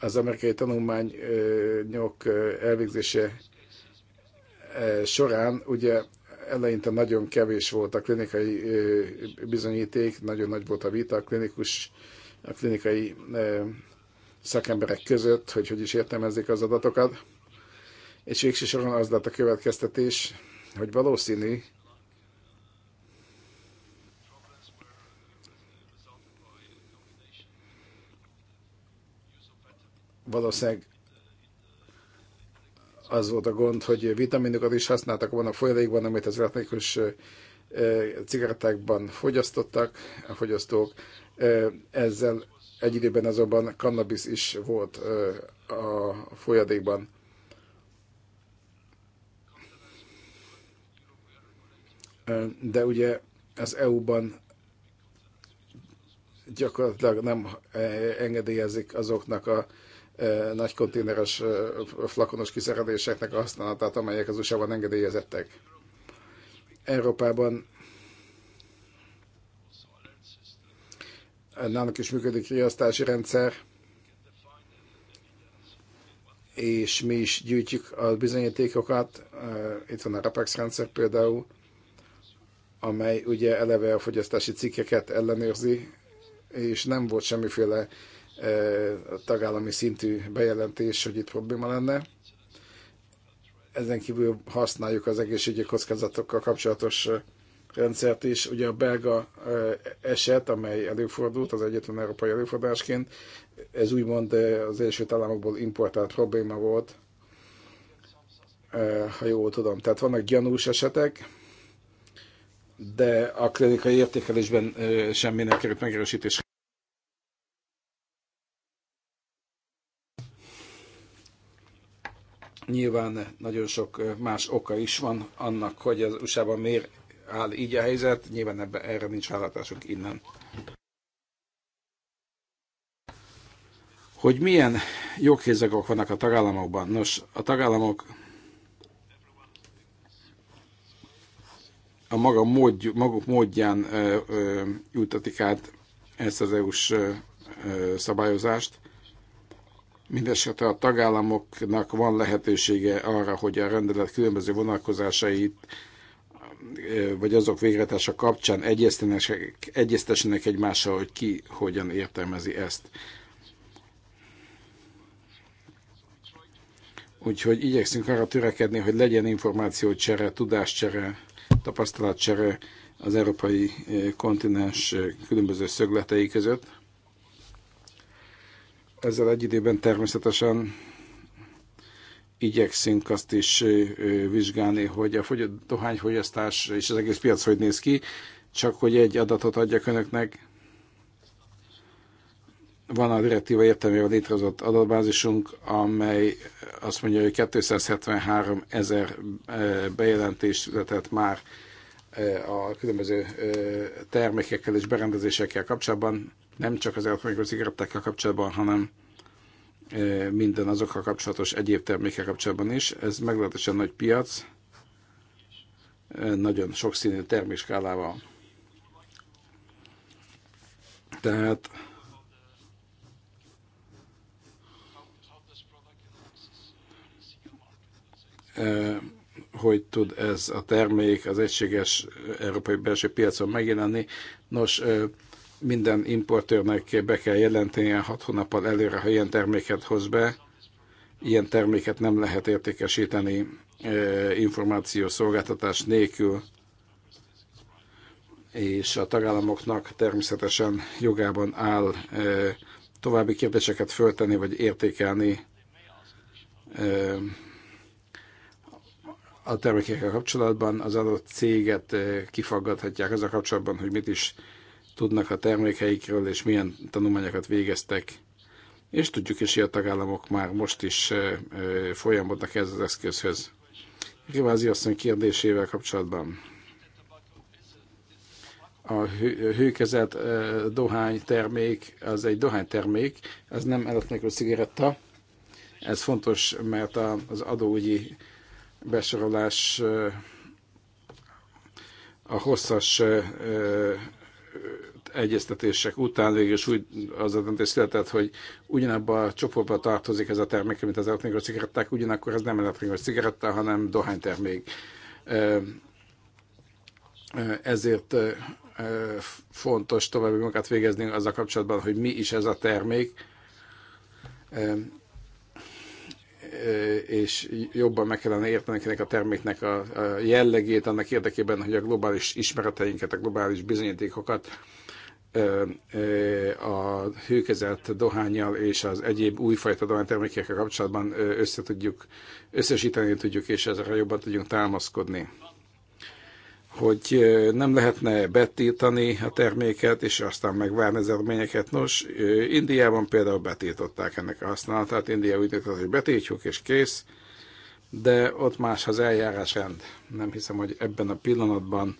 az amerikai tanulmányok eh, elvégzése E, során ugye eleinte nagyon kevés volt a klinikai e, bizonyíték, nagyon nagy volt a vita a klinikus, a klinikai e, szakemberek között, hogy hogy is értelmezik az adatokat, és végső soron az lett a következtetés, hogy valószínű, valószínűleg az volt a gond, hogy vitaminokat is használtak volna a folyadékban, amit az elektronikus cigarettákban fogyasztottak a fogyasztók. Ezzel egy időben azonban kannabisz is volt a folyadékban. De ugye az EU-ban gyakorlatilag nem engedélyezik azoknak a nagy konténeres flakonos kiszeredéseknek a használatát, amelyek az USA-ban engedélyezettek. Európában nálunk is működik riasztási rendszer, és mi is gyűjtjük a bizonyítékokat. Itt van a RAPEX rendszer például, amely ugye eleve a fogyasztási cikkeket ellenőrzi, és nem volt semmiféle tagállami szintű bejelentés, hogy itt probléma lenne. Ezen kívül használjuk az egészségügyi kockázatokkal kapcsolatos rendszert is. Ugye a belga eset, amely előfordult, az egyetlen európai előfordulásként, ez úgymond az első Államokból importált probléma volt, ha jól tudom. Tehát vannak gyanús esetek, de a klinikai értékelésben semmi nem került megerősítésre. Nyilván nagyon sok más oka is van annak, hogy az USA-ban miért áll így a helyzet, nyilván ebbe, erre nincs rálátásunk innen. Hogy milyen joghézagok vannak a tagállamokban? Nos, a tagállamok a maga módj, maguk módján ö, ö, jutatik át ezt az EU-s szabályozást. Mindenesetre a tagállamoknak van lehetősége arra, hogy a rendelet különböző vonalkozásait vagy azok végretása kapcsán egyeztessenek egymással, hogy ki hogyan értelmezi ezt. Úgyhogy igyekszünk arra törekedni, hogy legyen információcsere, tudáscsere, tapasztalatcsere az európai kontinens különböző szögletei között ezzel egy időben természetesen igyekszünk azt is vizsgálni, hogy a dohányfogyasztás és az egész piac hogy néz ki, csak hogy egy adatot adjak önöknek. Van a direktíva értelmével létrehozott adatbázisunk, amely azt mondja, hogy 273 ezer bejelentést született már a különböző termékekkel és berendezésekkel kapcsolatban nem csak az elektronikus cigarettákkal kapcsolatban, hanem minden azokkal kapcsolatos egyéb termékkel kapcsolatban is. Ez meglehetősen nagy piac, nagyon sokszínű termékskálával. Tehát hogy tud ez a termék az egységes európai belső piacon megjelenni. Nos, minden importőrnek be kell jelentenie hat hónappal előre, ha ilyen terméket hoz be. Ilyen terméket nem lehet értékesíteni szolgáltatás nélkül, és a tagállamoknak természetesen jogában áll további kérdéseket föltenni vagy értékelni a termékekkel kapcsolatban. Az adott céget kifaggathatják az a kapcsolatban, hogy mit is tudnak a termékeikről, és milyen tanulmányokat végeztek, és tudjuk is, hogy a tagállamok már most is folyamodnak ez az eszközhöz. Rivázi asszony kérdésével kapcsolatban. A hőkezelt dohánytermék, az egy dohánytermék, ez nem elektronikus cigaretta. Ez fontos, mert az adóügyi besorolás a hosszas egyeztetések után végül is úgy az a döntés született, hogy ugyanabba a csoportba tartozik ez a termék, mint az elektronikus cigaretták, ugyanakkor ez nem elektronikus cigaretta, hanem dohánytermék. Ezért fontos további munkát végezni a kapcsolatban, hogy mi is ez a termék, és jobban meg kellene értenünk ennek a terméknek a jellegét, annak érdekében, hogy a globális ismereteinket, a globális bizonyítékokat a hőkezelt dohányjal és az egyéb újfajta dohánytermékekkel kapcsolatban össze tudjuk, összesíteni tudjuk, és ezre jobban tudjunk támaszkodni hogy nem lehetne betiltani a terméket, és aztán megvárni az eredményeket. Nos, Indiában például betiltották ennek a használatát, India úgy tett, hogy betiltjuk, és kész, de ott más az rend. Nem hiszem, hogy ebben a pillanatban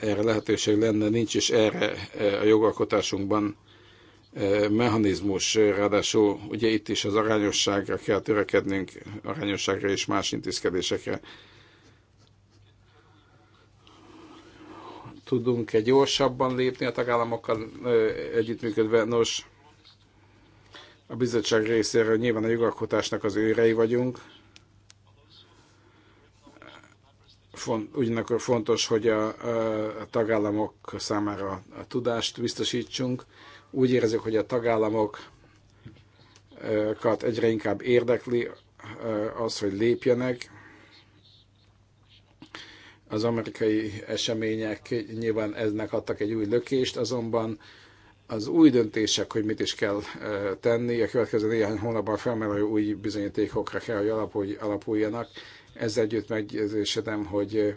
erre lehetőség lenne, nincs is erre a jogalkotásunkban mechanizmus, ráadásul ugye itt is az arányosságra kell törekednünk, arányosságra és más intézkedésekre Tudunk-e gyorsabban lépni a tagállamokkal együttműködve? Nos, a bizottság részéről nyilván a jogalkotásnak az őrei vagyunk. Font, ugyanakkor fontos, hogy a, a tagállamok számára a tudást biztosítsunk. Úgy érezzük, hogy a tagállamokat egyre inkább érdekli az, hogy lépjenek, az amerikai események nyilván eznek adtak egy új lökést, azonban az új döntések, hogy mit is kell tenni, a következő néhány hónapban felmerülő új bizonyítékokra kell, hogy alapuljanak. Ezzel együtt meggyőződésem, hogy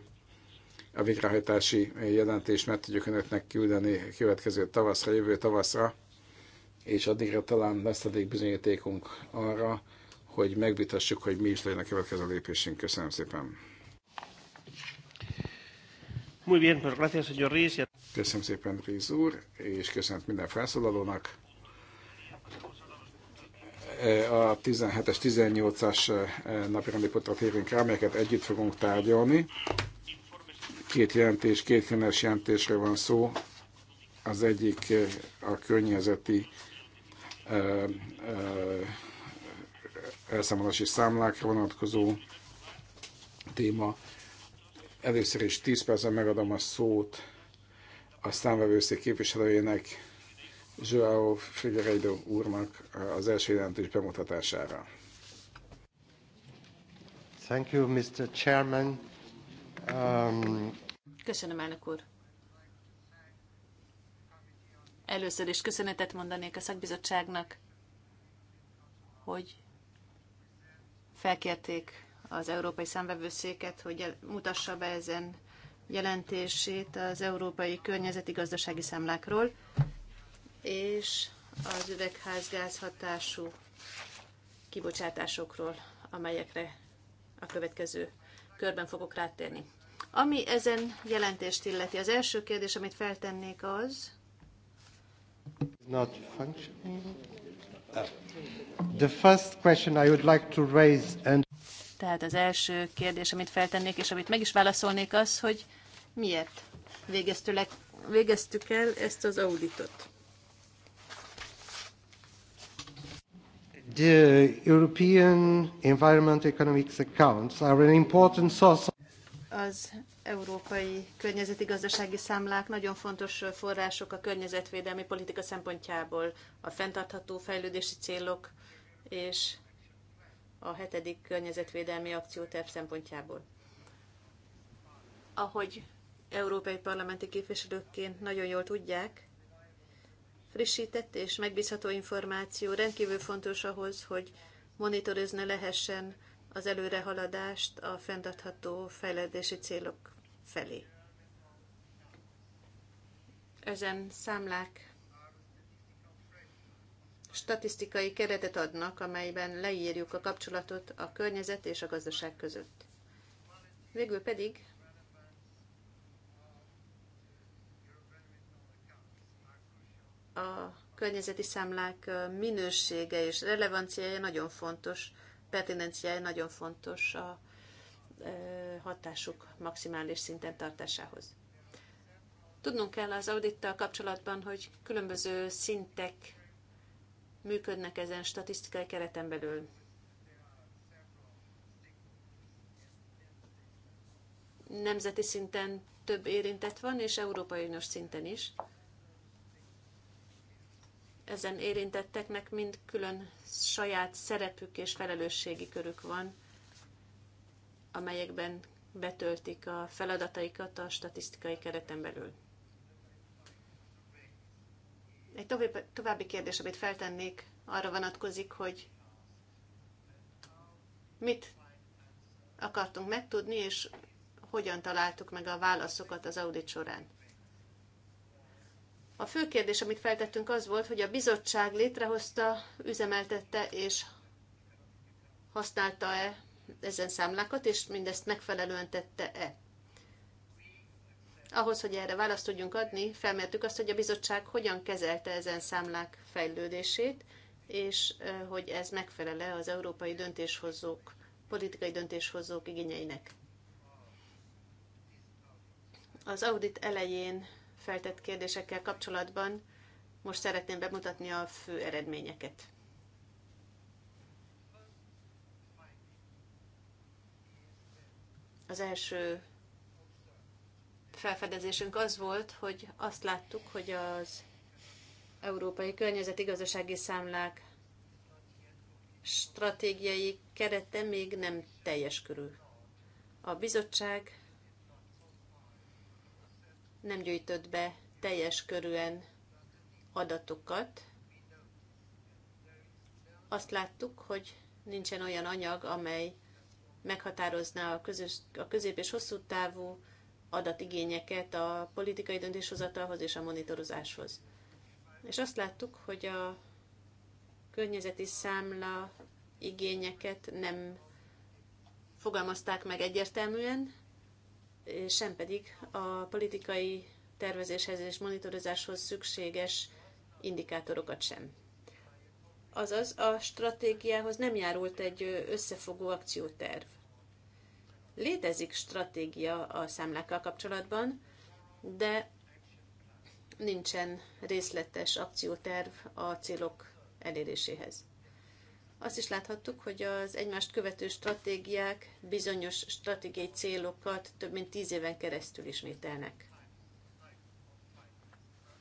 a végrehajtási jelentést meg tudjuk önöknek küldeni következő tavaszra, jövő tavaszra, és addigra talán lesz eddig bizonyítékunk arra, hogy megvitassuk, hogy mi is legyen a következő lépésünk. Köszönöm szépen! Muy bien, pues gracias, señor Riz. Köszönöm szépen, Riz úr, és köszönöm minden felszólalónak. E, a 17-es, 18-as e, napirendi pontra térünk rá, amelyeket együtt fogunk tárgyalni. Két jelentés, két különös jelentésre van szó. Az egyik e, a környezeti elszámolási számlákra vonatkozó téma, Először is 10 percen megadom a szót a számvevőszék képviselőjének, Joao Figueiredo úrnak az első jelentés bemutatására. Thank you, Mr. Chairman. Um... Köszönöm, elnök úr. Először is köszönetet mondanék a szakbizottságnak, hogy felkérték az Európai Számvevőszéket, hogy mutassa be ezen jelentését az európai környezeti gazdasági számlákról, és az üvegházgáz hatású kibocsátásokról, amelyekre a következő körben fogok rátérni. Ami ezen jelentést illeti, az első kérdés, amit feltennék az... Not functioning. The first question I would like to raise and tehát az első kérdés, amit feltennék, és amit meg is válaszolnék, az, hogy miért végeztük el ezt az auditot. The European Environment Economics Accounts are an important source az európai környezeti gazdasági számlák nagyon fontos források a környezetvédelmi politika szempontjából, a fenntartható fejlődési célok és a hetedik környezetvédelmi akcióterv szempontjából. Ahogy európai parlamenti képviselőként nagyon jól tudják, frissített és megbízható információ rendkívül fontos ahhoz, hogy monitorozni lehessen az előrehaladást a fenntartható fejlődési célok felé. Ezen számlák statisztikai keretet adnak, amelyben leírjuk a kapcsolatot a környezet és a gazdaság között. Végül pedig a környezeti számlák minősége és relevanciája nagyon fontos, pertinenciája nagyon fontos a hatásuk maximális szinten tartásához. Tudnunk kell az audittal kapcsolatban, hogy különböző szintek működnek ezen statisztikai kereten belül. Nemzeti szinten több érintett van, és Európai Uniós szinten is. Ezen érintetteknek mind külön saját szerepük és felelősségi körük van, amelyekben betöltik a feladataikat a statisztikai kereten belül. Egy további kérdés, amit feltennék, arra vonatkozik, hogy mit akartunk megtudni, és hogyan találtuk meg a válaszokat az audit során. A fő kérdés, amit feltettünk, az volt, hogy a bizottság létrehozta, üzemeltette és használta-e ezen számlákat, és mindezt megfelelően tette-e ahhoz, hogy erre választ tudjunk adni, felmértük azt, hogy a bizottság hogyan kezelte ezen számlák fejlődését, és hogy ez megfelele az európai döntéshozók, politikai döntéshozók igényeinek. Az audit elején feltett kérdésekkel kapcsolatban most szeretném bemutatni a fő eredményeket. Az első felfedezésünk az volt, hogy azt láttuk, hogy az európai gazdasági számlák stratégiai kerete még nem teljes körül. A bizottság nem gyűjtött be teljes körűen adatokat. Azt láttuk, hogy nincsen olyan anyag, amely meghatározná a, közös, a közép és hosszú távú adatigényeket a politikai döntéshozatalhoz és a monitorozáshoz. És azt láttuk, hogy a környezeti számla igényeket nem fogalmazták meg egyértelműen, sem pedig a politikai tervezéshez és monitorozáshoz szükséges indikátorokat sem. Azaz a stratégiához nem járult egy összefogó akcióterv. Létezik stratégia a számlákkal kapcsolatban, de nincsen részletes akcióterv a célok eléréséhez. Azt is láthattuk, hogy az egymást követő stratégiák bizonyos stratégiai célokat több mint tíz éven keresztül ismételnek.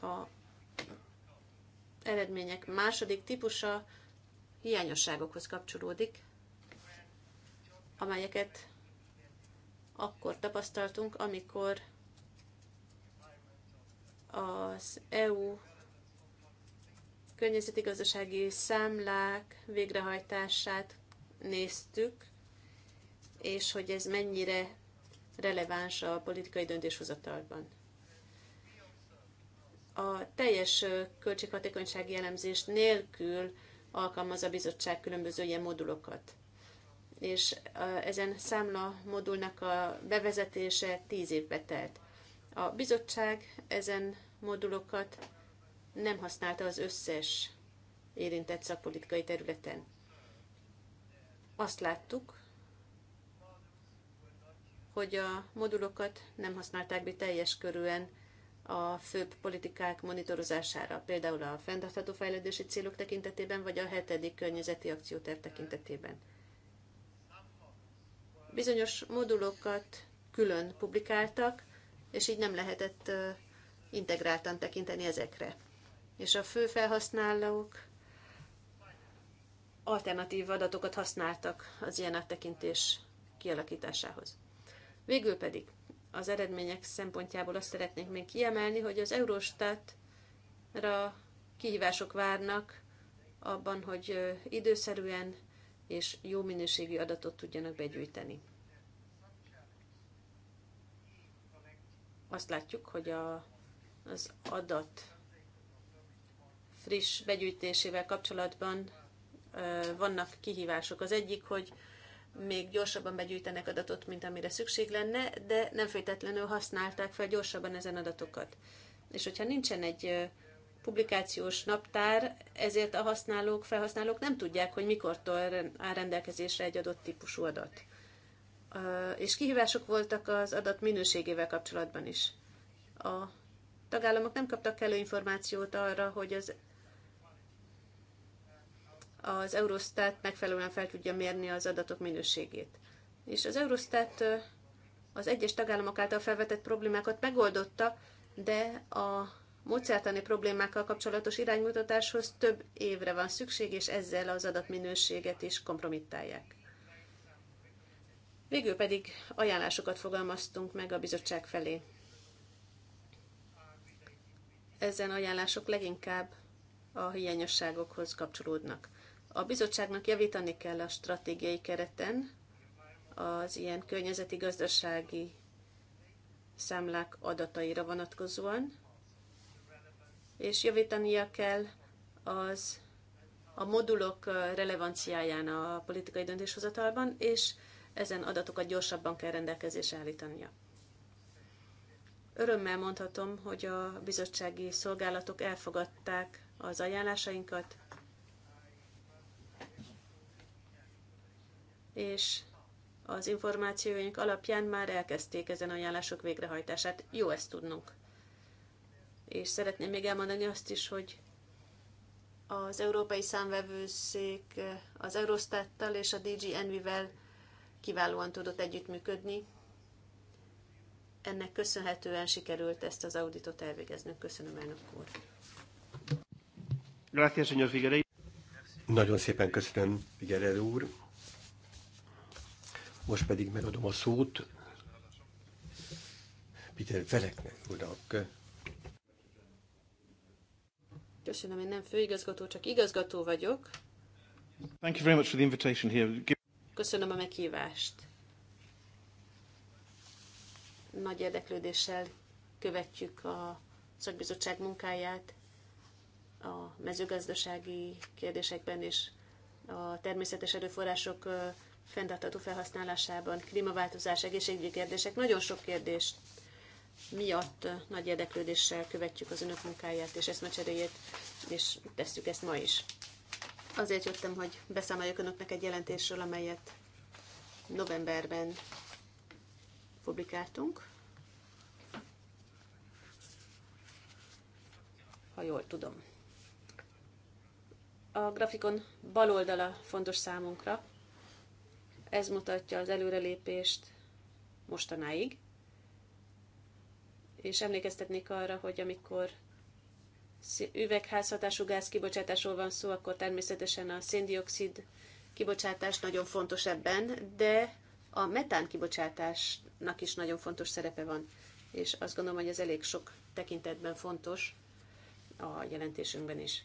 A eredmények második típusa hiányosságokhoz kapcsolódik, amelyeket akkor tapasztaltunk, amikor az EU környezeti gazdasági számlák végrehajtását néztük, és hogy ez mennyire releváns a politikai döntéshozatalban. A teljes költséghatékonysági elemzés nélkül alkalmaz a bizottság különböző ilyen modulokat és ezen számla modulnak a bevezetése 10 évbe telt. A bizottság ezen modulokat nem használta az összes érintett szakpolitikai területen. Azt láttuk, hogy a modulokat nem használták be teljes körűen a főbb politikák monitorozására, például a fenntartható fejlődési célok tekintetében, vagy a hetedik környezeti akcióterv tekintetében bizonyos modulokat külön publikáltak, és így nem lehetett integráltan tekinteni ezekre. És a fő felhasználók alternatív adatokat használtak az ilyen áttekintés kialakításához. Végül pedig az eredmények szempontjából azt szeretnék még kiemelni, hogy az Eurostatra kihívások várnak abban, hogy időszerűen és jó minőségű adatot tudjanak begyűjteni. Azt látjuk, hogy a, az adat friss begyűjtésével kapcsolatban vannak kihívások. Az egyik, hogy még gyorsabban begyűjtenek adatot, mint amire szükség lenne, de nem feltétlenül használták fel gyorsabban ezen adatokat. És hogyha nincsen egy publikációs naptár, ezért a használók, felhasználók nem tudják, hogy mikortól áll rendelkezésre egy adott típusú adat. És kihívások voltak az adat minőségével kapcsolatban is. A tagállamok nem kaptak kellő információt arra, hogy az, az Eurostat megfelelően fel tudja mérni az adatok minőségét. És az Eurostat az egyes tagállamok által felvetett problémákat megoldotta, de a módszertani problémákkal kapcsolatos iránymutatáshoz több évre van szükség, és ezzel az adatminőséget is kompromittálják. Végül pedig ajánlásokat fogalmaztunk meg a bizottság felé. Ezen ajánlások leginkább a hiányosságokhoz kapcsolódnak. A bizottságnak javítani kell a stratégiai kereten az ilyen környezeti gazdasági számlák adataira vonatkozóan, és javítania kell az a modulok relevanciáján a politikai döntéshozatalban, és ezen adatokat gyorsabban kell rendelkezésre állítania. Örömmel mondhatom, hogy a bizottsági szolgálatok elfogadták az ajánlásainkat, és az információink alapján már elkezdték ezen ajánlások végrehajtását. Jó ezt tudnunk. És szeretném még elmondani azt is, hogy az Európai Számvevőszék eh, az Eurostattal és a DG Envivel kiválóan tudott együttműködni. Ennek köszönhetően sikerült ezt az auditot elvégeznünk. Köszönöm, elnök úr. Nagyon szépen köszönöm, Figueiredo úr. Most pedig megadom a szót Peter Feleknek, urak. Köszönöm, én nem főigazgató, csak igazgató vagyok. Thank you very much for the invitation here. Köszönöm a meghívást. Nagy érdeklődéssel követjük a szakbizottság munkáját a mezőgazdasági kérdésekben és a természetes erőforrások fenntartható felhasználásában, klímaváltozás, egészségügyi kérdések, nagyon sok kérdést miatt nagy érdeklődéssel követjük az önök munkáját és eszmecseréjét, és tesszük ezt ma is. Azért jöttem, hogy beszámoljak önöknek egy jelentésről, amelyet novemberben publikáltunk. Ha jól tudom. A grafikon bal oldala fontos számunkra. Ez mutatja az előrelépést mostanáig és emlékeztetnék arra, hogy amikor üvegházhatású gáz kibocsátásról van szó, akkor természetesen a széndiokszid kibocsátás nagyon fontos ebben, de a metán kibocsátásnak is nagyon fontos szerepe van, és azt gondolom, hogy ez elég sok tekintetben fontos a jelentésünkben is.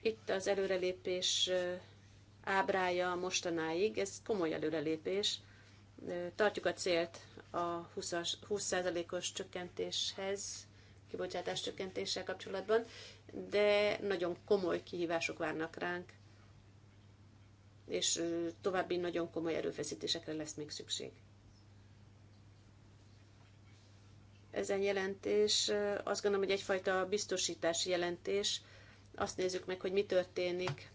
Itt az előrelépés ábrája mostanáig, ez komoly előrelépés, tartjuk a célt a 20-as, 20%-os csökkentéshez, kibocsátás csökkentéssel kapcsolatban, de nagyon komoly kihívások várnak ránk, és további nagyon komoly erőfeszítésekre lesz még szükség. Ezen jelentés azt gondolom, hogy egyfajta biztosítási jelentés. Azt nézzük meg, hogy mi történik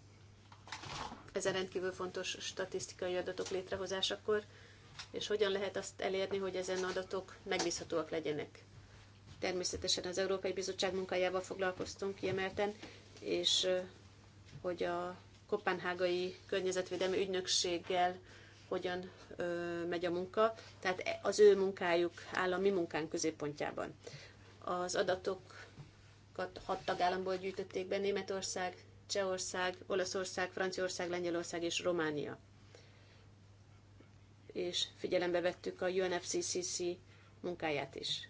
ezen rendkívül fontos statisztikai adatok létrehozásakor és hogyan lehet azt elérni, hogy ezen adatok megbízhatóak legyenek. Természetesen az Európai Bizottság munkájával foglalkoztunk kiemelten, és hogy a kopenhágai környezetvédelmi ügynökséggel hogyan ö, megy a munka, tehát e, az ő munkájuk áll a mi munkánk középpontjában. Az adatokat hat tagállamból gyűjtötték be Németország, Csehország, Olaszország, Franciaország, Lengyelország és Románia és figyelembe vettük a UNFCCC munkáját is.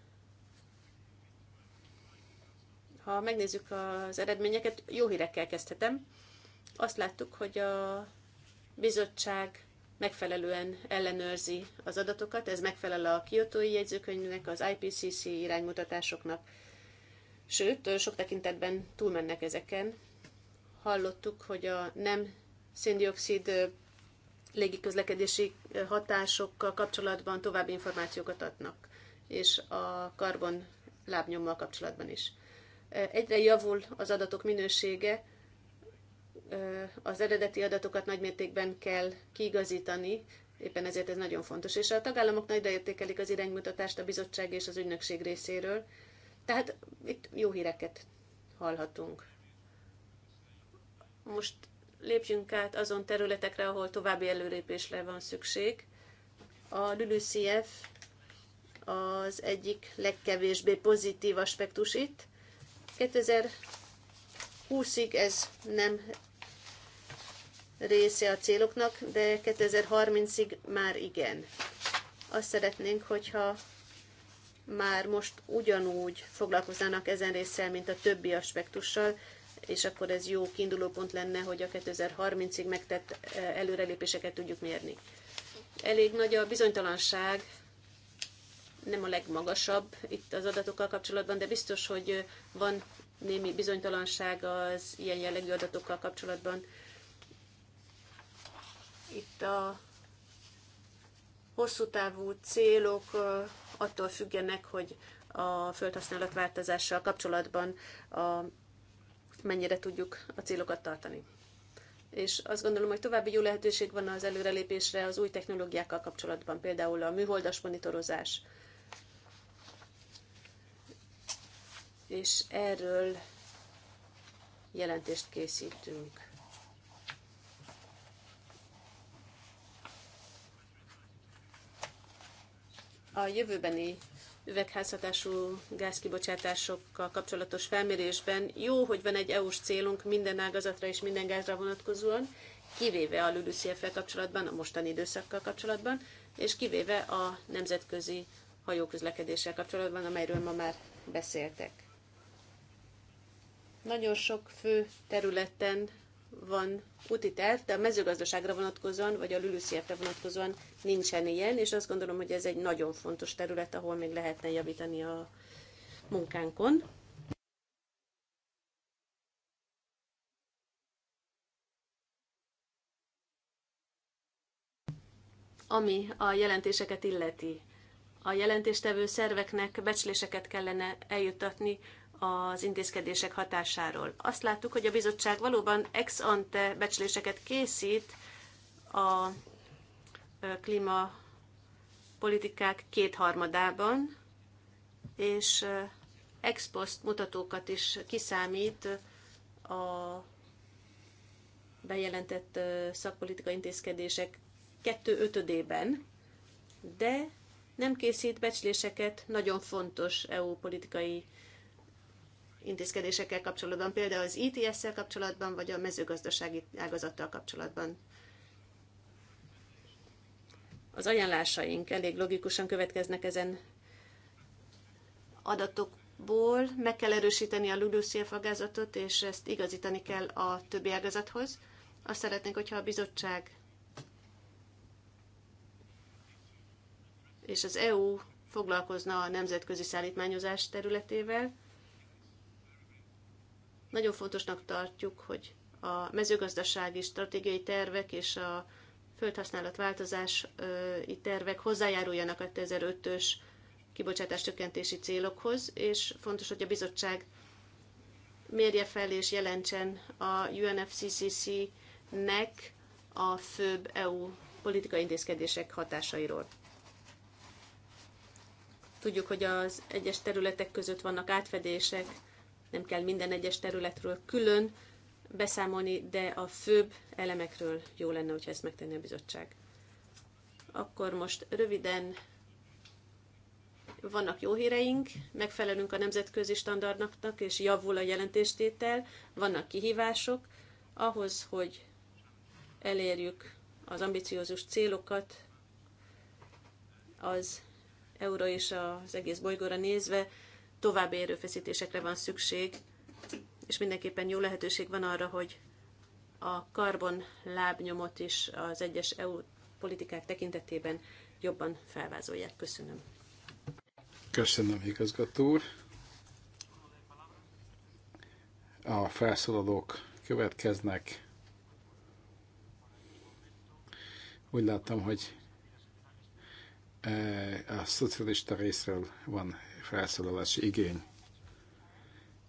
Ha megnézzük az eredményeket, jó hírekkel kezdhetem. Azt láttuk, hogy a bizottság megfelelően ellenőrzi az adatokat, ez megfelel a kiotói jegyzőkönyvnek, az IPCC iránymutatásoknak, sőt, sok tekintetben túlmennek ezeken. Hallottuk, hogy a nem széndiokszid légiközlekedési hatásokkal kapcsolatban további információkat adnak, és a karbon lábnyommal kapcsolatban is. Egyre javul az adatok minősége, az eredeti adatokat nagymértékben kell kiigazítani, éppen ezért ez nagyon fontos. És a tagállamok nagyra értékelik az iránymutatást a bizottság és az ügynökség részéről, tehát itt jó híreket hallhatunk. Most lépjünk át azon területekre, ahol további előrépésre van szükség. A LULUCF az egyik legkevésbé pozitív aspektus itt. 2020-ig ez nem része a céloknak, de 2030-ig már igen. Azt szeretnénk, hogyha már most ugyanúgy foglalkoznának ezen résszel, mint a többi aspektussal, és akkor ez jó kiinduló pont lenne, hogy a 2030-ig megtett eh, előrelépéseket tudjuk mérni. Elég nagy a bizonytalanság, nem a legmagasabb itt az adatokkal kapcsolatban, de biztos, hogy eh, van némi bizonytalanság az ilyen jellegű adatokkal kapcsolatban. Itt a hosszú távú célok eh, attól függenek, hogy a földhasználat változással kapcsolatban a mennyire tudjuk a célokat tartani. És azt gondolom, hogy további jó lehetőség van az előrelépésre az új technológiákkal kapcsolatban, például a műholdas monitorozás. És erről jelentést készítünk. A jövőbeni üvegházhatású gázkibocsátásokkal kapcsolatos felmérésben jó, hogy van egy EU-s célunk minden ágazatra és minden gázra vonatkozóan, kivéve a LULUCF-vel kapcsolatban, a mostani időszakkal kapcsolatban, és kivéve a nemzetközi hajóközlekedéssel kapcsolatban, amelyről ma már beszéltek. Nagyon sok fő területen van úti terv, de a mezőgazdaságra vonatkozóan, vagy a lülüszéfre vonatkozóan nincsen ilyen, és azt gondolom, hogy ez egy nagyon fontos terület, ahol még lehetne javítani a munkánkon. Ami a jelentéseket illeti, a jelentéstevő szerveknek becsléseket kellene eljuttatni az intézkedések hatásáról. Azt láttuk, hogy a bizottság valóban ex ante becsléseket készít a klímapolitikák kétharmadában, és ex post mutatókat is kiszámít a bejelentett szakpolitikai intézkedések kettő ötödében, de nem készít becsléseket nagyon fontos EU politikai intézkedésekkel kapcsolatban, például az ITS-szel e kapcsolatban, vagy a mezőgazdasági ágazattal kapcsolatban. Az ajánlásaink elég logikusan következnek ezen adatokból. Meg kell erősíteni a LULUCF és ezt igazítani kell a többi ágazathoz. Azt szeretnénk, hogyha a bizottság és az EU foglalkozna a nemzetközi szállítmányozás területével, nagyon fontosnak tartjuk, hogy a mezőgazdasági stratégiai tervek és a földhasználat változási tervek hozzájáruljanak a 2005-ös kibocsátás csökkentési célokhoz, és fontos, hogy a bizottság mérje fel és jelentsen a UNFCCC-nek a főbb EU politikai intézkedések hatásairól. Tudjuk, hogy az egyes területek között vannak átfedések, nem kell minden egyes területről külön beszámolni, de a főbb elemekről jó lenne, hogyha ezt megtenni a bizottság. Akkor most röviden vannak jó híreink, megfelelünk a nemzetközi standardnak, és javul a jelentéstétel, vannak kihívások ahhoz, hogy elérjük az ambiciózus célokat, az euró és az egész bolygóra nézve, további erőfeszítésekre van szükség, és mindenképpen jó lehetőség van arra, hogy a karbon lábnyomot is az egyes EU politikák tekintetében jobban felvázolják. Köszönöm. Köszönöm, igazgató úr. A felszólalók következnek. Úgy láttam, hogy eh, a szocialista részről van felszólalási igény.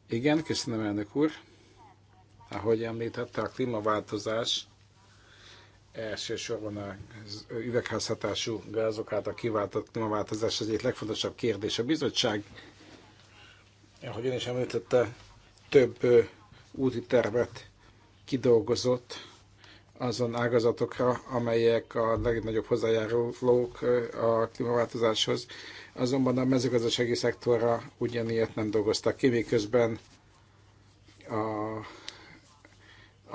Igen, köszönöm, elnök úr. Ahogy említette, a klímaváltozás elsősorban a üvegházhatású gázok által kiváltott klímaváltozás az egyik legfontosabb kérdés. A bizottság, ahogy ön is említette, több úti tervet kidolgozott azon ágazatokra, amelyek a legnagyobb hozzájárulók a klímaváltozáshoz azonban a mezőgazdasági szektorra ugyanilyet nem dolgoztak ki, miközben a,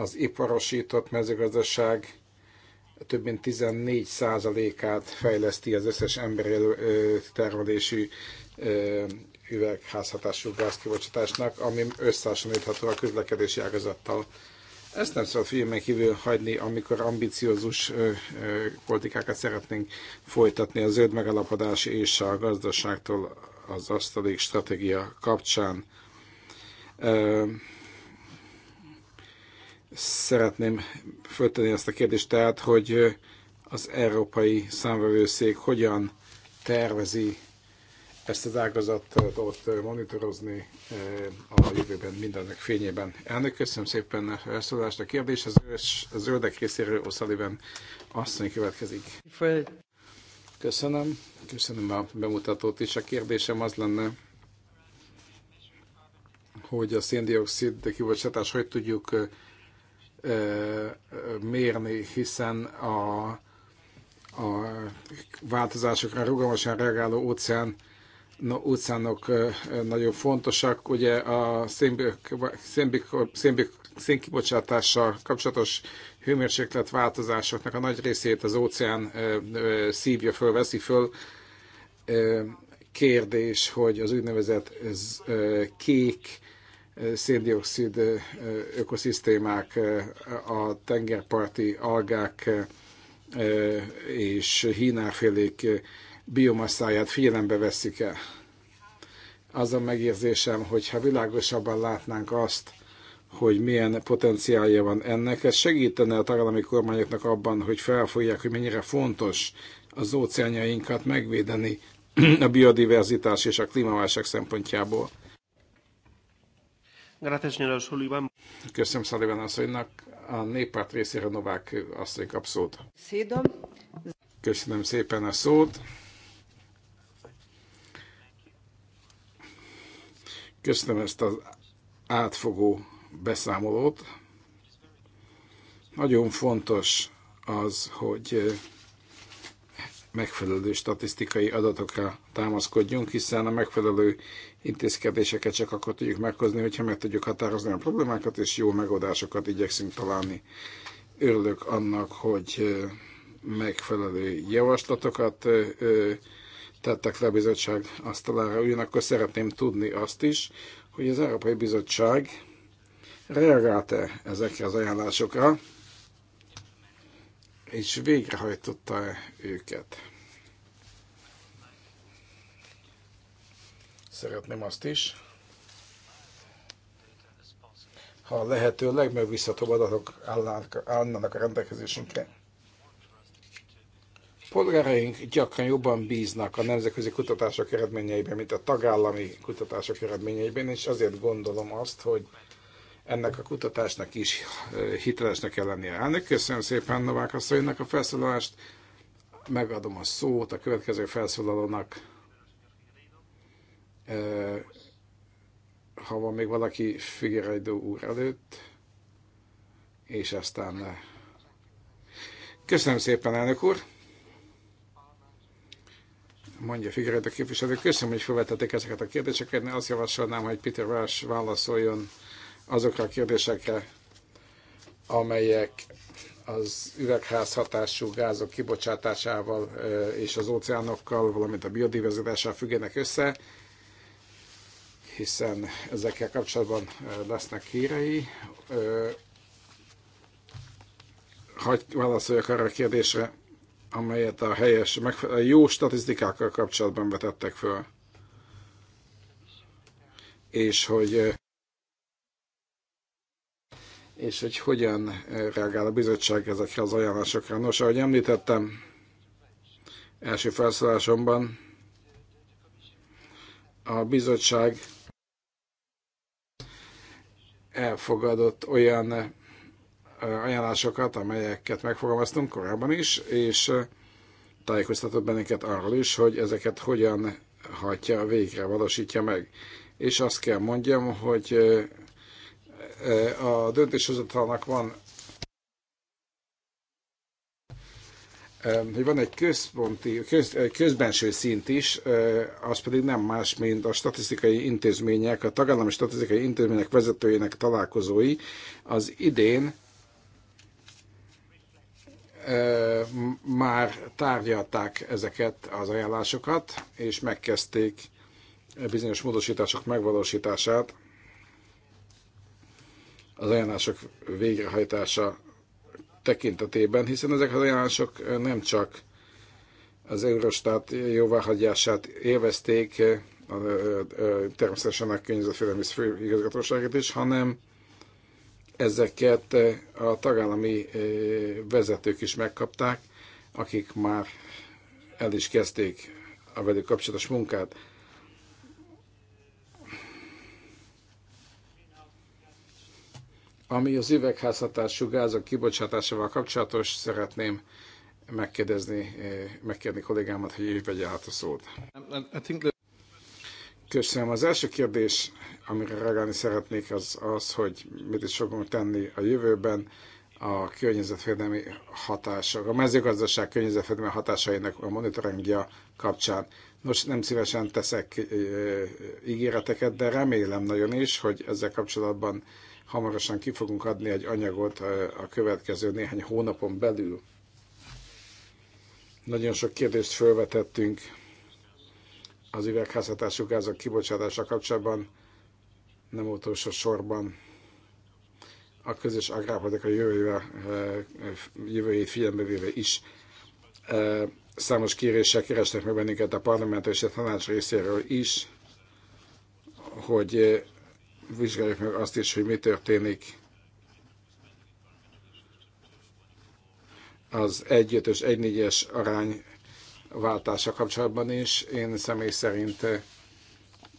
az iparosított mezőgazdaság több mint 14%-át fejleszti az összes emberi termelési üvegházhatású gázkibocsátásnak, ami összehasonlítható a közlekedési ágazattal. Ezt nem szabad figyelmen kívül hagyni, amikor ambiciózus politikákat szeretnénk folytatni a zöld megalapodás és a gazdaságtól az asztalék stratégia kapcsán. Szeretném föltenni ezt a kérdést, tehát, hogy az Európai Számvevőszék hogyan tervezi ezt az ágazatot monitorozni eh, a jövőben mindennek fényében. Elnök, köszönöm szépen a felszólalást. A kérdés az zöldek részéről Oszaliben asszony következik. Köszönöm, köszönöm a bemutatót is. A kérdésem az lenne, hogy a széndiokszid kibocsátás hogy tudjuk eh, eh, mérni, hiszen a, a változásokra rugalmasan reagáló óceán no, utcának nagyon fontosak. Ugye a szénkibocsátással kapcsolatos hőmérséklet változásoknak a nagy részét az óceán szívja föl, veszi föl. Kérdés, hogy az úgynevezett kék széndiokszid ökoszisztémák, a tengerparti algák és hínárfélék biomasszáját figyelembe vesszük el. Az a megérzésem, hogy ha világosabban látnánk azt, hogy milyen potenciálja van ennek, ez segítene a tagállami kormányoknak abban, hogy felfogják, hogy mennyire fontos az óceánjainkat megvédeni a biodiverzitás és a klímaválság szempontjából. Köszönöm Szaliván asszonynak. A néppárt részére Novák asszony kap szót. Köszönöm szépen a szót. Köszönöm ezt az átfogó beszámolót. Nagyon fontos az, hogy eh, megfelelő statisztikai adatokra támaszkodjunk, hiszen a megfelelő intézkedéseket csak akkor tudjuk meghozni, hogyha meg tudjuk határozni a problémákat, és jó megoldásokat igyekszünk találni. Örülök annak, hogy eh, megfelelő javaslatokat eh, tettek fel a bizottság asztalára. Ugyanakkor szeretném tudni azt is, hogy az Európai Bizottság reagált-e ezekre az ajánlásokra, és végrehajtotta-e őket. Szeretném azt is, ha lehető legmegbízhatóbb adatok állnának a rendelkezésünkre polgáraink gyakran jobban bíznak a nemzetközi kutatások eredményeiben, mint a tagállami kutatások eredményeiben, és azért gondolom azt, hogy ennek a kutatásnak is hitelesnek kell lennie. Elnök, köszönöm szépen Novák asszonynak a felszólalást, megadom a szót a következő felszólalónak. Ha van még valaki Figueiredo úr előtt, és aztán... Köszönöm szépen, elnök úr! mondja Figyelőd a képviselő. Köszönöm, hogy felvetették ezeket a kérdéseket. Én azt javasolnám, hogy Peter rush válaszoljon azokra a kérdésekre, amelyek az üvegház hatású gázok kibocsátásával és az óceánokkal, valamint a biodiverzitással függenek össze, hiszen ezekkel kapcsolatban lesznek hírei. Hagy válaszoljak arra a kérdésre, amelyet a helyes, a jó statisztikákkal kapcsolatban vetettek föl. És hogy és hogy hogyan reagál a bizottság ezekre az ajánlásokra. Nos, ahogy említettem első felszólásomban, a bizottság elfogadott olyan ajánlásokat, amelyeket megfogalmaztunk korábban is, és tájékoztatott bennünket arról is, hogy ezeket hogyan hagyja végre, valósítja meg. És azt kell mondjam, hogy a döntéshozatalnak van hogy van egy központi, köz, közbenső szint is, az pedig nem más, mint a statisztikai intézmények, a tagállami statisztikai intézmények vezetőjének találkozói. Az idén már tárgyalták ezeket az ajánlásokat, és megkezdték bizonyos módosítások megvalósítását. Az ajánlások végrehajtása tekintetében, hiszen ezek az ajánlások nem csak az Eurostat jóváhagyását élvezték, természetesen a környezetvédelmi főigazgatóságot is, hanem Ezeket eh, a tagállami eh, vezetők is megkapták, akik már el is kezdték a velük kapcsolatos munkát. Ami az üvegházhatású gázok kibocsátásával kapcsolatos, szeretném megkérdezni, eh, megkérni kollégámat, hogy ő vegye át a szót. Köszönöm. Az első kérdés, amire reagálni szeretnék, az az, hogy mit is fogunk tenni a jövőben a környezetvédelmi hatások, a mezőgazdaság környezetvédelmi hatásainak a monitoringja kapcsán. Nos, nem szívesen teszek ígéreteket, de remélem nagyon is, hogy ezzel kapcsolatban hamarosan ki fogunk adni egy anyagot a következő néhány hónapon belül. Nagyon sok kérdést felvetettünk az üvegházhatású gázok kibocsátása kapcsolatban nem utolsó sorban a közös agrárpolitika jövőjével, eh, eh, jövőjét figyelembe véve is eh, számos kérések keresnek meg bennünket a parlament és a tanács részéről is, hogy vizsgáljuk meg azt is, hogy mi történik az 1-5-ös, 1-4-es arány váltása kapcsolatban is. Én személy szerint eh,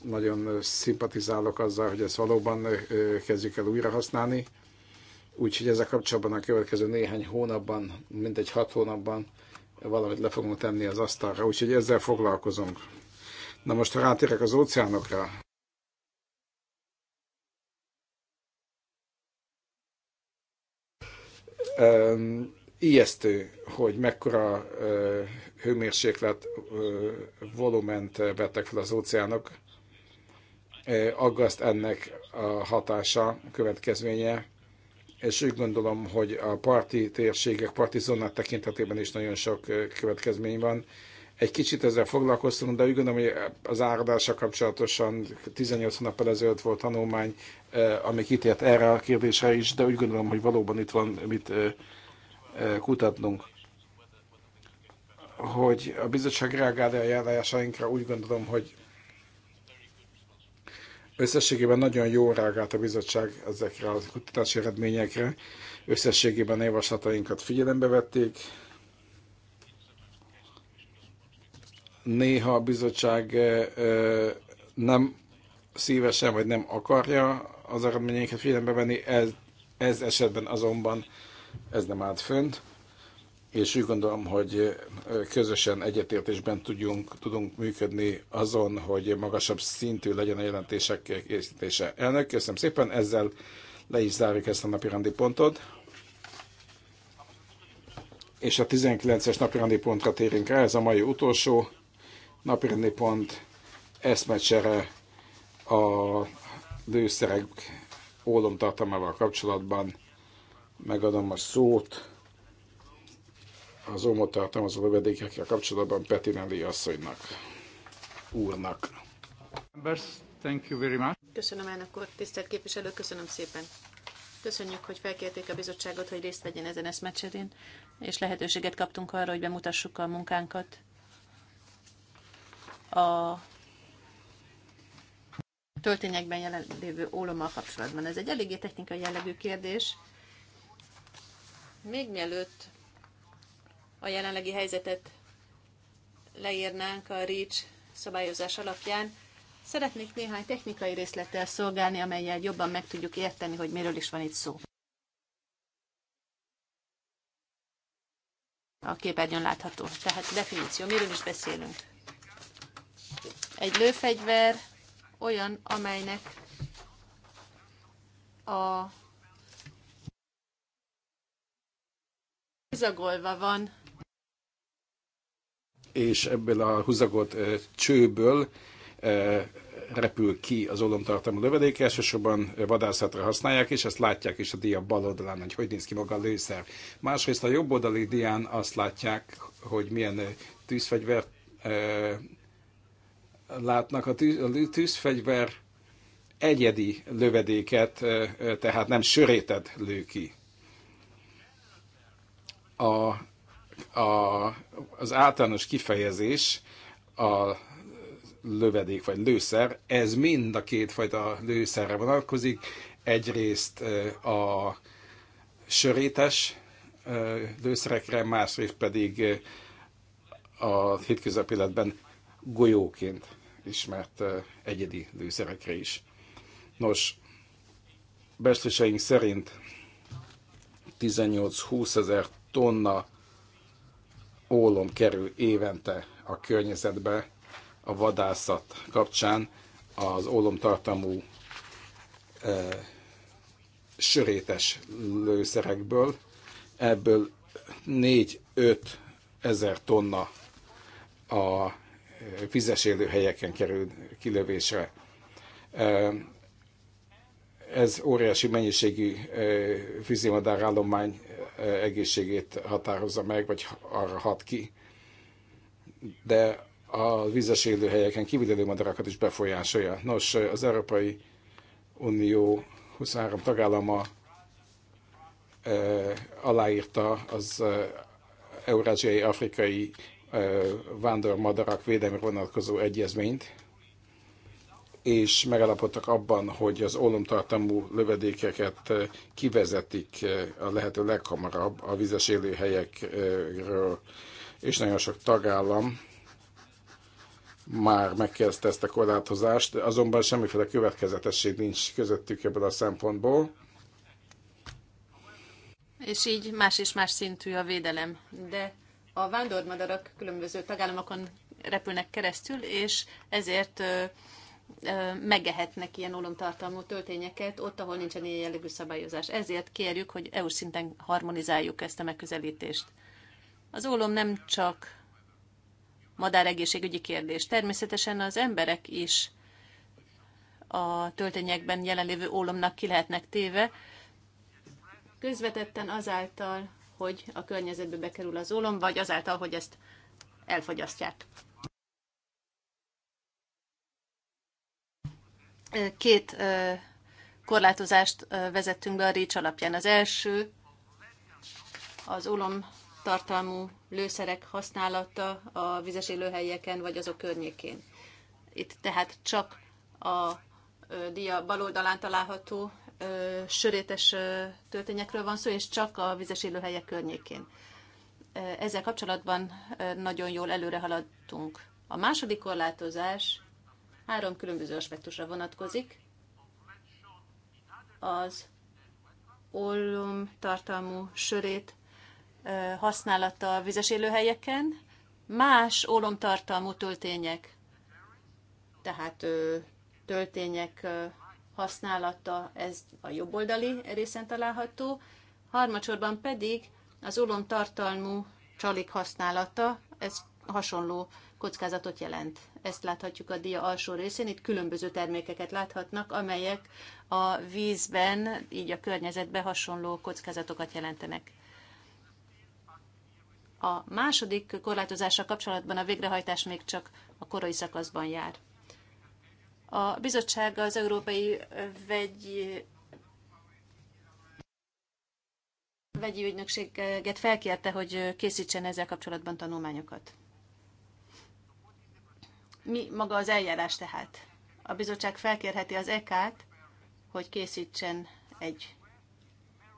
nagyon eh, szimpatizálok azzal, hogy ezt valóban eh, kezdjük el újra használni. Úgyhogy ezzel kapcsolatban a következő néhány hónapban, mindegy hat hónapban valamit le fogunk tenni az asztalra, úgyhogy ezzel foglalkozunk. Na most, ha rátérek az óceánokra, um, ijesztő, hogy mekkora hőmérséklet volument vettek fel az óceánok. Aggaszt ennek a hatása, következménye, és úgy gondolom, hogy a parti térségek, parti zónák tekintetében is nagyon sok következmény van. Egy kicsit ezzel foglalkoztunk, de úgy gondolom, hogy az áradással kapcsolatosan 18 nap ezelőtt volt tanulmány, ami kitért erre a kérdésre is, de úgy gondolom, hogy valóban itt van mit kutatnunk. Hogy a bizottság reagálja a járásainkra, úgy gondolom, hogy összességében nagyon jól reagált a bizottság ezekre a kutatási eredményekre. Összességében a javaslatainkat figyelembe vették. Néha a bizottság nem szívesen vagy nem akarja az eredményeket figyelembe venni, ez, ez esetben azonban ez nem állt fönt, és úgy gondolom, hogy közösen egyetértésben tudjunk, tudunk működni azon, hogy magasabb szintű legyen a jelentések készítése. Elnök, köszönöm szépen, ezzel le is zárjuk ezt a napi rendi pontot. És a 19-es napi rendi pontra térünk rá, ez a mai utolsó napi rendi pont eszmecsere a lőszerek ólomtartalmával kapcsolatban megadom a szót az OMO az övedékekkel kapcsolatban Petinelli asszonynak, úrnak. Thank you very much. Köszönöm elnök úr, tisztelt képviselő, köszönöm szépen. Köszönjük, hogy felkérték a bizottságot, hogy részt vegyen ezen eszmecserén, és lehetőséget kaptunk arra, hogy bemutassuk a munkánkat. A töltényekben jelenlévő ólommal kapcsolatban. Ez egy eléggé technikai jellegű kérdés, még mielőtt a jelenlegi helyzetet leírnánk a REACH szabályozás alapján, szeretnék néhány technikai részlettel szolgálni, amelyel jobban meg tudjuk érteni, hogy miről is van itt szó. A képernyőn látható. Tehát definíció, miről is beszélünk. Egy lőfegyver olyan, amelynek a húzagolva van. És ebből a húzagolt csőből repül ki az olomtartalmú lövedék, elsősorban vadászatra használják, és ezt látják is a dia bal oldalán, hogy hogy néz ki maga a lőszer. Másrészt a jobb oldali dián azt látják, hogy milyen tűzfegyver e, látnak. A, tűz, a tűzfegyver egyedi lövedéket, tehát nem sörétet lő ki a, a, az általános kifejezés a lövedék vagy lőszer, ez mind a kétfajta lőszerre vonatkozik. Egyrészt a sörétes lőszerekre, másrészt pedig a hétköznapi életben golyóként ismert egyedi lőszerekre is. Nos, besléseink szerint 18-20 ezer tonna ólom kerül évente a környezetbe a vadászat kapcsán az ólomtartalmú e, sörétes lőszerekből, ebből 4-5 ezer tonna a vizes élőhelyeken kerül kilövésre. Ez óriási mennyiségű fűzimadárállomány egészségét határozza meg, vagy arra hat ki. De a vízes élőhelyeken kívül madarakat is befolyásolja. Nos, az Európai Unió 23 tagállama aláírta az Eurázsiai Afrikai Vándormadarak védelmi vonatkozó egyezményt, és megállapodtak abban, hogy az ólomtartalmú lövedékeket eh, kivezetik eh, a lehető leghamarabb a vizes élőhelyekről, és nagyon sok tagállam már megkezdte ezt a korlátozást, azonban semmiféle következetesség nincs közöttük ebből a szempontból. És így más és más szintű a védelem. De a vándormadarak különböző tagállamokon repülnek keresztül, és ezért eh, megehetnek ilyen olomtartalmú töltényeket ott, ahol nincsen ilyen jellegű szabályozás. Ezért kérjük, hogy EU szinten harmonizáljuk ezt a megközelítést. Az ólom nem csak madáregészségügyi kérdés. Természetesen az emberek is a töltényekben jelenlévő ólomnak ki lehetnek téve, közvetetten azáltal, hogy a környezetbe bekerül az ólom, vagy azáltal, hogy ezt elfogyasztják. Két korlátozást vezettünk be a REACH alapján. Az első az olom tartalmú lőszerek használata a vizes élőhelyeken vagy azok környékén. Itt tehát csak a dia bal oldalán található sörétes töltényekről van szó, és csak a vizes élőhelyek környékén. Ezzel kapcsolatban nagyon jól előre haladtunk. A második korlátozás három különböző aspektusra vonatkozik. Az ólom tartalmú sörét használata a vizes élőhelyeken, más ólomtartalmú töltények, tehát töltények használata, ez a jobb oldali részen található, harmadsorban pedig az ólomtartalmú csalik használata, ez hasonló kockázatot jelent. Ezt láthatjuk a dia alsó részén, itt különböző termékeket láthatnak, amelyek a vízben, így a környezetben hasonló kockázatokat jelentenek. A második korlátozással kapcsolatban a végrehajtás még csak a korai szakaszban jár. A bizottság az Európai Vegy vegyi ügynökséget felkérte, hogy készítsen ezzel kapcsolatban tanulmányokat. Mi maga az eljárás tehát? A bizottság felkérheti az EK-t, hogy készítsen egy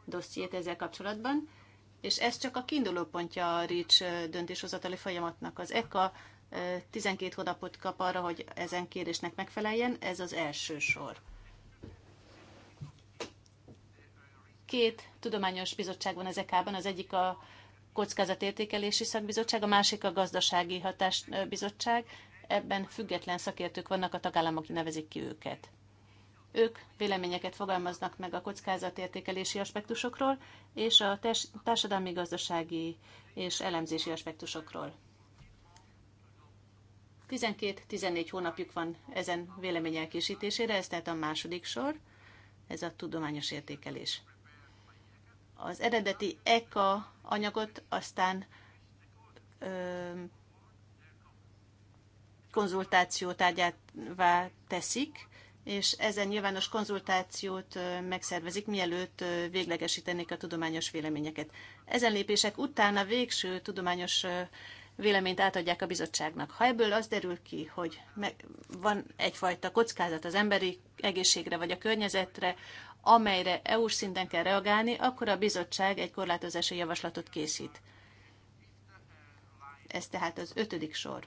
dossziét ezzel kapcsolatban, és ez csak a kiinduló pontja a REACH döntéshozatali folyamatnak. Az ECA 12 hónapot kap arra, hogy ezen kérésnek megfeleljen, ez az első sor. Két tudományos bizottság van az EK-ban, az egyik a kockázatértékelési szakbizottság, a másik a gazdasági hatásbizottság ebben független szakértők vannak, a tagállamok nevezik ki őket. Ők véleményeket fogalmaznak meg a kockázatértékelési aspektusokról és a társadalmi, gazdasági és elemzési aspektusokról. 12-14 hónapjuk van ezen vélemény elkészítésére, ez tehát a második sor, ez a tudományos értékelés. Az eredeti ECA anyagot aztán ö, konzultáció tárgyává teszik, és ezen nyilvános konzultációt megszervezik, mielőtt véglegesítenék a tudományos véleményeket. Ezen lépések után a végső tudományos véleményt átadják a bizottságnak. Ha ebből az derül ki, hogy van egyfajta kockázat az emberi egészségre vagy a környezetre, amelyre EU-s szinten kell reagálni, akkor a bizottság egy korlátozási javaslatot készít. Ez tehát az ötödik sor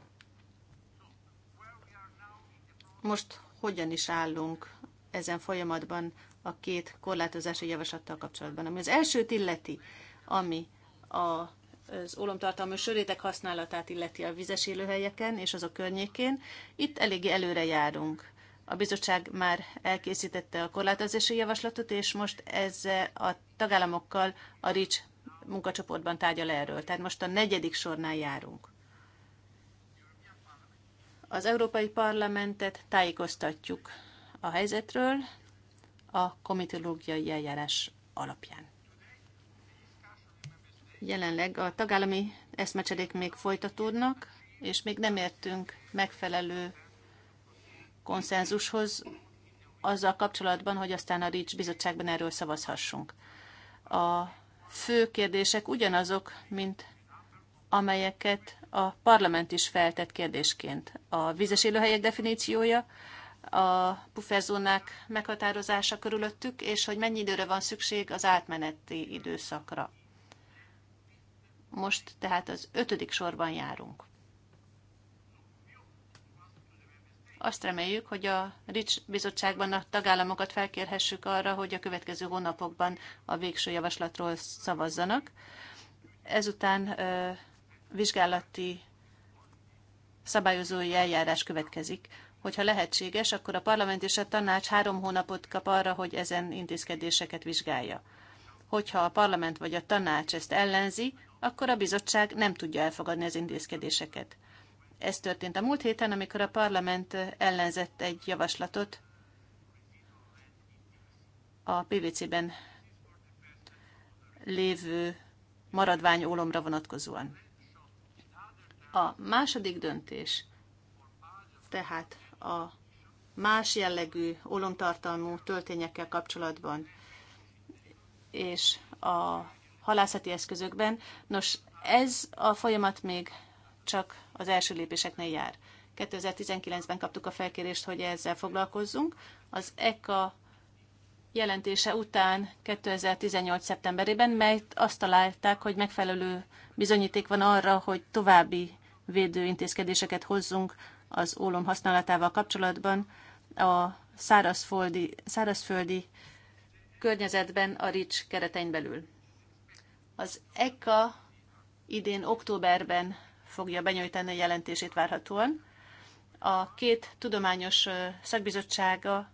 most hogyan is állunk ezen folyamatban a két korlátozási javaslattal kapcsolatban. Ami az elsőt illeti, ami a, az ólomtartalmú sörétek használatát illeti a vizes élőhelyeken és azok környékén, itt eléggé előre járunk. A bizottság már elkészítette a korlátozási javaslatot, és most ez a tagállamokkal a RICS munkacsoportban tárgyal erről. Tehát most a negyedik sornál járunk. Az Európai Parlamentet tájékoztatjuk a helyzetről a komitológiai eljárás alapján. Jelenleg a tagállami eszmecserék még folytatódnak, és még nem értünk megfelelő konszenzushoz azzal kapcsolatban, hogy aztán a RICS bizottságban erről szavazhassunk. A fő kérdések ugyanazok, mint amelyeket a parlament is feltett kérdésként. A vízes élőhelyek definíciója, a pufferzónák meghatározása körülöttük, és hogy mennyi időre van szükség az átmeneti időszakra. Most tehát az ötödik sorban járunk. Azt reméljük, hogy a RICS bizottságban a tagállamokat felkérhessük arra, hogy a következő hónapokban a végső javaslatról szavazzanak. Ezután vizsgálati szabályozói eljárás következik. Hogyha lehetséges, akkor a parlament és a tanács három hónapot kap arra, hogy ezen intézkedéseket vizsgálja. Hogyha a parlament vagy a tanács ezt ellenzi, akkor a bizottság nem tudja elfogadni az intézkedéseket. Ez történt a múlt héten, amikor a parlament ellenzett egy javaslatot a PVC-ben lévő maradvány ólomra vonatkozóan. A második döntés, tehát a más jellegű olomtartalmú töltényekkel kapcsolatban és a halászati eszközökben, nos, ez a folyamat még csak az első lépéseknél jár. 2019-ben kaptuk a felkérést, hogy ezzel foglalkozzunk. Az ECA jelentése után 2018. szeptemberében, mert azt találták, hogy megfelelő bizonyíték van arra, hogy további védő intézkedéseket hozzunk az ólom használatával kapcsolatban a szárazföldi, szárazföldi környezetben a RICS keretein belül. Az ECA idén októberben fogja benyújtani a jelentését várhatóan. A két tudományos szakbizottsága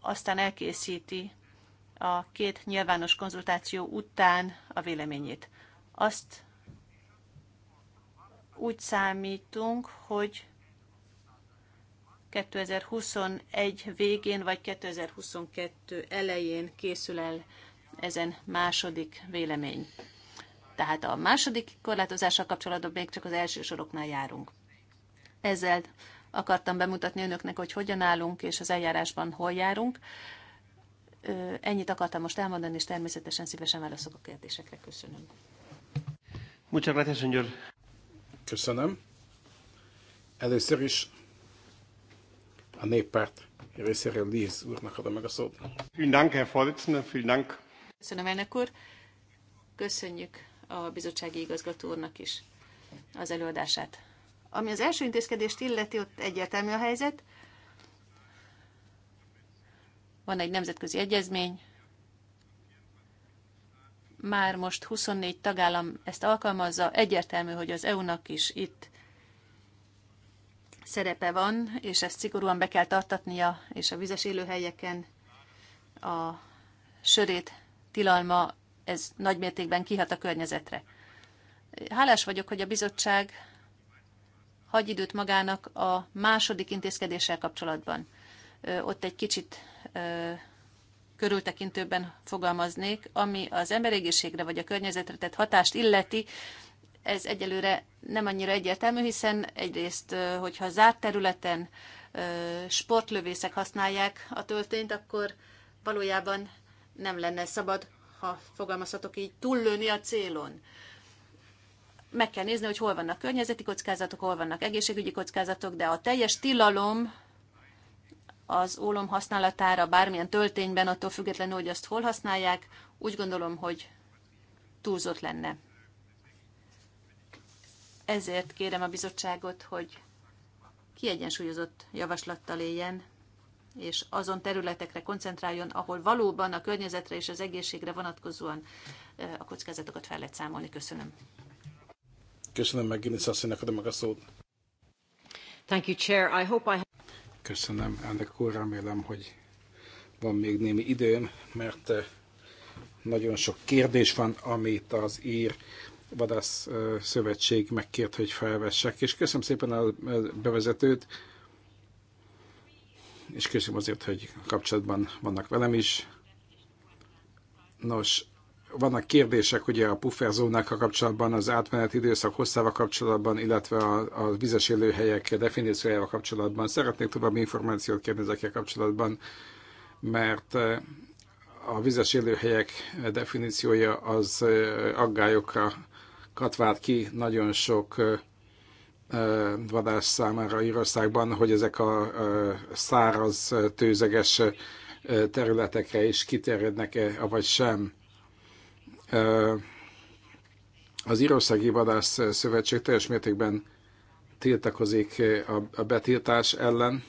aztán elkészíti a két nyilvános konzultáció után a véleményét. Azt úgy számítunk, hogy 2021 végén vagy 2022 elején készül el ezen második vélemény. Tehát a második korlátozással kapcsolatban még csak az első soroknál járunk. Ezzel akartam bemutatni önöknek, hogy hogyan állunk és az eljárásban hol járunk. Ennyit akartam most elmondani, és természetesen szívesen válaszok a kérdésekre. Köszönöm. Muchas gracias, señor Köszönöm. Először is a néppárt részéről Líz úrnak adom meg a szót. Köszönöm, elnök úr. Köszönjük a bizottsági igazgató úrnak is az előadását. Ami az első intézkedést illeti, ott egyértelmű a helyzet. Van egy nemzetközi egyezmény, már most 24 tagállam ezt alkalmazza, egyértelmű, hogy az EU-nak is itt szerepe van, és ezt szigorúan be kell tartatnia, és a vizes élőhelyeken a sörét tilalma, ez nagymértékben kihat a környezetre. Hálás vagyok, hogy a bizottság hagy időt magának a második intézkedéssel kapcsolatban. Ott egy kicsit körültekintőben fogalmaznék, ami az emberégészségre vagy a környezetre tett hatást illeti, ez egyelőre nem annyira egyértelmű, hiszen egyrészt, hogyha zárt területen sportlövészek használják a töltényt, akkor valójában nem lenne szabad, ha fogalmazhatok így, túllőni a célon. Meg kell nézni, hogy hol vannak környezeti kockázatok, hol vannak egészségügyi kockázatok, de a teljes tilalom az ólom használatára bármilyen töltényben, attól függetlenül, hogy azt hol használják, úgy gondolom, hogy túlzott lenne. Ezért kérem a bizottságot, hogy kiegyensúlyozott javaslattal éljen, és azon területekre koncentráljon, ahol valóban a környezetre és az egészségre vonatkozóan eh, a kockázatokat fel lehet számolni. Köszönöm. Köszönöm meg Guinness asszonynak adom meg a szót. Thank you, Chair. I hope I Köszönöm, ennek úr, remélem, hogy van még némi időm, mert eh, nagyon sok kérdés van, amit az ír vadász eh, szövetség megkért, hogy felvessek, és köszönöm szépen a eh, bevezetőt, és köszönöm azért, hogy kapcsolatban vannak velem is. Nos, vannak kérdések ugye a pufferzónákkal kapcsolatban, az átmeneti időszak hosszával kapcsolatban, illetve a, a vizes élőhelyek definíciójával kapcsolatban. Szeretnék további információt kérni ezekkel kapcsolatban, mert eh, a vizes élőhelyek definíciója az eh, aggályokra katvált ki nagyon sok eh, vadász számára Írországban, hogy ezek a száraz, tőzeges területekre is kiterjednek-e, vagy sem az Írországi Vadász Szövetség teljes mértékben tiltakozik a betiltás ellen.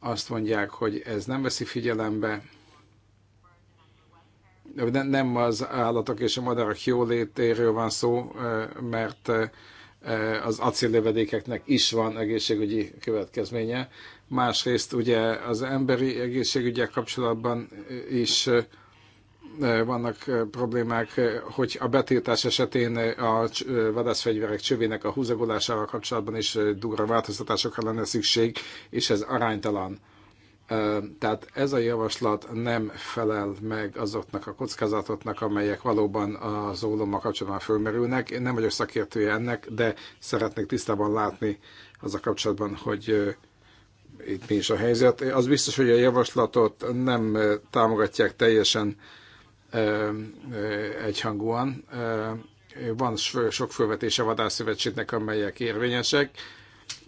Azt mondják, hogy ez nem veszi figyelembe nem az állatok és a madarak jólétéről van szó, mert az acéllövedékeknek is van egészségügyi következménye. Másrészt ugye az emberi egészségügyek kapcsolatban is vannak problémák, hogy a betiltás esetén a vadászfegyverek csövének a húzagolásával kapcsolatban is durva változtatásokra lenne szükség, és ez aránytalan. Tehát ez a javaslat nem felel meg azoknak a kockázatoknak, amelyek valóban az ólommal kapcsolatban fölmerülnek. Én nem vagyok szakértője ennek, de szeretnék tisztában látni az a kapcsolatban, hogy itt mi is a helyzet. Az biztos, hogy a javaslatot nem támogatják teljesen egyhangúan. Van sok felvetése a vadászszövetségnek, amelyek érvényesek.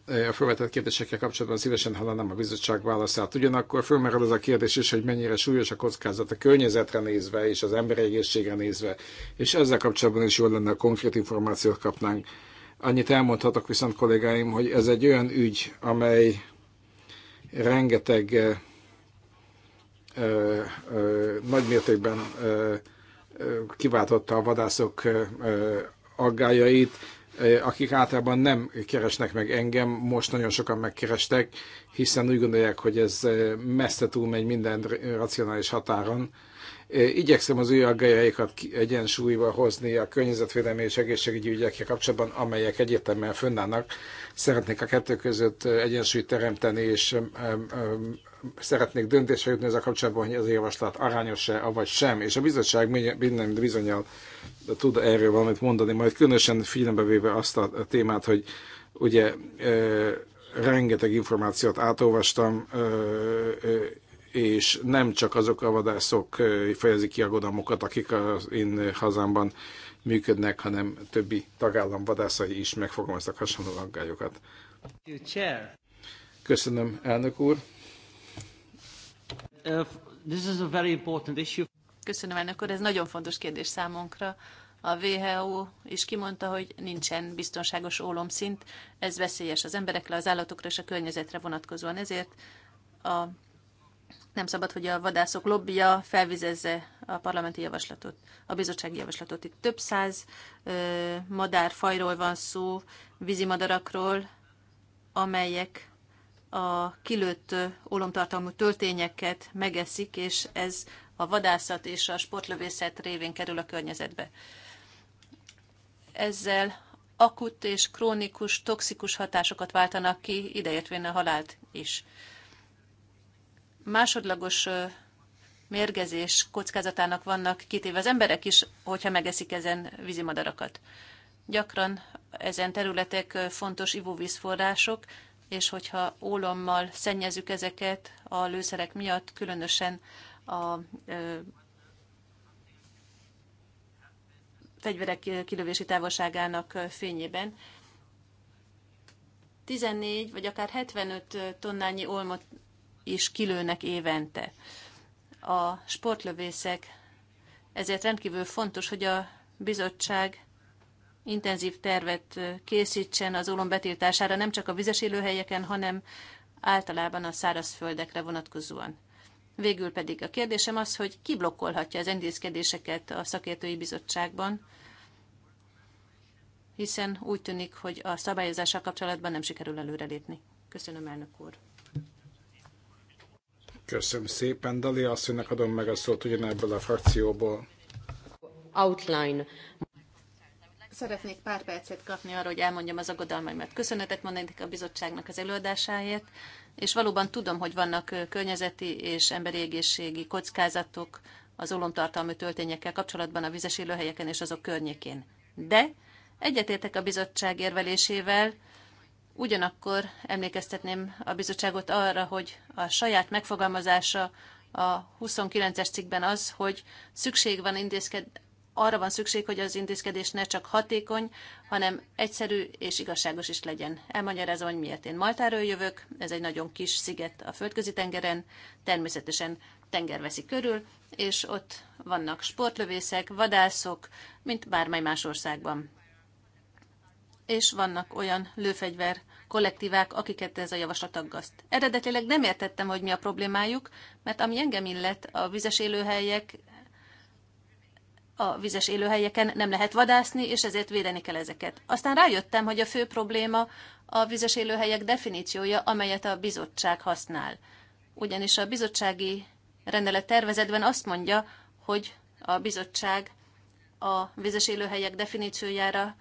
A felvetett kérdésekkel kapcsolatban szívesen hallanám a bizottság válaszát. Ugyanakkor fölmerül az a kérdés is, hogy mennyire súlyos a kockázat a környezetre nézve és az emberi egészségre nézve, és ezzel kapcsolatban is jól lenne, a konkrét információt kapnánk. Annyit elmondhatok viszont kollégáim, hogy ez egy olyan ügy, amely rengeteg nagy mértékben kiváltotta a vadászok aggájait, akik általában nem keresnek meg engem, most nagyon sokan megkerestek, hiszen úgy gondolják, hogy ez messze túlmegy minden racionális határon. Igyekszem az ő aggájaikat egyensúlyba hozni a környezetvédelmi és egészségügyi ügyekkel kapcsolatban, amelyek egyértelműen fönnállnak. Szeretnék a kettő között egyensúlyt teremteni, és szeretnék döntésre jutni ezzel kapcsolatban, hogy a javaslat arányos-e, vagy sem, és a bizottság minden bizonyal tud erről valamit mondani, majd különösen figyelembe véve azt a témát, hogy ugye rengeteg információt átolvastam, és nem csak azok a vadászok fejezik ki aggodalmukat, akik az én hazámban működnek, hanem többi tagállam vadászai is megfogalmaztak hasonló aggályokat. Köszönöm, elnök úr! Uh, this is a very important issue. Köszönöm, elnök úr, ez nagyon fontos kérdés számunkra. A WHO is kimondta, hogy nincsen biztonságos ólomszint, ez veszélyes az emberekre, az állatokra és a környezetre vonatkozóan. Ezért a, nem szabad, hogy a vadászok lobbija felvizezze a parlamenti javaslatot, a bizottsági javaslatot. Itt több száz ö, madárfajról van szó, vízimadarakról, amelyek a kilőtt ólomtartalmú töltényeket megeszik, és ez a vadászat és a sportlövészet révén kerül a környezetbe. Ezzel akut és krónikus, toxikus hatásokat váltanak ki, ideértvén a halált is. Másodlagos mérgezés kockázatának vannak kitéve az emberek is, hogyha megeszik ezen vízimadarakat. Gyakran ezen területek fontos ivóvízforrások, és hogyha ólommal szennyezzük ezeket a lőszerek miatt, különösen a ö, fegyverek kilövési távolságának fényében, 14 vagy akár 75 tonnányi olmot is kilőnek évente. A sportlövészek ezért rendkívül fontos, hogy a bizottság intenzív tervet készítsen az ólom betiltására nem csak a vizes élőhelyeken, hanem általában a szárazföldekre vonatkozóan. Végül pedig a kérdésem az, hogy ki blokkolhatja az intézkedéseket a szakértői bizottságban, hiszen úgy tűnik, hogy a szabályozással kapcsolatban nem sikerül előrelépni. Köszönöm, elnök úr. Köszönöm szépen. Dali asszonynak adom meg a szót ugyanebből a frakcióból. Outline. Szeretnék pár percet kapni arra, hogy elmondjam az aggodalmaimat. Köszönetet mondanék a bizottságnak az előadásáért, és valóban tudom, hogy vannak környezeti és emberi egészségi kockázatok az olomtartalmi töltényekkel kapcsolatban a vizes élőhelyeken és azok környékén. De egyetértek a bizottság érvelésével, ugyanakkor emlékeztetném a bizottságot arra, hogy a saját megfogalmazása a 29-es cikkben az, hogy szükség van intézked, arra van szükség, hogy az intézkedés ne csak hatékony, hanem egyszerű és igazságos is legyen. Elmagyarázom, hogy miért én Maltáról jövök, ez egy nagyon kis sziget a földközi tengeren, természetesen tenger veszi körül, és ott vannak sportlövészek, vadászok, mint bármely más országban. És vannak olyan lőfegyver kollektívák, akiket ez a javaslat aggaszt. Eredetileg nem értettem, hogy mi a problémájuk, mert ami engem illet, a vizes élőhelyek a vizes élőhelyeken nem lehet vadászni, és ezért védeni kell ezeket. Aztán rájöttem, hogy a fő probléma a vizes élőhelyek definíciója, amelyet a bizottság használ. Ugyanis a bizottsági rendelet tervezetben azt mondja, hogy a bizottság a vizes élőhelyek definíciójára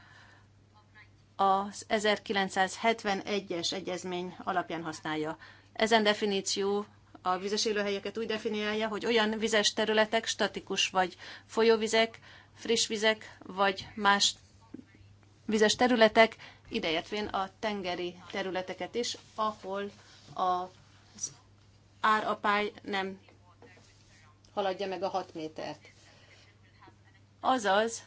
az 1971-es egyezmény alapján használja. Ezen definíció a vizes élőhelyeket úgy definiálja, hogy olyan vizes területek, statikus vagy folyóvizek, friss vizek, vagy más vizes területek, ideértvén a tengeri területeket is, ahol az árapály nem haladja meg a 6 métert. Azaz,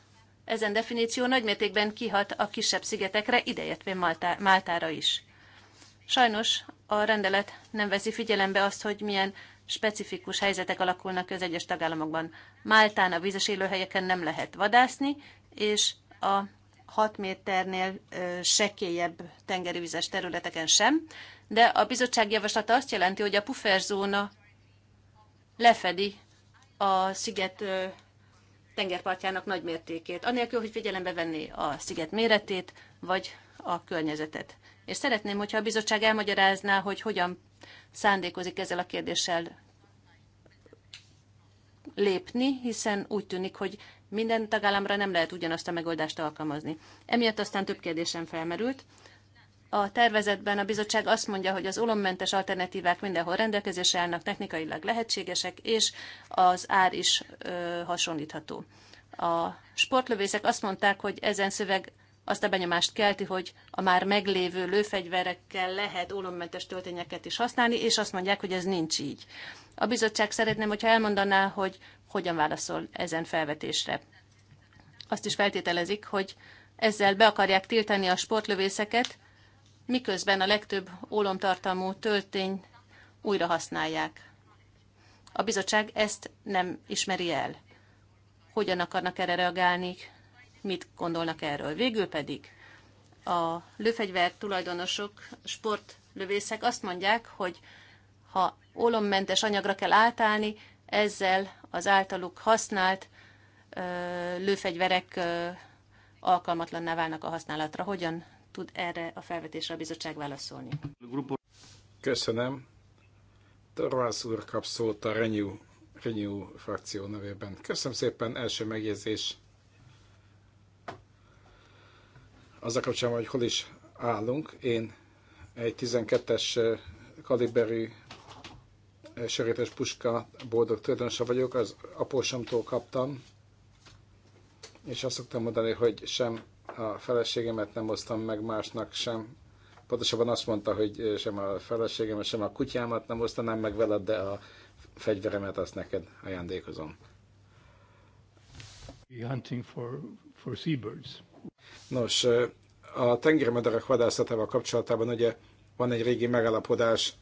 ezen definíció nagymértékben kihat a kisebb szigetekre, ideértvén Máltára is. Sajnos a rendelet nem veszi figyelembe azt, hogy milyen specifikus helyzetek alakulnak az egyes tagállamokban. Máltán a vízes élőhelyeken nem lehet vadászni, és a 6 méternél sekélyebb tengervízes területeken sem, de a bizottság javaslata azt jelenti, hogy a pufferzóna lefedi a sziget tengerpartjának nagy mértékét, anélkül, hogy figyelembe venné a sziget méretét, vagy a környezetet. És szeretném, hogyha a bizottság elmagyarázná, hogy hogyan szándékozik ezzel a kérdéssel lépni, hiszen úgy tűnik, hogy minden tagállamra nem lehet ugyanazt a megoldást alkalmazni. Emiatt aztán több kérdésem felmerült. A tervezetben a bizottság azt mondja, hogy az olommentes alternatívák mindenhol rendelkezésre állnak, technikailag lehetségesek, és az ár is ö, hasonlítható. A sportlövészek azt mondták, hogy ezen szöveg azt a benyomást kelti, hogy a már meglévő lőfegyverekkel lehet ólommentes töltényeket is használni, és azt mondják, hogy ez nincs így. A bizottság szeretném, hogyha elmondaná, hogy hogyan válaszol ezen felvetésre. Azt is feltételezik, hogy ezzel be akarják tiltani a sportlövészeket, miközben a legtöbb ólomtartalmú töltény újra használják. A bizottság ezt nem ismeri el. Hogyan akarnak erre reagálni? mit gondolnak erről. Végül pedig a lőfegyver tulajdonosok, sportlövészek azt mondják, hogy ha ólommentes anyagra kell átállni, ezzel az általuk használt ö, lőfegyverek ö, alkalmatlanná válnak a használatra. Hogyan tud erre a felvetésre a bizottság válaszolni? Köszönöm. Torvász úr kap szót a Renew, Renew frakció nevében. Köszönöm szépen, első megjegyzés azzal kapcsolatban, hogy hol is állunk. Én egy 12-es eh, kaliberű eh, sörétes puska boldog tulajdonosa vagyok, az apósomtól kaptam, és azt szoktam mondani, hogy sem a feleségemet nem hoztam meg másnak, sem pontosabban azt mondta, hogy eh, sem a feleségemet, sem a kutyámat nem osztanám meg veled, de a fegyveremet azt neked ajándékozom. Hunting for, for seabirds. Nos, a tengermadarak vadászatával kapcsolatában ugye van egy régi megállapodás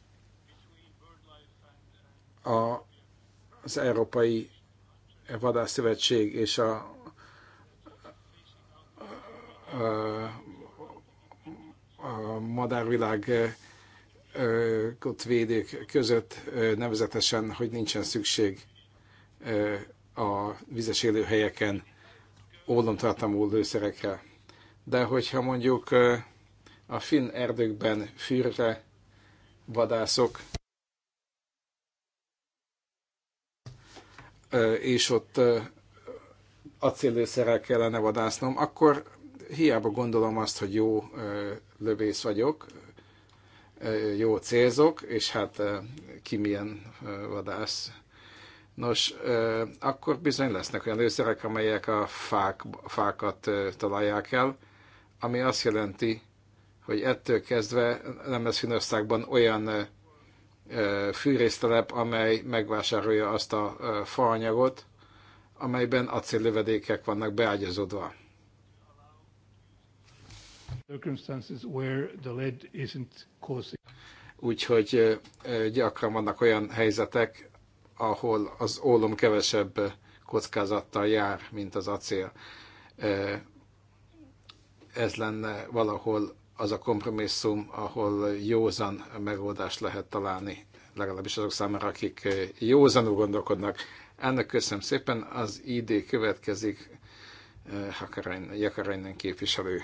a, az Európai Vadászszövetség és a, a, a madárvilág védők között nevezetesen, hogy nincsen szükség a vizes élőhelyeken tartam lőszerekre. De hogyha mondjuk a finn erdőkben fűrre vadászok, és ott acélőszerrel kellene vadásznom, akkor hiába gondolom azt, hogy jó lövész vagyok, jó célzok, és hát ki milyen vadász, Nos, akkor bizony lesznek olyan lőszerek, amelyek a fák, fákat találják el, ami azt jelenti, hogy ettől kezdve nem lesz Finországban olyan fűrésztelep, amely megvásárolja azt a faanyagot, amelyben acéllövedékek vannak beágyazódva. Úgyhogy gyakran vannak olyan helyzetek, ahol az ólom kevesebb kockázattal jár, mint az acél. Ez lenne valahol az a kompromisszum, ahol józan megoldást lehet találni, legalábbis azok számára, akik józanul gondolkodnak. Ennek köszönöm szépen, az ID következik Jakarainen képviselő.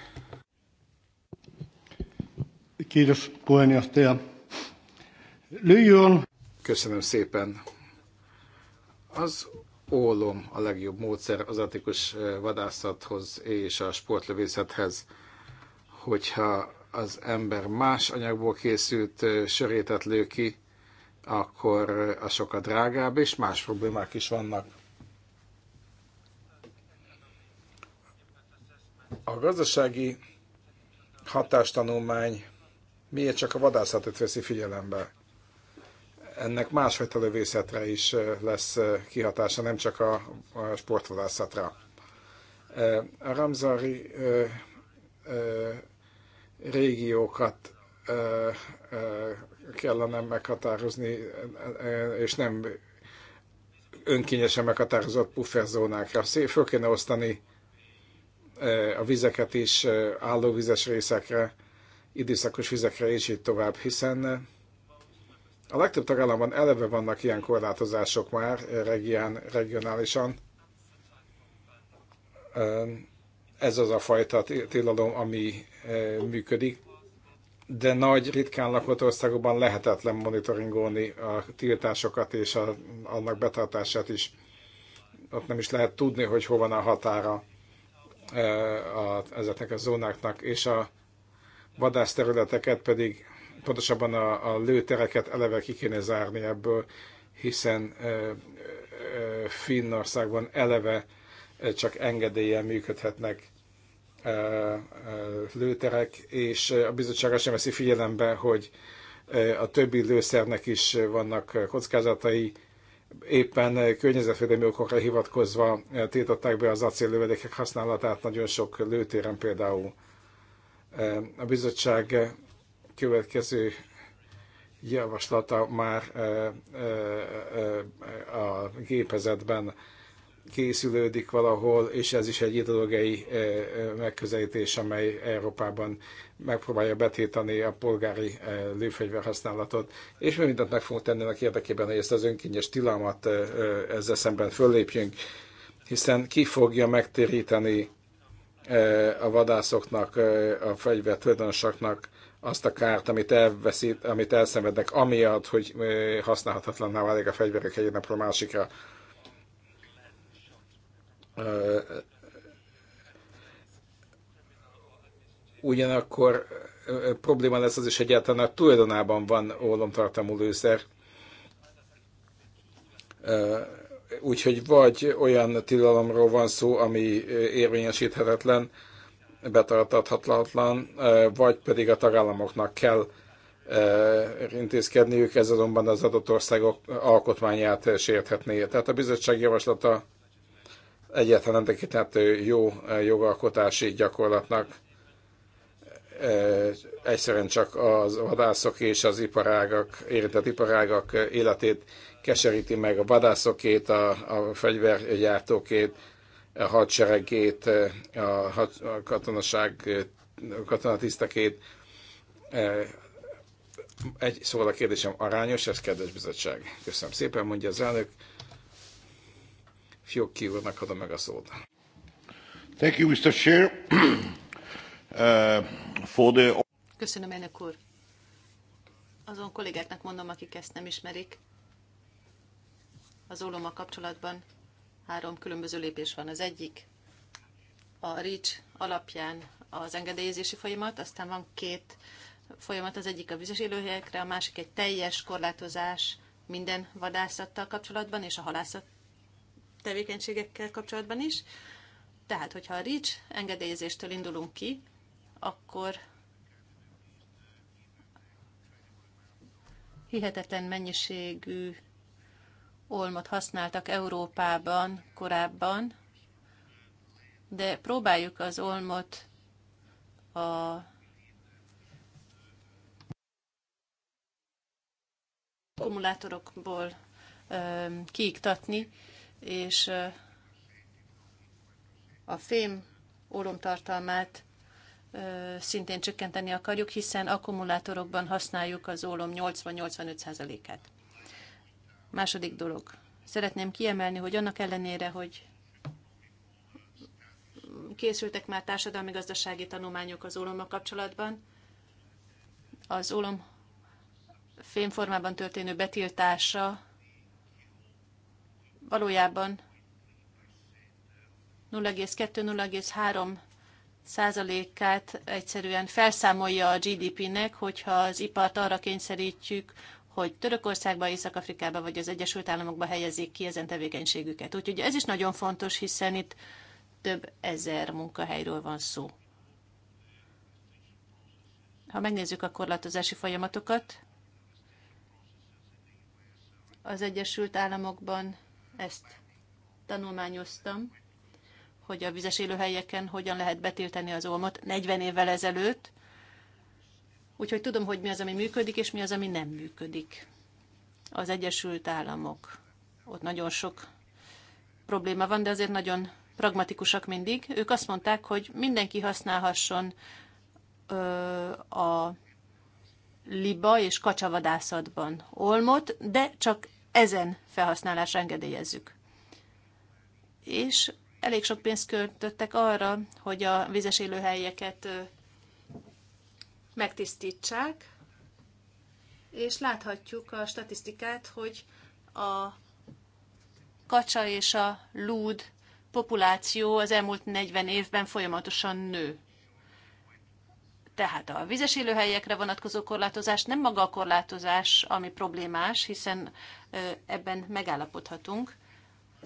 Köszönöm szépen, az ólom a legjobb módszer az etikus vadászathoz és a sportlövészethez, hogyha az ember más anyagból készült sörétet lő ki, akkor a sokkal drágább, és más problémák is vannak. A gazdasági hatástanulmány miért csak a vadászatot veszi figyelembe? ennek másfajta lövészetre is lesz kihatása, nem csak a, sportvadászatra. A Ramzari régiókat kellene meghatározni, és nem önkényesen meghatározott pufferzónákra. Föl kéne osztani a vizeket is állóvizes részekre, időszakos vizekre, és így tovább, hiszen a legtöbb tagállamban eleve vannak ilyen korlátozások már region, regionálisan. Ez az a fajta tilalom, ami e, működik, de nagy, ritkán lakott országokban lehetetlen monitoringolni a tiltásokat és a, annak betartását is. Ott nem is lehet tudni, hogy hova van a határa e, a, ezeknek a zónáknak, és a vadászterületeket pedig pontosabban a, a lőtereket eleve ki kéne zárni ebből, hiszen Finnországban eleve csak engedéllyel működhetnek lőterek, és a bizottság sem veszi figyelembe, hogy a többi lőszernek is vannak kockázatai, éppen környezetvédelmi okokra hivatkozva tiltották be az acéllövedékek használatát nagyon sok lőtéren például. A bizottság következő javaslata már e, e, e, a gépezetben készülődik valahol, és ez is egy ideológiai megközelítés, amely Európában megpróbálja betétani a polgári lőfegyver használatot, és mi mindent meg fogunk tenni ennek érdekében, hogy ezt az önkényes tilalmat ezzel szemben föllépjünk, hiszen ki fogja megtéríteni a vadászoknak, a fegyver azt a kárt, amit, elveszít, amit elszenvednek, amiatt, hogy használhatatlanná válik a fegyverek egy napról másikra. Ugyanakkor probléma lesz az is egyáltalán, a tulajdonában van ólomtartalmú lőszer. Úgyhogy vagy olyan tilalomról van szó, ami érvényesíthetetlen, betartathatatlan, vagy pedig a tagállamoknak kell intézkedniük, ez azonban az adott országok alkotmányát sérthetné. Tehát a bizottság javaslata egyáltalán nem tekinthető jó jogalkotási gyakorlatnak. Egyszerűen csak az vadászok és az iparágak, érintett iparágak életét keseríti meg a vadászokét, a, a fegyvergyártókét, a hadseregét, eh, a, a katonaság, eh, a katonatisztekét. Eh, egy szóval a kérdésem arányos, ez kedves bizottság. Köszönöm szépen, mondja az elnök. ki, úrnak adom meg a szót. Thank you, Mr. Chair. Uh, for the... Köszönöm, elnök úr. Azon kollégáknak mondom, akik ezt nem ismerik, az a kapcsolatban Három különböző lépés van. Az egyik a REACH alapján az engedélyezési folyamat, aztán van két folyamat, az egyik a vizes élőhelyekre, a másik egy teljes korlátozás minden vadászattal kapcsolatban és a halászat tevékenységekkel kapcsolatban is. Tehát, hogyha a REACH engedélyezéstől indulunk ki, akkor hihetetlen mennyiségű olmot használtak Európában korábban, de próbáljuk az olmot a akkumulátorokból kiiktatni, és a fém ólomtartalmát szintén csökkenteni akarjuk, hiszen akkumulátorokban használjuk az ólom 80-85%-át. Második dolog. Szeretném kiemelni, hogy annak ellenére, hogy készültek már társadalmi-gazdasági tanulmányok az ólom kapcsolatban, az ólom fémformában történő betiltása valójában 0,2-0,3 százalékát egyszerűen felszámolja a GDP-nek, hogyha az ipart arra kényszerítjük, hogy Törökországba, Észak-Afrikába vagy az Egyesült Államokba helyezik ki ezen tevékenységüket. Úgyhogy ez is nagyon fontos, hiszen itt több ezer munkahelyről van szó. Ha megnézzük a korlátozási folyamatokat, az Egyesült Államokban ezt tanulmányoztam, hogy a vizes élőhelyeken hogyan lehet betiltani az olmot 40 évvel ezelőtt, Úgyhogy tudom, hogy mi az, ami működik, és mi az, ami nem működik. Az Egyesült Államok. Ott nagyon sok probléma van, de azért nagyon pragmatikusak mindig. Ők azt mondták, hogy mindenki használhasson ö, a liba és kacsavadászatban olmot, de csak ezen felhasználásra engedélyezzük. És elég sok pénzt költöttek arra, hogy a vizes élőhelyeket megtisztítsák, és láthatjuk a statisztikát, hogy a kacsa és a lúd populáció az elmúlt 40 évben folyamatosan nő. Tehát a vizes élőhelyekre vonatkozó korlátozás nem maga a korlátozás, ami problémás, hiszen ebben megállapodhatunk.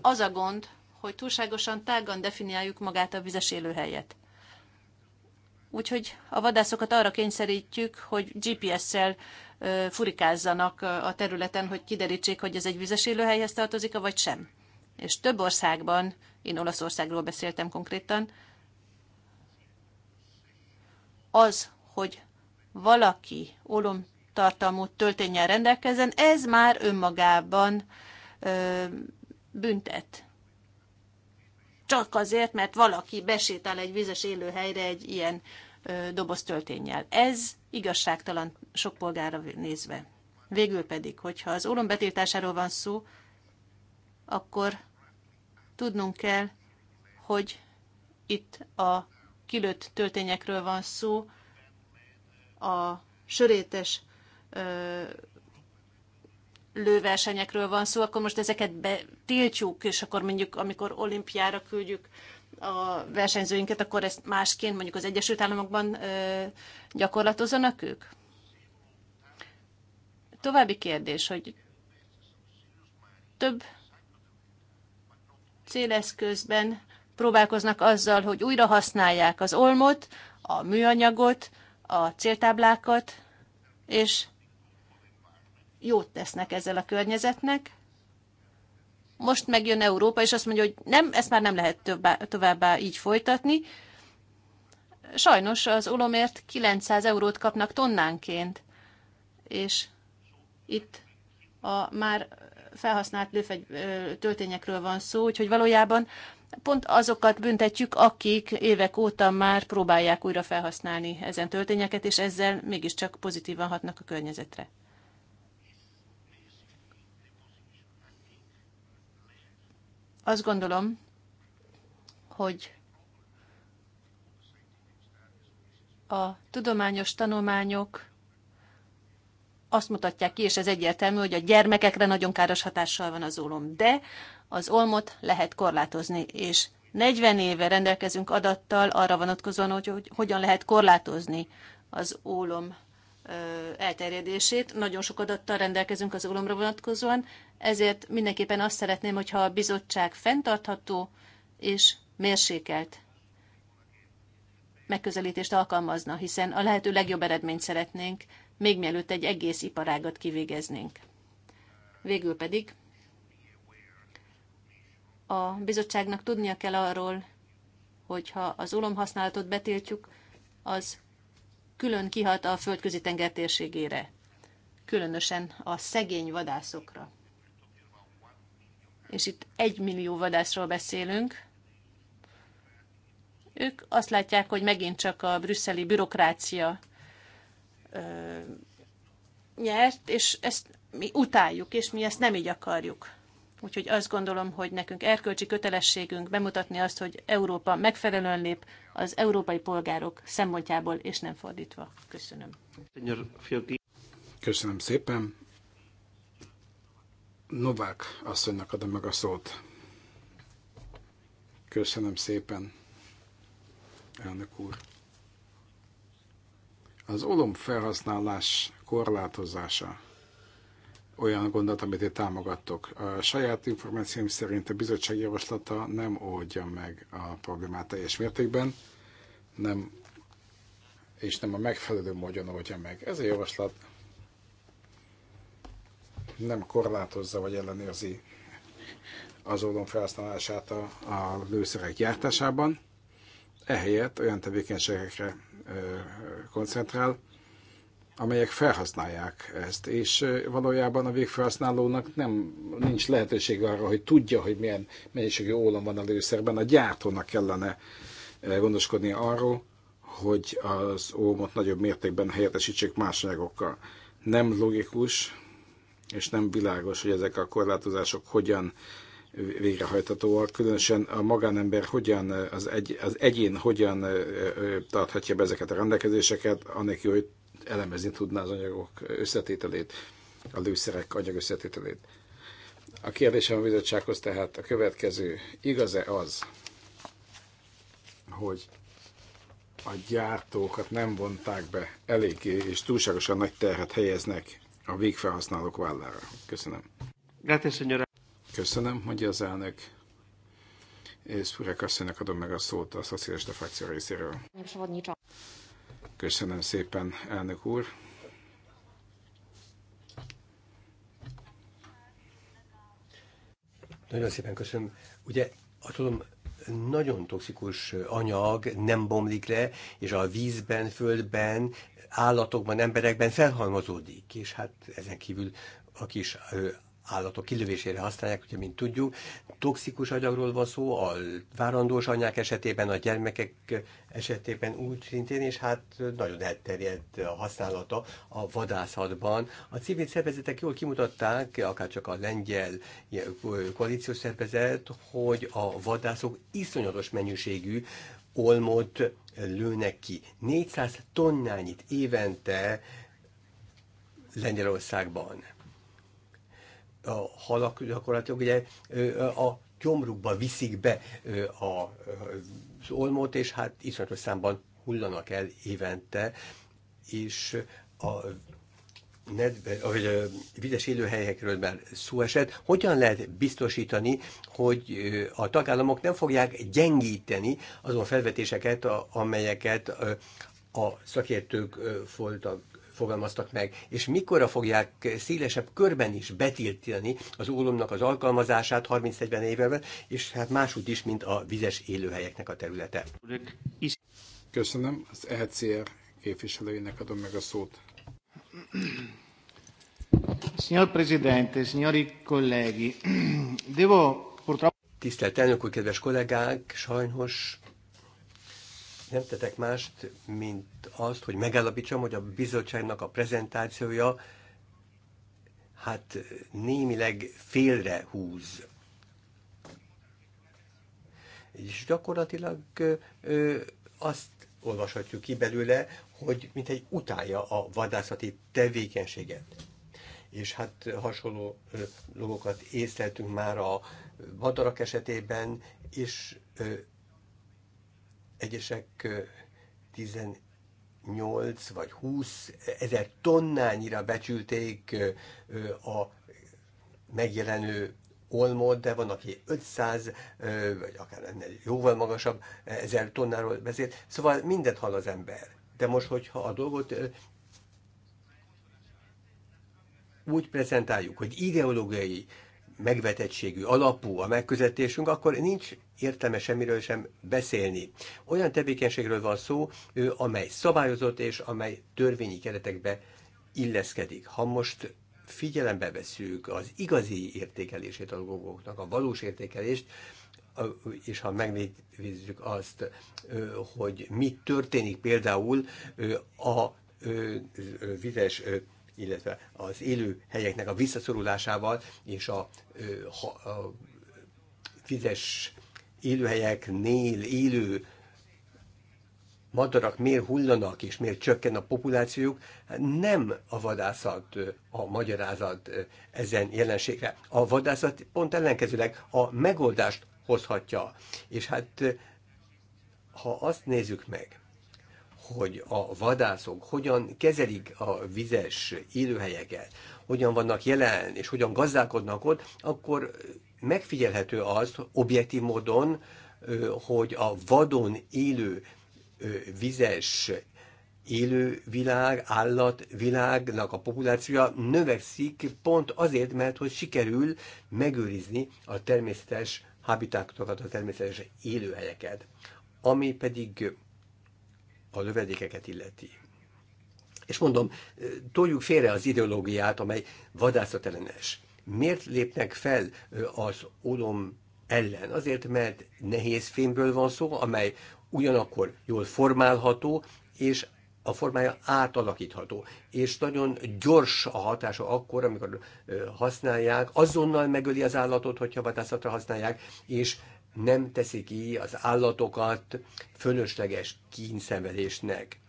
Az a gond, hogy túlságosan tágan definiáljuk magát a vizes élőhelyet. Úgyhogy a vadászokat arra kényszerítjük, hogy GPS-szel furikázzanak a területen, hogy kiderítsék, hogy ez egy vizes élőhelyhez tartozik, vagy sem. És több országban, én Olaszországról beszéltem konkrétan, az, hogy valaki olom tartalmú töltényel rendelkezzen, ez már önmagában ö, büntet csak azért, mert valaki besétál egy vizes élőhelyre egy ilyen doboz töltényjel. Ez igazságtalan sok polgára nézve. Végül pedig, hogyha az ólom betiltásáról van szó, akkor tudnunk kell, hogy itt a kilőtt töltényekről van szó, a sörétes lőversenyekről van szó, akkor most ezeket betiltjuk, és akkor mondjuk, amikor olimpiára küldjük a versenyzőinket, akkor ezt másként mondjuk az Egyesült Államokban ö, gyakorlatozzanak ők? További kérdés, hogy több céleszközben próbálkoznak azzal, hogy újra használják az olmot, a műanyagot, a céltáblákat, és jót tesznek ezzel a környezetnek. Most megjön Európa, és azt mondja, hogy nem, ezt már nem lehet többá, továbbá így folytatni. Sajnos az olomért 900 eurót kapnak tonnánként, és itt a már felhasznált lőfegy töltényekről van szó, úgyhogy valójában pont azokat büntetjük, akik évek óta már próbálják újra felhasználni ezen töltényeket, és ezzel mégiscsak pozitívan hatnak a környezetre. Azt gondolom, hogy a tudományos tanulmányok azt mutatják ki, és ez egyértelmű, hogy a gyermekekre nagyon káros hatással van az ólom, de az olmot lehet korlátozni, és 40 éve rendelkezünk adattal arra vonatkozóan, hogy, hogyan lehet korlátozni az ólom elterjedését. Nagyon sok adattal rendelkezünk az ólomra vonatkozóan, ezért mindenképpen azt szeretném, hogyha a bizottság fenntartható és mérsékelt megközelítést alkalmazna, hiszen a lehető legjobb eredményt szeretnénk, még mielőtt egy egész iparágat kivégeznénk. Végül pedig a bizottságnak tudnia kell arról, hogyha az használatot betiltjuk, az külön kihat a földközi tenger térségére, különösen a szegény vadászokra és itt egy millió vadászról beszélünk, ők azt látják, hogy megint csak a brüsszeli bürokrácia ö, nyert, és ezt mi utáljuk, és mi ezt nem így akarjuk. Úgyhogy azt gondolom, hogy nekünk erkölcsi kötelességünk bemutatni azt, hogy Európa megfelelően lép az európai polgárok szempontjából, és nem fordítva. Köszönöm. Köszönöm szépen. Novák asszonynak adom meg a szót. Köszönöm szépen, elnök úr. Az olom felhasználás korlátozása olyan gondot, amit én támogattok. A saját információim szerint a bizottság javaslata nem oldja meg a problémát teljes mértékben, nem, és nem a megfelelő módon oldja meg. Ez a javaslat nem korlátozza vagy ellenőrzi az ólom felhasználását a, a lőszerek gyártásában, ehelyett olyan tevékenységekre ö, koncentrál, amelyek felhasználják ezt, és valójában a végfelhasználónak nem, nincs lehetőség arra, hogy tudja, hogy milyen mennyiségű ólom van a lőszerben. A gyártónak kellene gondoskodni arról, hogy az ómot nagyobb mértékben helyettesítsék más anyagokkal. Nem logikus, és nem világos, hogy ezek a korlátozások hogyan végrehajthatóak, különösen a magánember hogyan, az, egy, az egyén hogyan tarthatja be ezeket a rendelkezéseket, jó, hogy elemezni tudná az anyagok összetételét, a lőszerek anyag összetételét. A kérdésem a bizottsághoz tehát a következő. Igaz-e az, hogy a gyártókat nem vonták be eléggé, és túlságosan nagy terhet helyeznek a végfelhasználók vállára. Köszönöm. Köszönöm, mondja az elnök. És Furek asszonynak adom meg a szót a szocialista frakció részéről. Köszönöm szépen, elnök úr. Nagyon szépen köszönöm. Ugye ha tudom nagyon toxikus anyag nem bomlik le, és a vízben, földben, állatokban, emberekben felhalmozódik. És hát ezen kívül a kis állatok kilövésére használják, ugye, mint tudjuk. Toxikus anyagról van szó, a várandós anyák esetében, a gyermekek esetében úgy szintén, és hát nagyon elterjedt a használata a vadászatban. A civil szervezetek jól kimutatták, akár csak a lengyel koalíciós szervezet, hogy a vadászok iszonyatos mennyiségű olmot lőnek ki. 400 tonnányit évente Lengyelországban a halak gyakorlatilag ugye a gyomrukba viszik be az olmot, és hát iszonyatos számban hullanak el évente, és a nedve, vagy a vizes élőhelyekről már szó esett, hogyan lehet biztosítani, hogy a tagállamok nem fogják gyengíteni azon felvetéseket, amelyeket a szakértők voltak fogalmaztak meg, és mikorra fogják szélesebb körben is betiltani az ólomnak az alkalmazását 30-40 évvel, és hát máshogy is, mint a vizes élőhelyeknek a területe. Köszönöm, az ECR képviselőjének adom meg a szót. Signor Presidente, signori colleghi, devo purtroppo... Tisztelt elnök úr, kedves kollégák, sajnos nem tettek mást, mint azt, hogy megállapítsam, hogy a bizottságnak a prezentációja hát némileg félre húz. És gyakorlatilag ö, azt olvashatjuk ki belőle, hogy mint egy utálja a vadászati tevékenységet. És hát hasonló dolgokat észleltünk már a vadarak esetében, és ö, egyesek 18 vagy 20 ezer tonnányira becsülték a megjelenő olmot, de van, aki 500, vagy akár ennél jóval magasabb ezer tonnáról beszélt. Szóval mindent hall az ember. De most, hogyha a dolgot úgy prezentáljuk, hogy ideológiai megvetettségű alapú a megközelítésünk, akkor nincs értelme semmiről sem beszélni. Olyan tevékenységről van szó, amely szabályozott és amely törvényi keretekbe illeszkedik. Ha most figyelembe veszük az igazi értékelését a dolgoknak, a valós értékelést, és ha megnézzük azt, hogy mi történik például a vizes illetve az élő helyeknek a visszaszorulásával és a, a, a vizes élőhelyeknél élő madarak miért hullanak és miért csökken a populációjuk, nem a vadászat a magyarázat ezen jelenségre. A vadászat pont ellenkezőleg a megoldást hozhatja. És hát ha azt nézzük meg, hogy a vadászok hogyan kezelik a vizes élőhelyeket, hogyan vannak jelen, és hogyan gazdálkodnak ott, akkor megfigyelhető az objektív módon, hogy a vadon élő vizes élővilág, állatvilágnak a populációja növekszik pont azért, mert hogy sikerül megőrizni a természetes habitátokat, a természetes élőhelyeket. Ami pedig a lövedékeket illeti. És mondom, toljuk félre az ideológiát, amely vadászatellenes. Miért lépnek fel az ólom ellen? Azért, mert nehéz fémből van szó, amely ugyanakkor jól formálható, és a formája átalakítható, és nagyon gyors a hatása akkor, amikor használják, azonnal megöli az állatot, hogyha vadászatra használják, és nem teszik ki az állatokat fölösleges kínszenvedésnek.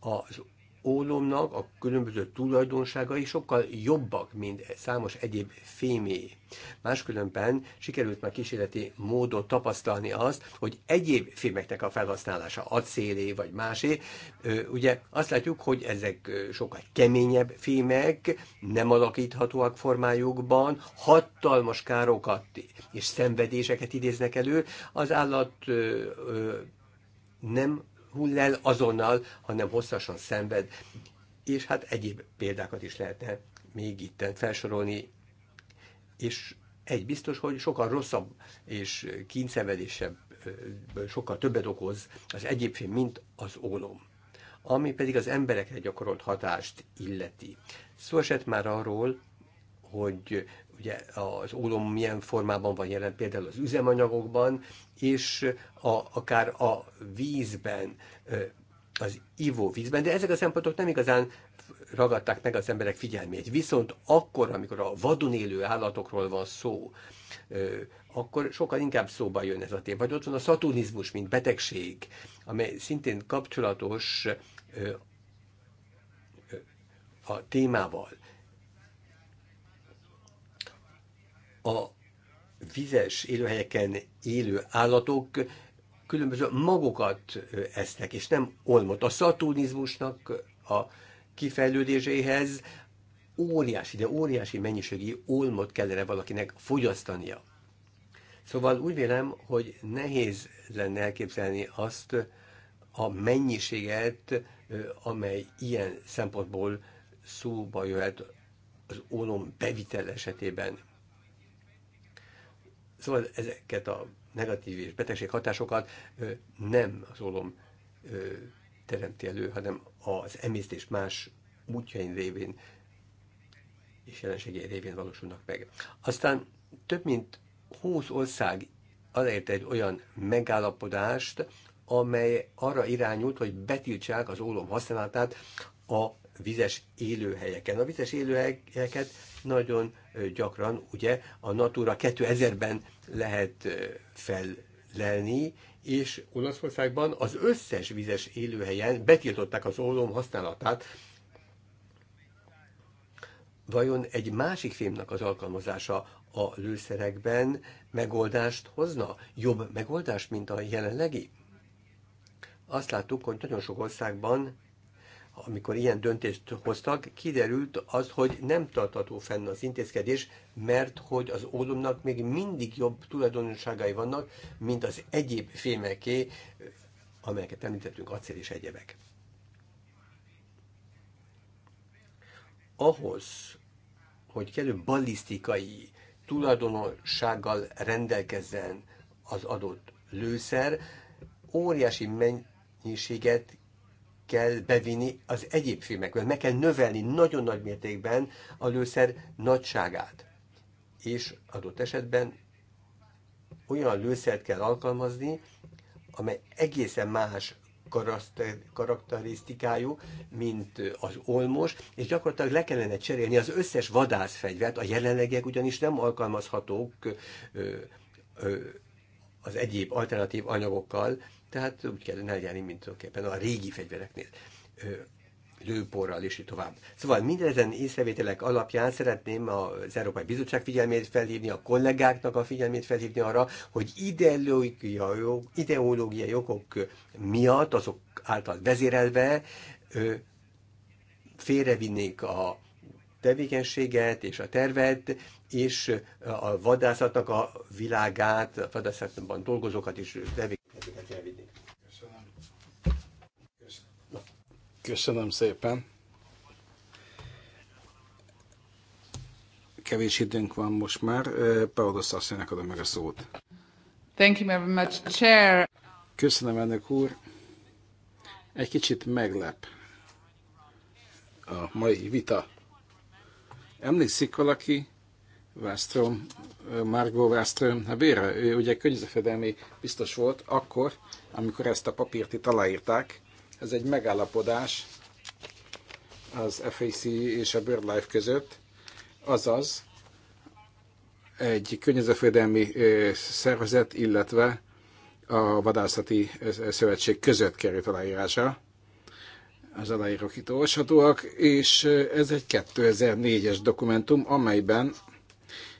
Az ólomnak a különböző tulajdonságai sokkal jobbak, mint számos egyéb fémé. Máskülönben sikerült már kísérleti módon tapasztalni azt, hogy egyéb fémeknek a felhasználása, acélé vagy másé, ugye azt látjuk, hogy ezek sokkal keményebb fémek, nem alakíthatóak formájukban, hatalmas károkat és szenvedéseket idéznek elő, az állat nem hull el azonnal, hanem hosszasan szenved. És hát egyéb példákat is lehetne még itten felsorolni, és egy biztos, hogy sokkal rosszabb és kínszenvedésebb, sokkal többet okoz az egyébként, mint az ólom. Ami pedig az emberekre gyakorolt hatást illeti. Szó esett már arról, hogy ugye az ólom milyen formában van jelen, például az üzemanyagokban, és a, akár a vízben, az ivóvízben, de ezek a szempontok nem igazán ragadták meg az emberek figyelmét. Viszont akkor, amikor a vadon élő állatokról van szó, akkor sokkal inkább szóba jön ez a téma. Vagy ott van a szaturnizmus, mint betegség, amely szintén kapcsolatos a témával. a vizes élőhelyeken élő állatok különböző magokat esznek, és nem olmot. A szaturnizmusnak a kifejlődéséhez óriási, de óriási mennyiségi olmot kellene valakinek fogyasztania. Szóval úgy vélem, hogy nehéz lenne elképzelni azt a mennyiséget, amely ilyen szempontból szóba jöhet az ólom bevitel esetében. Szóval ezeket a negatív és betegség hatásokat nem az ólom teremti elő, hanem az emésztés más útjain révén és jelenségei révén valósulnak meg. Aztán több mint 20 ország aláírta egy olyan megállapodást, amely arra irányult, hogy betiltsák az ólom használatát a vizes élőhelyeken. A vizes élőhelyeket nagyon gyakran ugye a Natura 2000-ben lehet fellelni, és Olaszországban az összes vizes élőhelyen betiltották az ólom használatát. Vajon egy másik fémnek az alkalmazása a lőszerekben megoldást hozna? Jobb megoldást, mint a jelenlegi? Azt láttuk, hogy nagyon sok országban amikor ilyen döntést hoztak, kiderült az, hogy nem tartató fenn az intézkedés, mert hogy az ólomnak még mindig jobb tulajdonságai vannak, mint az egyéb fémeké, amelyeket említettünk, acél és egyebek. Ahhoz, hogy kellő ballisztikai tulajdonossággal rendelkezzen az adott lőszer, óriási mennyiséget kell bevinni az egyéb filmekben, meg kell növelni nagyon nagy mértékben a lőszer nagyságát. És adott esetben olyan lőszert kell alkalmazni, amely egészen más karakterisztikájú, mint az olmos, és gyakorlatilag le kellene cserélni az összes vadászfegyvert, a jelenlegiek ugyanis nem alkalmazhatók ö, ö, az egyéb alternatív anyagokkal, tehát úgy kellene eljárni, mint tulajdonképpen a régi fegyvereknél lőporral, és így tovább. Szóval mindezen észrevételek alapján szeretném az Európai Bizottság figyelmét felhívni, a kollégáknak a figyelmét felhívni arra, hogy ideológiai, okok miatt, azok által vezérelve félrevinnék a tevékenységet és a tervet, és a vadászatnak a világát, a vadászatban dolgozókat is tevékenységet elvinni. Köszönöm szépen. Kevés időnk van most már. Paulosz asszonynak adom meg a szót. Thank you very much, Chair. Köszönöm, elnök úr. Egy kicsit meglep a mai vita. Emlékszik valaki Wallström, Margot Wallström nevére? Ő ugye környezetvédelmi biztos volt akkor, amikor ezt a papírt itt aláírták, ez egy megállapodás az FAC és a BirdLife között, azaz egy környezetvédelmi szervezet, illetve a Vadászati Szövetség között került aláírása. Az aláírók itt olvashatóak, és ez egy 2004-es dokumentum, amelyben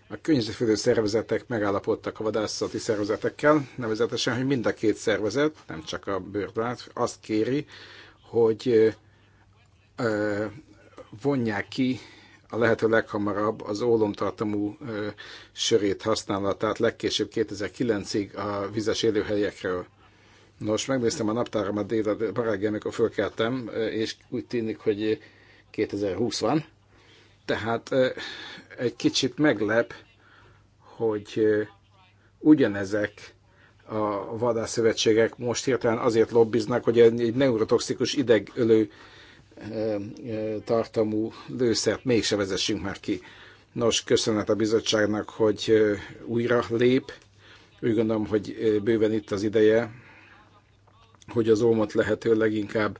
a környezetvédő szervezetek megállapodtak a vadászati szervezetekkel, nevezetesen, hogy mind a két szervezet, nem csak a bőrvált, azt kéri, hogy vonják ki a lehető leghamarabb az ólomtartamú sörét használatát legkésőbb 2009-ig a vizes élőhelyekről. Nos, megnéztem a naptáramat dél, reggel, amikor fölkeltem, és úgy tűnik, hogy 2020 van. Tehát egy kicsit meglep, hogy ugyanezek a vadászövetségek most hirtelen azért lobbiznak, hogy egy neurotoxikus idegölő tartalmú lőszert mégse vezessünk már ki. Nos, köszönet a bizottságnak, hogy újra lép. Úgy gondolom, hogy bőven itt az ideje, hogy az ómot lehető leginkább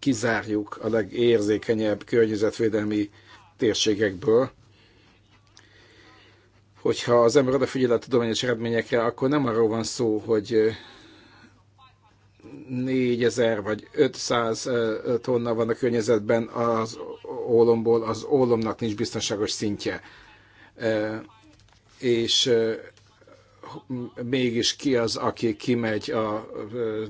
kizárjuk a legérzékenyebb környezetvédelmi térségekből. Hogyha az ember odafigyel a tudományos eredményekre, akkor nem arról van szó, hogy 4000 vagy 500 tonna van a környezetben az ólomból, az ólomnak nincs biztonságos szintje. És mégis ki az, aki kimegy a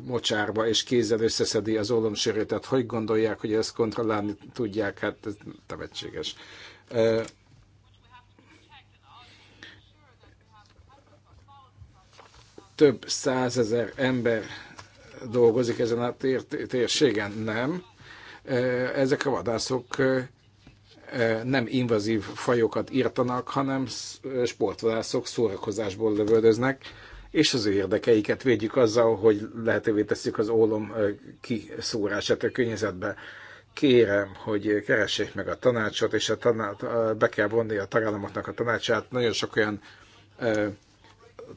mocsárba és kézzel összeszedi az ólomsörötet. Hogy gondolják, hogy ezt kontrollálni tudják? Hát ez tevetséges. Több százezer ember dolgozik ezen a térségen, nem? Ezek a vadászok nem invazív fajokat írtanak, hanem sportvadászok szórakozásból lövöldöznek, és az ő érdekeiket védjük azzal, hogy lehetővé tesszük az ólom kiszórását a környezetbe. Kérem, hogy keressék meg a tanácsot, és a tanát, be kell vonni a tagállamoknak a tanácsát. Nagyon sok olyan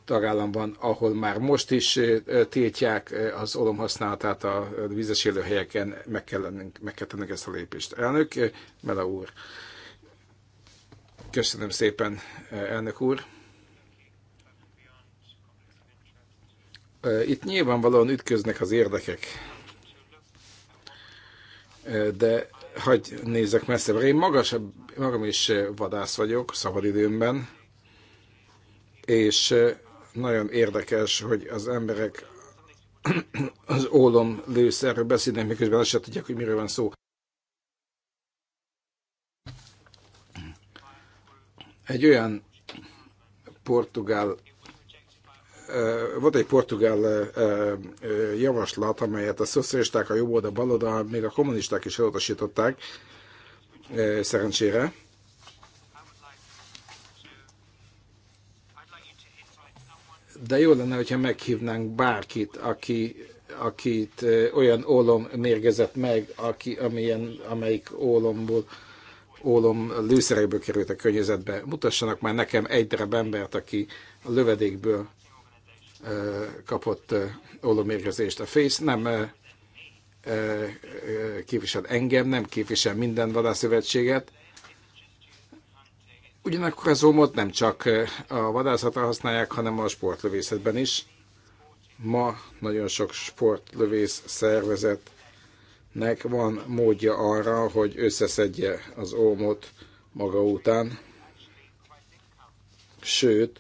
tagállam van, ahol már most is tiltják az olom használatát a vízes élőhelyeken, meg kell, lennünk, meg kell tennünk ezt a lépést. Elnök, Mela úr. Köszönöm szépen, elnök úr. Itt nyilvánvalóan ütköznek az érdekek, de hagyj nézzek messzebbre. Én magasabb, magam is vadász vagyok szabadidőmben, és nagyon érdekes, hogy az emberek az ólom lőszerről beszélnek, miközben azt se tudják, hogy miről van szó. Egy olyan portugál volt egy portugál javaslat, amelyet a szocialisták, a jobb oldal a oldal még a kommunisták is elutasították, szerencsére. de jó lenne, hogyha meghívnánk bárkit, aki, akit olyan ólom mérgezett meg, aki, amilyen, amelyik ólomból ólom lőszerekből került a környezetbe. Mutassanak már nekem egy darab embert, aki a lövedékből kapott ólomérgezést. A fész. nem képvisel engem, nem képvisel minden vadászövetséget, Ugyanakkor az ómot nem csak eh, a vadászatra használják, hanem a sportlövészetben is. Ma nagyon sok sportlövész szervezetnek van módja arra, hogy összeszedje az ómot maga után. Sőt,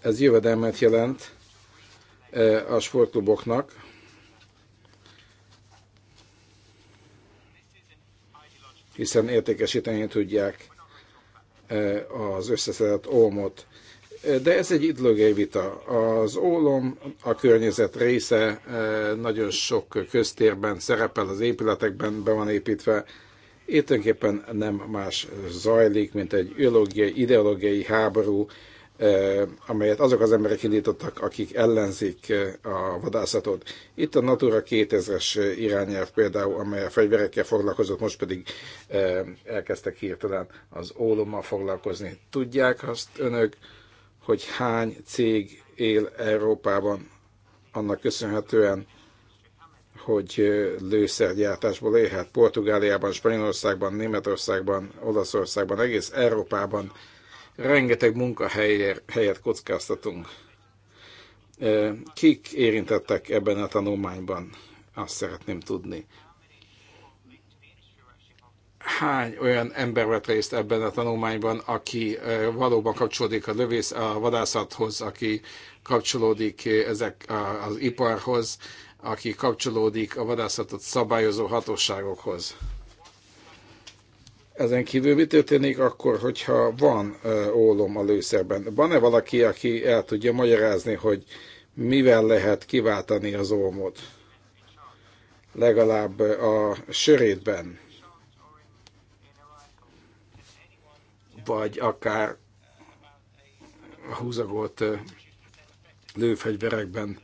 ez jövedelmet jelent eh, a sportkluboknak, hiszen értékesíteni tudják az összeszedett ómot, De ez egy ideológiai vita. Az ólom a környezet része, nagyon sok köztérben szerepel, az épületekben be van építve. Éppenképpen nem más zajlik, mint egy ideológiai, ideológiai háború amelyet azok az emberek indítottak, akik ellenzik a vadászatot. Itt a Natura 2000-es irányelv például, amely a fegyverekkel foglalkozott, most pedig elkezdtek hirtelen az ólommal foglalkozni. Tudják azt önök, hogy hány cég él Európában annak köszönhetően, hogy lőszergyártásból élhet. Portugáliában, Spanyolországban, Németországban, Olaszországban, egész Európában rengeteg munkahelyet kockáztatunk. Kik érintettek ebben a tanulmányban? Azt szeretném tudni. Hány olyan ember vett részt ebben a tanulmányban, aki valóban kapcsolódik a lövész, a vadászathoz, aki kapcsolódik ezek az iparhoz, aki kapcsolódik a vadászatot szabályozó hatóságokhoz? Ezen kívül mi történik akkor, hogyha van ólom a lőszerben? Van-e valaki, aki el tudja magyarázni, hogy mivel lehet kiváltani az ólmot? Legalább a sörétben. Vagy akár a húzagolt lőfegyverekben,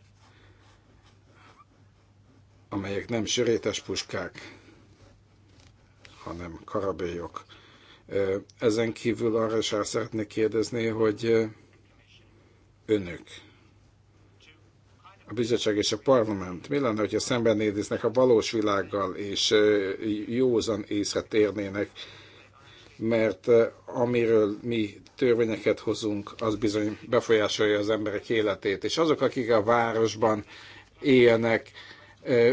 amelyek nem sörétes puskák hanem karabélyok. Ezen kívül arra is el szeretnék kérdezni, hogy önök, a bizottság és a parlament, mi lenne, hogyha szembenéznek a valós világgal, és józan észre térnének, mert amiről mi törvényeket hozunk, az bizony befolyásolja az emberek életét. És azok, akik a városban élnek,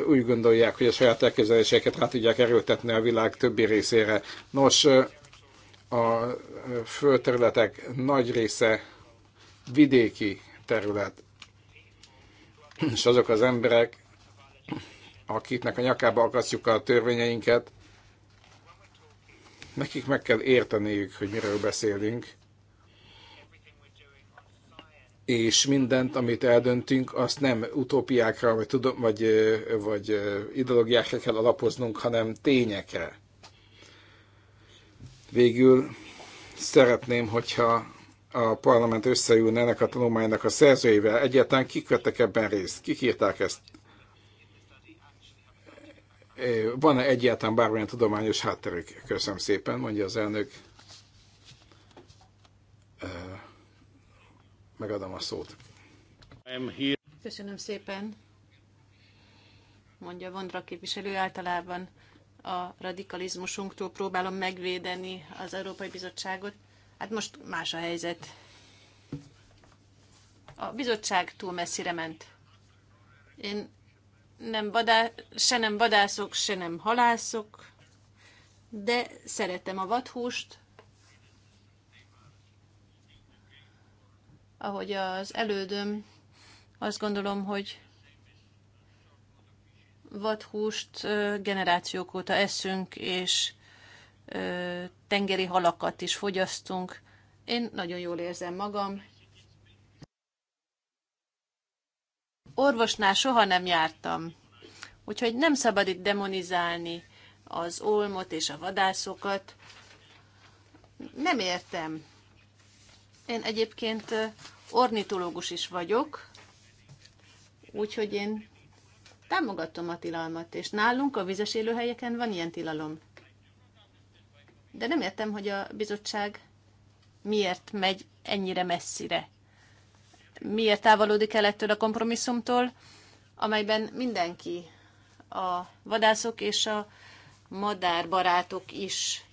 úgy gondolják, hogy a saját elképzeléseket rá tudják erőltetni a világ többi részére. Nos, a földterületek nagy része vidéki terület, és azok az emberek, akiknek a nyakába akasztjuk a törvényeinket, nekik meg kell érteniük, hogy miről beszélünk, és mindent, amit eldöntünk, azt nem utópiákra, vagy, tudom, vagy, vagy ideológiákra kell alapoznunk, hanem tényekre. Végül szeretném, hogyha a parlament összeülne ennek a tanulmánynak a szerzőjével, Egyáltalán kik vettek ebben részt? Kik írták ezt? Van-e egyáltalán bármilyen tudományos hátterük? Köszönöm szépen, mondja az elnök megadom a szót. Köszönöm szépen, mondja Vondra képviselő általában a radikalizmusunktól próbálom megvédeni az Európai Bizottságot. Hát most más a helyzet. A bizottság túl messzire ment. Én nem vadá, se nem vadászok, se nem halászok, de szeretem a vadhúst, ahogy az elődöm, azt gondolom, hogy vadhúst generációk óta eszünk, és tengeri halakat is fogyasztunk. Én nagyon jól érzem magam. Orvosnál soha nem jártam, úgyhogy nem szabad itt demonizálni az olmot és a vadászokat. Nem értem. Én egyébként ornitológus is vagyok, úgyhogy én támogatom a tilalmat, és nálunk a vizes élőhelyeken van ilyen tilalom. De nem értem, hogy a bizottság miért megy ennyire messzire. Miért távolodik el ettől a kompromisszumtól, amelyben mindenki, a vadászok és a madárbarátok is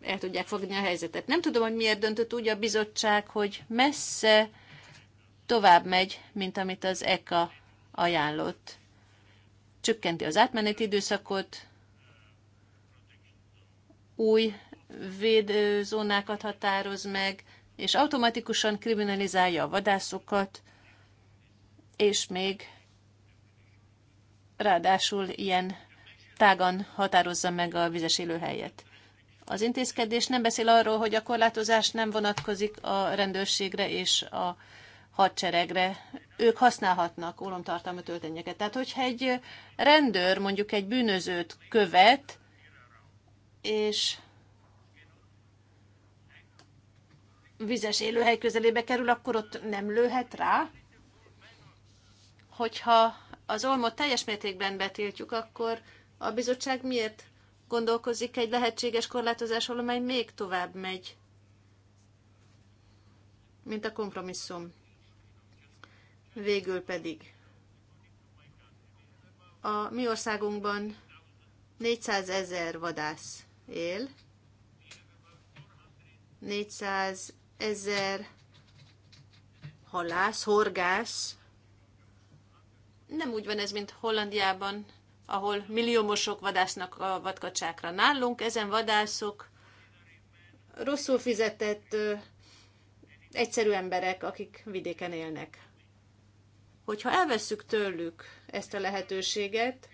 el tudják fogni a helyzetet. Nem tudom, hogy miért döntött úgy a bizottság, hogy messze tovább megy, mint amit az ECA ajánlott. Csökkenti az átmeneti időszakot, új védőzónákat határoz meg, és automatikusan kriminalizálja a vadászokat, és még ráadásul ilyen tágan határozza meg a vizes élőhelyet. Az intézkedés nem beszél arról, hogy a korlátozás nem vonatkozik a rendőrségre és a hadseregre. Ők használhatnak ólomtartalmú töltényeket. Tehát, hogyha egy rendőr mondjuk egy bűnözőt követ, és vizes élőhely közelébe kerül, akkor ott nem lőhet rá. Hogyha az olmot teljes mértékben betiltjuk, akkor a bizottság miért gondolkozik egy lehetséges korlátozásról, amely még tovább megy, mint a kompromisszum. Végül pedig a mi országunkban 400 ezer vadász él, 400 ezer halász, horgász. Nem úgy van ez, mint Hollandiában, ahol milliómosok vadásznak a vadkacsákra. Nálunk ezen vadászok rosszul fizetett egyszerű emberek, akik vidéken élnek. Hogyha elveszük tőlük ezt a lehetőséget,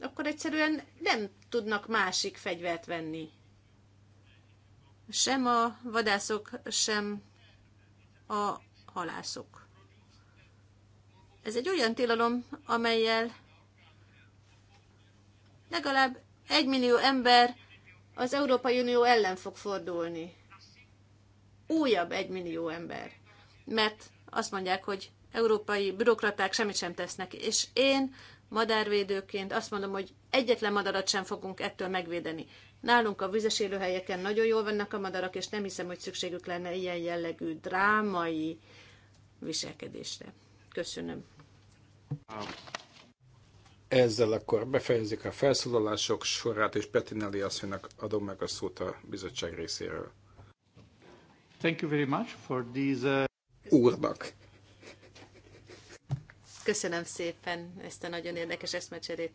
akkor egyszerűen nem tudnak másik fegyvert venni. Sem a vadászok, sem a halászok. Ez egy olyan tilalom, amelyel legalább egy millió ember az Európai Unió ellen fog fordulni. Újabb egy millió ember. Mert azt mondják, hogy európai bürokraták semmit sem tesznek. És én madárvédőként azt mondom, hogy egyetlen madarat sem fogunk ettől megvédeni. Nálunk a vizes élőhelyeken nagyon jól vannak a madarak, és nem hiszem, hogy szükségük lenne ilyen jellegű drámai viselkedésre. Köszönöm. Ezzel akkor befejezik a felszólalások sorát, és Petinelli asszonynak adom meg a szót a bizottság részéről. Thank you very much for these, uh... Úrnak. Köszönöm szépen ezt a nagyon érdekes eszmecserét.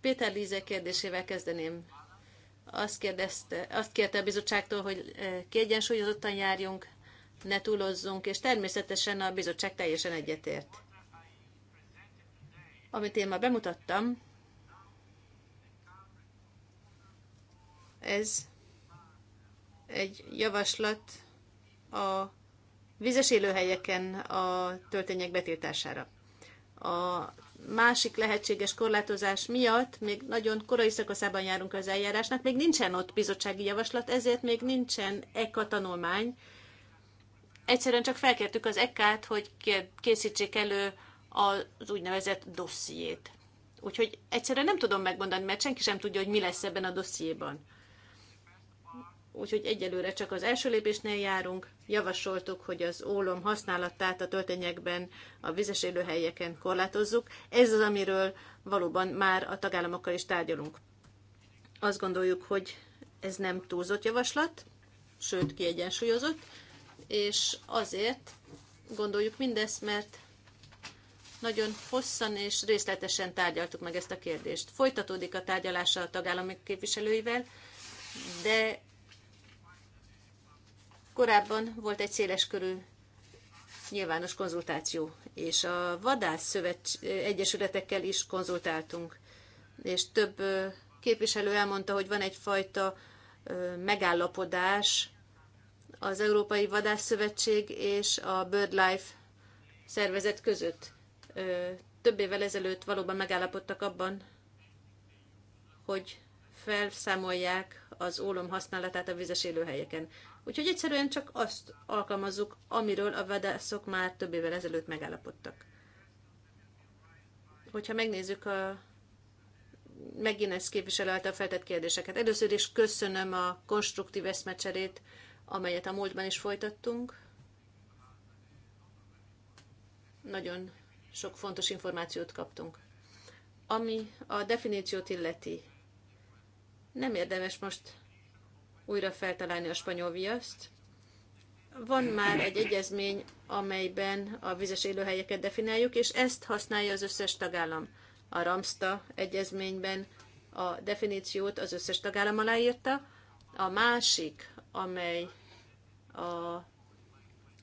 Péter Líze kérdésével kezdeném. Azt, kérdezte, azt kérte a bizottságtól, hogy eh, kiegyensúlyozottan járjunk, ne túlozzunk, és természetesen a bizottság teljesen egyetért. Amit én ma bemutattam, ez egy javaslat a vizes élőhelyeken a töltények betiltására. A másik lehetséges korlátozás miatt még nagyon korai szakaszában járunk az eljárásnak, még nincsen ott bizottsági javaslat, ezért még nincsen ECA tanulmány, Egyszerűen csak felkértük az EK-t, hogy készítsék elő az úgynevezett dossziét. Úgyhogy egyszerűen nem tudom megmondani, mert senki sem tudja, hogy mi lesz ebben a dossziéban. Úgyhogy egyelőre csak az első lépésnél járunk. Javasoltuk, hogy az ólom használatát a töltényekben, a vizes élőhelyeken korlátozzuk. Ez az, amiről valóban már a tagállamokkal is tárgyalunk. Azt gondoljuk, hogy ez nem túlzott javaslat, sőt kiegyensúlyozott, és azért gondoljuk mindezt, mert nagyon hosszan és részletesen tárgyaltuk meg ezt a kérdést. Folytatódik a tárgyalása a tagállami képviselőivel, de korábban volt egy körű nyilvános konzultáció, és a vadász egyesületekkel is konzultáltunk, és több képviselő elmondta, hogy van egyfajta megállapodás az Európai Vadászszövetség és a BirdLife szervezet között. Több évvel ezelőtt valóban megállapodtak abban, hogy felszámolják az ólom használatát a vizes élőhelyeken. Úgyhogy egyszerűen csak azt alkalmazzuk, amiről a vadászok már több évvel ezelőtt megállapodtak. Hogyha megnézzük a megint ez képviselő által feltett kérdéseket. Először is köszönöm a konstruktív eszmecserét amelyet a múltban is folytattunk. Nagyon sok fontos információt kaptunk. Ami a definíciót illeti, nem érdemes most újra feltalálni a spanyol viaszt. Van már egy egyezmény, amelyben a vizes élőhelyeket definiáljuk, és ezt használja az összes tagállam. A Ramsta egyezményben a definíciót az összes tagállam aláírta, a másik amely a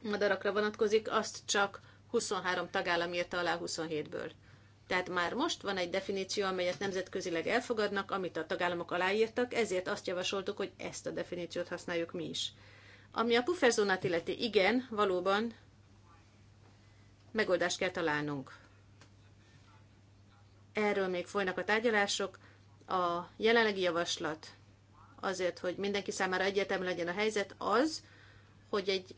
madarakra vonatkozik, azt csak 23 tagállam írta alá 27-ből. Tehát már most van egy definíció, amelyet nemzetközileg elfogadnak, amit a tagállamok aláírtak, ezért azt javasoltuk, hogy ezt a definíciót használjuk mi is. Ami a pufferzónát illeti, igen, valóban megoldást kell találnunk. Erről még folynak a tárgyalások. A jelenlegi javaslat azért, hogy mindenki számára egyetem legyen a helyzet, az, hogy egy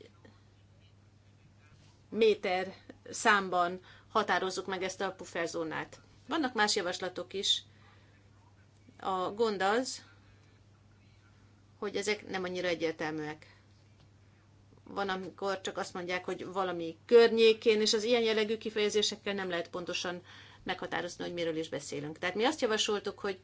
méter számban határozzuk meg ezt a pufferzónát. Vannak más javaslatok is. A gond az, hogy ezek nem annyira egyértelműek. Van, amikor csak azt mondják, hogy valami környékén, és az ilyen jellegű kifejezésekkel nem lehet pontosan meghatározni, hogy miről is beszélünk. Tehát mi azt javasoltuk, hogy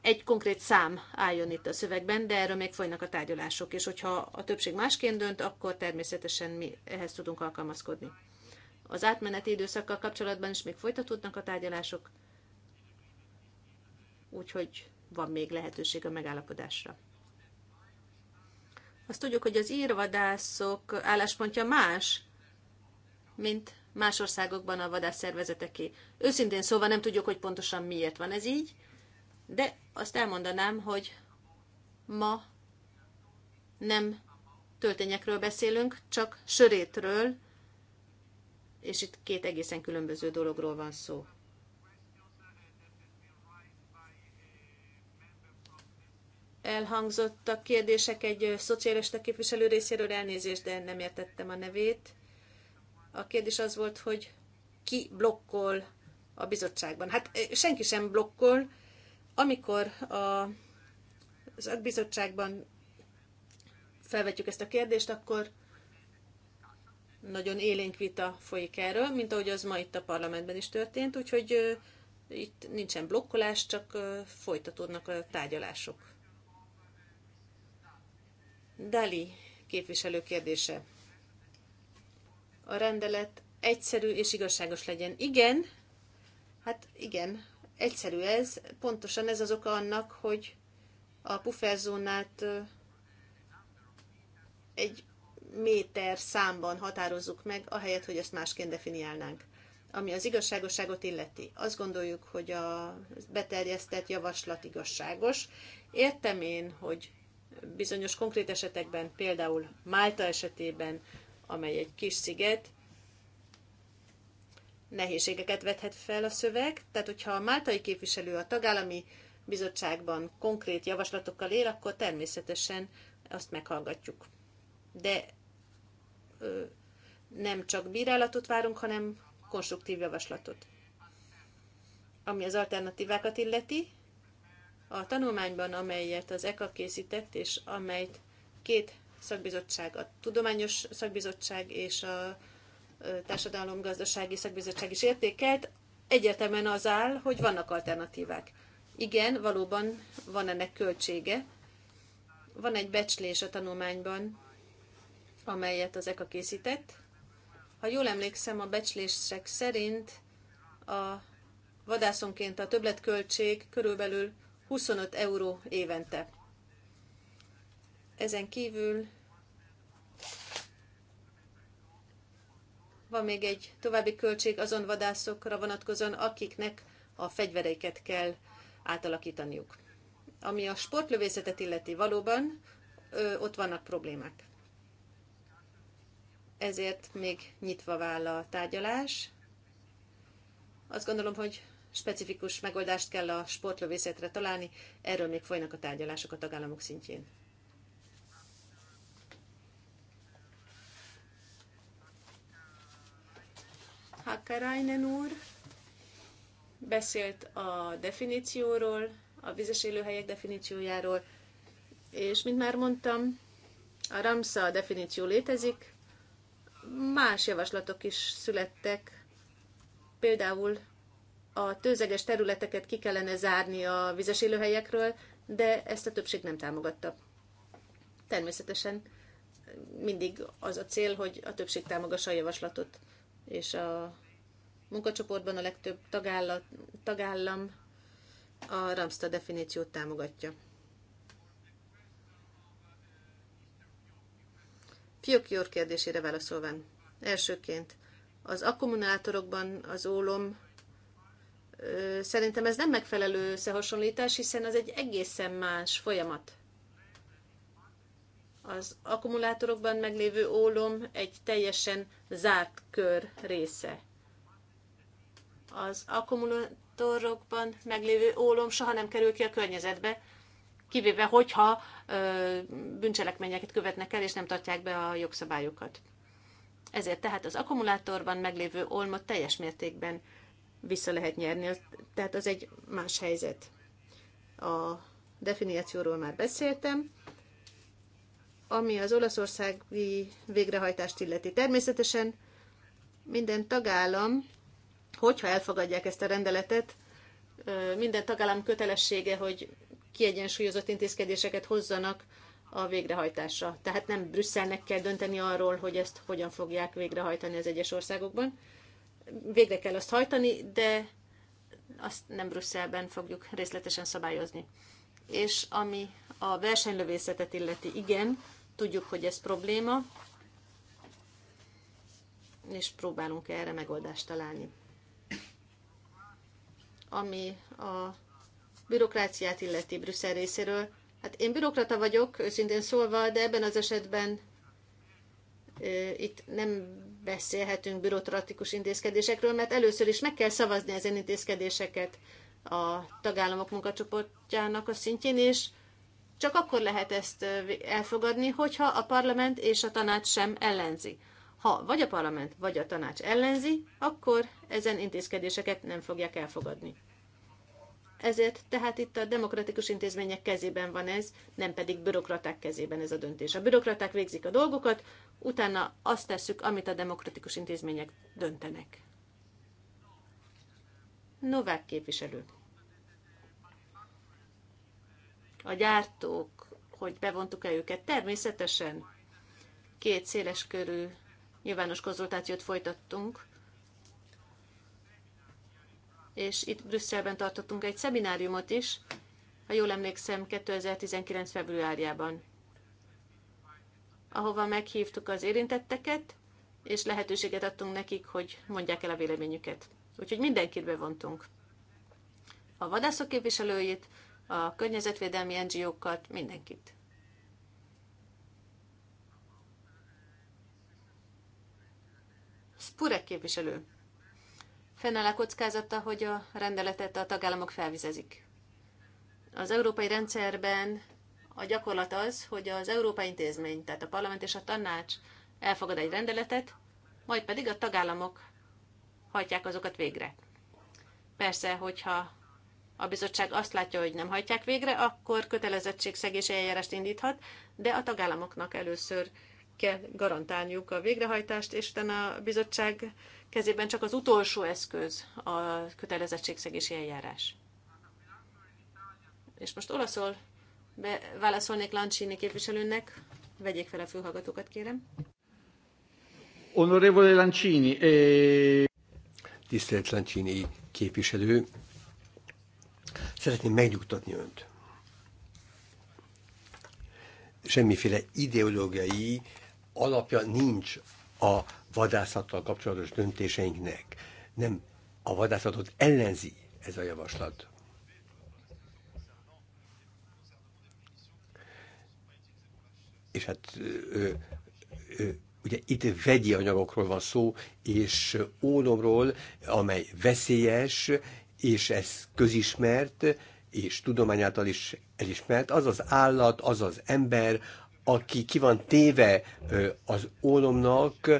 egy konkrét szám álljon itt a szövegben, de erről még folynak a tárgyalások, és hogyha a többség másként dönt, akkor természetesen mi ehhez tudunk alkalmazkodni. Az átmeneti időszakkal kapcsolatban is még folytatódnak a tárgyalások, úgyhogy van még lehetőség a megállapodásra. Azt tudjuk, hogy az írvadászok álláspontja más, mint más országokban a vadászszervezeteké. Őszintén szóval nem tudjuk, hogy pontosan miért van ez így, de azt elmondanám, hogy ma nem töltényekről beszélünk, csak sörétről, és itt két egészen különböző dologról van szó. Elhangzottak kérdések egy szocialista képviselő részéről, elnézést, de nem értettem a nevét. A kérdés az volt, hogy ki blokkol a bizottságban. Hát senki sem blokkol, amikor a, az ötbizottságban felvetjük ezt a kérdést, akkor nagyon élénk vita folyik erről, mint ahogy az ma itt a parlamentben is történt, úgyhogy itt nincsen blokkolás, csak folytatódnak a tárgyalások. Dali képviselő kérdése. A rendelet egyszerű és igazságos legyen. Igen, hát igen, egyszerű ez, pontosan ez az oka annak, hogy a pufferzónát egy méter számban határozzuk meg, ahelyett, hogy ezt másként definiálnánk. Ami az igazságosságot illeti, azt gondoljuk, hogy a beterjesztett javaslat igazságos. Értem én, hogy bizonyos konkrét esetekben, például Málta esetében, amely egy kis sziget, nehézségeket vethet fel a szöveg, tehát hogyha a máltai képviselő a tagállami bizottságban konkrét javaslatokkal él, akkor természetesen azt meghallgatjuk. De ö, nem csak bírálatot várunk, hanem konstruktív javaslatot. Ami az alternatívákat illeti, a tanulmányban, amelyet az ECA készített, és amelyet két szakbizottság, a Tudományos Szakbizottság és a Társadalom-Gazdasági szakbizottság is értékelt, egyetemen az áll, hogy vannak alternatívák. Igen, valóban van ennek költsége. Van egy becslés a tanulmányban, amelyet az EKA készített. Ha jól emlékszem, a becslések szerint a vadászonként a többletköltség körülbelül 25 euró évente. Ezen kívül Van még egy további költség azon vadászokra vonatkozóan, akiknek a fegyvereiket kell átalakítaniuk. Ami a sportlövészetet illeti valóban, ott vannak problémák. Ezért még nyitva vál a tárgyalás. Azt gondolom, hogy specifikus megoldást kell a sportlövészetre találni, erről még folynak a tárgyalások a tagállamok szintjén. Hakkarainen úr beszélt a definícióról, a vizes élőhelyek definíciójáról, és mint már mondtam, a Ramsza definíció létezik, más javaslatok is születtek, például a tőzeges területeket ki kellene zárni a vizes élőhelyekről, de ezt a többség nem támogatta. Természetesen mindig az a cél, hogy a többség támogassa a javaslatot és a munkacsoportban a legtöbb tagállam, tagállam a Ramsta definíciót támogatja. Fiokjor kérdésére válaszolván. Elsőként, az akkumulátorokban az ólom Szerintem ez nem megfelelő összehasonlítás, hiszen az egy egészen más folyamat az akkumulátorokban meglévő ólom egy teljesen zárt kör része. Az akkumulátorokban meglévő ólom soha nem kerül ki a környezetbe, kivéve hogyha ö, bűncselekményeket követnek el, és nem tartják be a jogszabályokat. Ezért tehát az akkumulátorban meglévő olmot teljes mértékben vissza lehet nyerni, tehát az egy más helyzet. A definícióról már beszéltem, ami az olaszországi végrehajtást illeti. Természetesen minden tagállam, hogyha elfogadják ezt a rendeletet, minden tagállam kötelessége, hogy kiegyensúlyozott intézkedéseket hozzanak a végrehajtásra. Tehát nem Brüsszelnek kell dönteni arról, hogy ezt hogyan fogják végrehajtani az egyes országokban. Végre kell azt hajtani, de azt nem Brüsszelben fogjuk részletesen szabályozni. És ami a versenylövészetet illeti, igen, Tudjuk, hogy ez probléma, és próbálunk erre megoldást találni. Ami a bürokráciát illeti Brüsszel részéről, hát én bürokrata vagyok, őszintén szólva, de ebben az esetben itt nem beszélhetünk bürokratikus intézkedésekről, mert először is meg kell szavazni ezen intézkedéseket a tagállamok munkacsoportjának a szintjén, és csak akkor lehet ezt elfogadni, hogyha a parlament és a tanács sem ellenzi. Ha vagy a parlament, vagy a tanács ellenzi, akkor ezen intézkedéseket nem fogják elfogadni. Ezért tehát itt a demokratikus intézmények kezében van ez, nem pedig bürokraták kezében ez a döntés. A bürokraták végzik a dolgokat, utána azt tesszük, amit a demokratikus intézmények döntenek. Novák képviselő a gyártók, hogy bevontuk-e őket. Természetesen két körű nyilvános konzultációt folytattunk, és itt Brüsszelben tartottunk egy szemináriumot is, ha jól emlékszem, 2019. februárjában, ahova meghívtuk az érintetteket, és lehetőséget adtunk nekik, hogy mondják el a véleményüket. Úgyhogy mindenkit bevontunk. A vadászok képviselőjét, a környezetvédelmi NGO-kat, mindenkit. Spurek képviselő. Fennáll a kockázata, hogy a rendeletet a tagállamok felvizezik. Az európai rendszerben a gyakorlat az, hogy az Európai Intézmény, tehát a parlament és a tanács elfogad egy rendeletet, majd pedig a tagállamok hajtják azokat végre. Persze, hogyha a bizottság azt látja, hogy nem hajtják végre, akkor kötelezettségszegési eljárást indíthat, de a tagállamoknak először kell garantálniuk a végrehajtást, és utána a bizottság kezében csak az utolsó eszköz a kötelezettségszegési eljárás. És most olaszol, be válaszolnék Lancsini képviselőnek. Vegyék fel a fülhallgatókat, kérem. Onorevole Lancini. Eh... Tisztelt Lancini képviselő, Szeretném megnyugtatni önt. Semmiféle ideológiai alapja nincs a vadászattal kapcsolatos döntéseinknek. Nem a vadászatot ellenzi ez a javaslat. És hát ö, ö, ugye itt vegyi anyagokról van szó, és ólomról, amely veszélyes, és ez közismert, és tudomány által is elismert, az az állat, az az ember, aki ki van téve az ólomnak,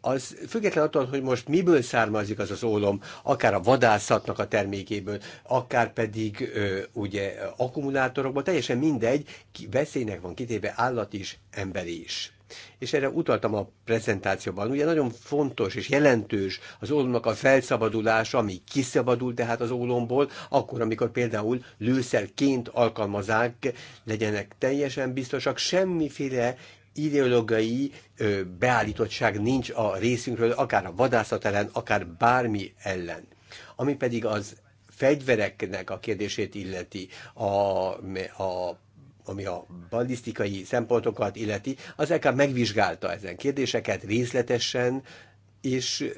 az független attól, hogy most miből származik az az ólom, akár a vadászatnak a termékéből, akár pedig ugye akkumulátorokból, teljesen mindegy, veszélynek van kitéve állat is, ember is és erre utaltam a prezentációban, ugye nagyon fontos és jelentős az ólomnak a felszabadulása, ami kiszabadul tehát az ólomból, akkor, amikor például lőszerként alkalmazák, legyenek teljesen biztosak, semmiféle ideológiai ö, beállítottság nincs a részünkről, akár a vadászat ellen, akár bármi ellen. Ami pedig az fegyvereknek a kérdését illeti, a, a ami a ballisztikai szempontokat illeti, az EK megvizsgálta ezen kérdéseket részletesen, és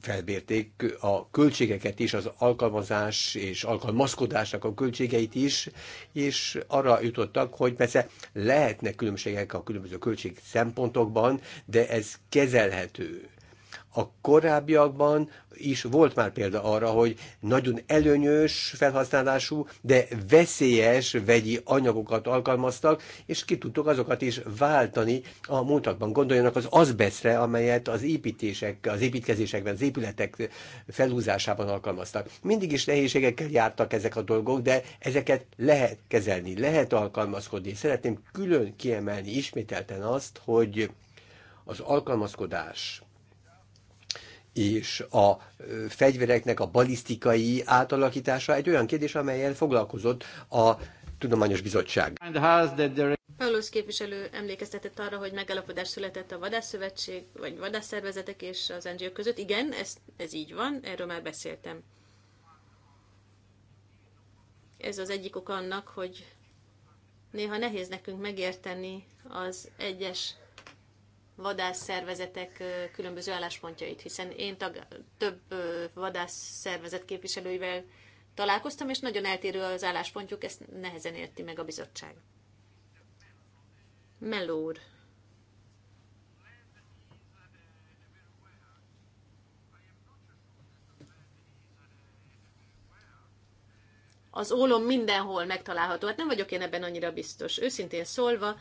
felbérték a költségeket is, az alkalmazás és alkalmazkodásnak a költségeit is, és arra jutottak, hogy persze lehetnek különbségek a különböző költség szempontokban, de ez kezelhető a korábbiakban is volt már példa arra, hogy nagyon előnyös felhasználású, de veszélyes vegyi anyagokat alkalmaztak, és ki tudtuk azokat is váltani a múltakban. Gondoljanak az azbeszre, amelyet az építések, az építkezésekben, az épületek felhúzásában alkalmaztak. Mindig is nehézségekkel jártak ezek a dolgok, de ezeket lehet kezelni, lehet alkalmazkodni. Szeretném külön kiemelni ismételten azt, hogy az alkalmazkodás és a fegyvereknek a balisztikai átalakítása egy olyan kérdés, amelyen foglalkozott a Tudományos Bizottság. Paulus képviselő emlékeztetett arra, hogy megállapodás született a vadászszövetség, vagy vadászszervezetek és az NGO között. Igen, ez, ez így van, erről már beszéltem. Ez az egyik ok annak, hogy néha nehéz nekünk megérteni az egyes vadászszervezetek különböző álláspontjait, hiszen én tag, több vadászszervezet képviselőivel találkoztam, és nagyon eltérő az álláspontjuk, ezt nehezen érti meg a bizottság. Melúr. Az ólom mindenhol megtalálható. Hát nem vagyok én ebben annyira biztos. Őszintén szólva,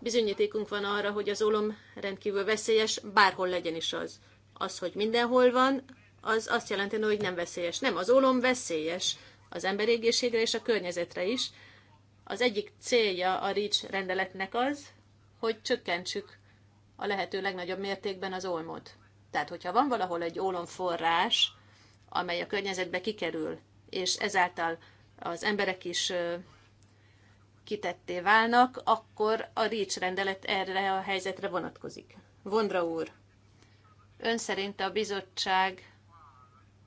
Bizonyítékunk van arra, hogy az ólom rendkívül veszélyes, bárhol legyen is az. Az, hogy mindenhol van, az azt jelenti, hogy nem veszélyes. Nem, az ólom veszélyes az emberégészségre és a környezetre is. Az egyik célja a RICS rendeletnek az, hogy csökkentsük a lehető legnagyobb mértékben az olmot. Tehát, hogyha van valahol egy forrás, amely a környezetbe kikerül, és ezáltal az emberek is kitetté válnak, akkor a REACH rendelet erre a helyzetre vonatkozik. Vondra úr, ön szerint a bizottság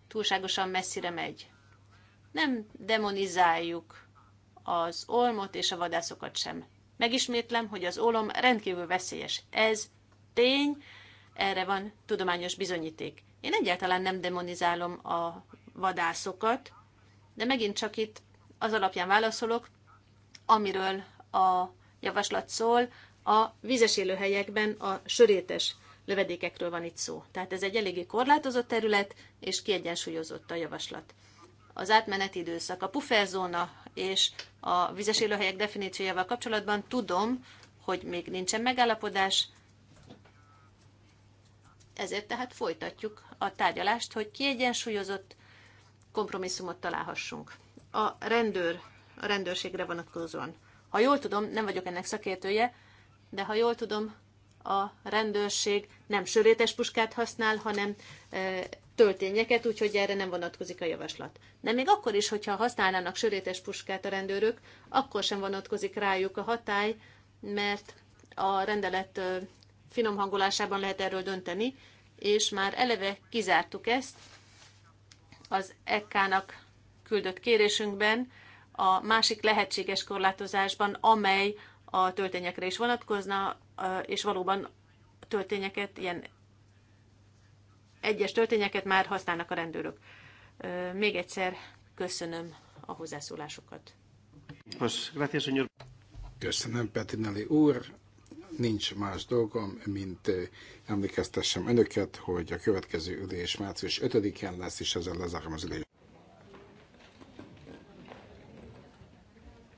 túlságosan messzire megy. Nem demonizáljuk az olmot és a vadászokat sem. Megismétlem, hogy az olom rendkívül veszélyes. Ez tény, erre van tudományos bizonyíték. Én egyáltalán nem demonizálom a vadászokat, de megint csak itt az alapján válaszolok, amiről a javaslat szól, a vizes élőhelyekben a sörétes lövedékekről van itt szó. Tehát ez egy eléggé korlátozott terület, és kiegyensúlyozott a javaslat. Az átmeneti időszak, a pufferzóna és a vizes élőhelyek definíciójával kapcsolatban tudom, hogy még nincsen megállapodás, ezért tehát folytatjuk a tárgyalást, hogy kiegyensúlyozott kompromisszumot találhassunk. A rendőr a rendőrségre vonatkozóan. Ha jól tudom, nem vagyok ennek szakértője, de ha jól tudom, a rendőrség nem sörétes puskát használ, hanem e, töltényeket, úgyhogy erre nem vonatkozik a javaslat. De még akkor is, hogyha használnának sörétes puskát a rendőrök, akkor sem vonatkozik rájuk a hatály, mert a rendelet e, finom hangolásában lehet erről dönteni, és már eleve kizártuk ezt az EK-nak küldött kérésünkben, a másik lehetséges korlátozásban, amely a töltényekre is vonatkozna, és valóban töltényeket, ilyen egyes töltényeket már használnak a rendőrök. Még egyszer köszönöm a hozzászólásokat. Köszönöm, Petinelli úr. Nincs más dolgom, mint emlékeztessem önöket, hogy a következő ülés március 5 en lesz, és ezzel lezárom az ülés.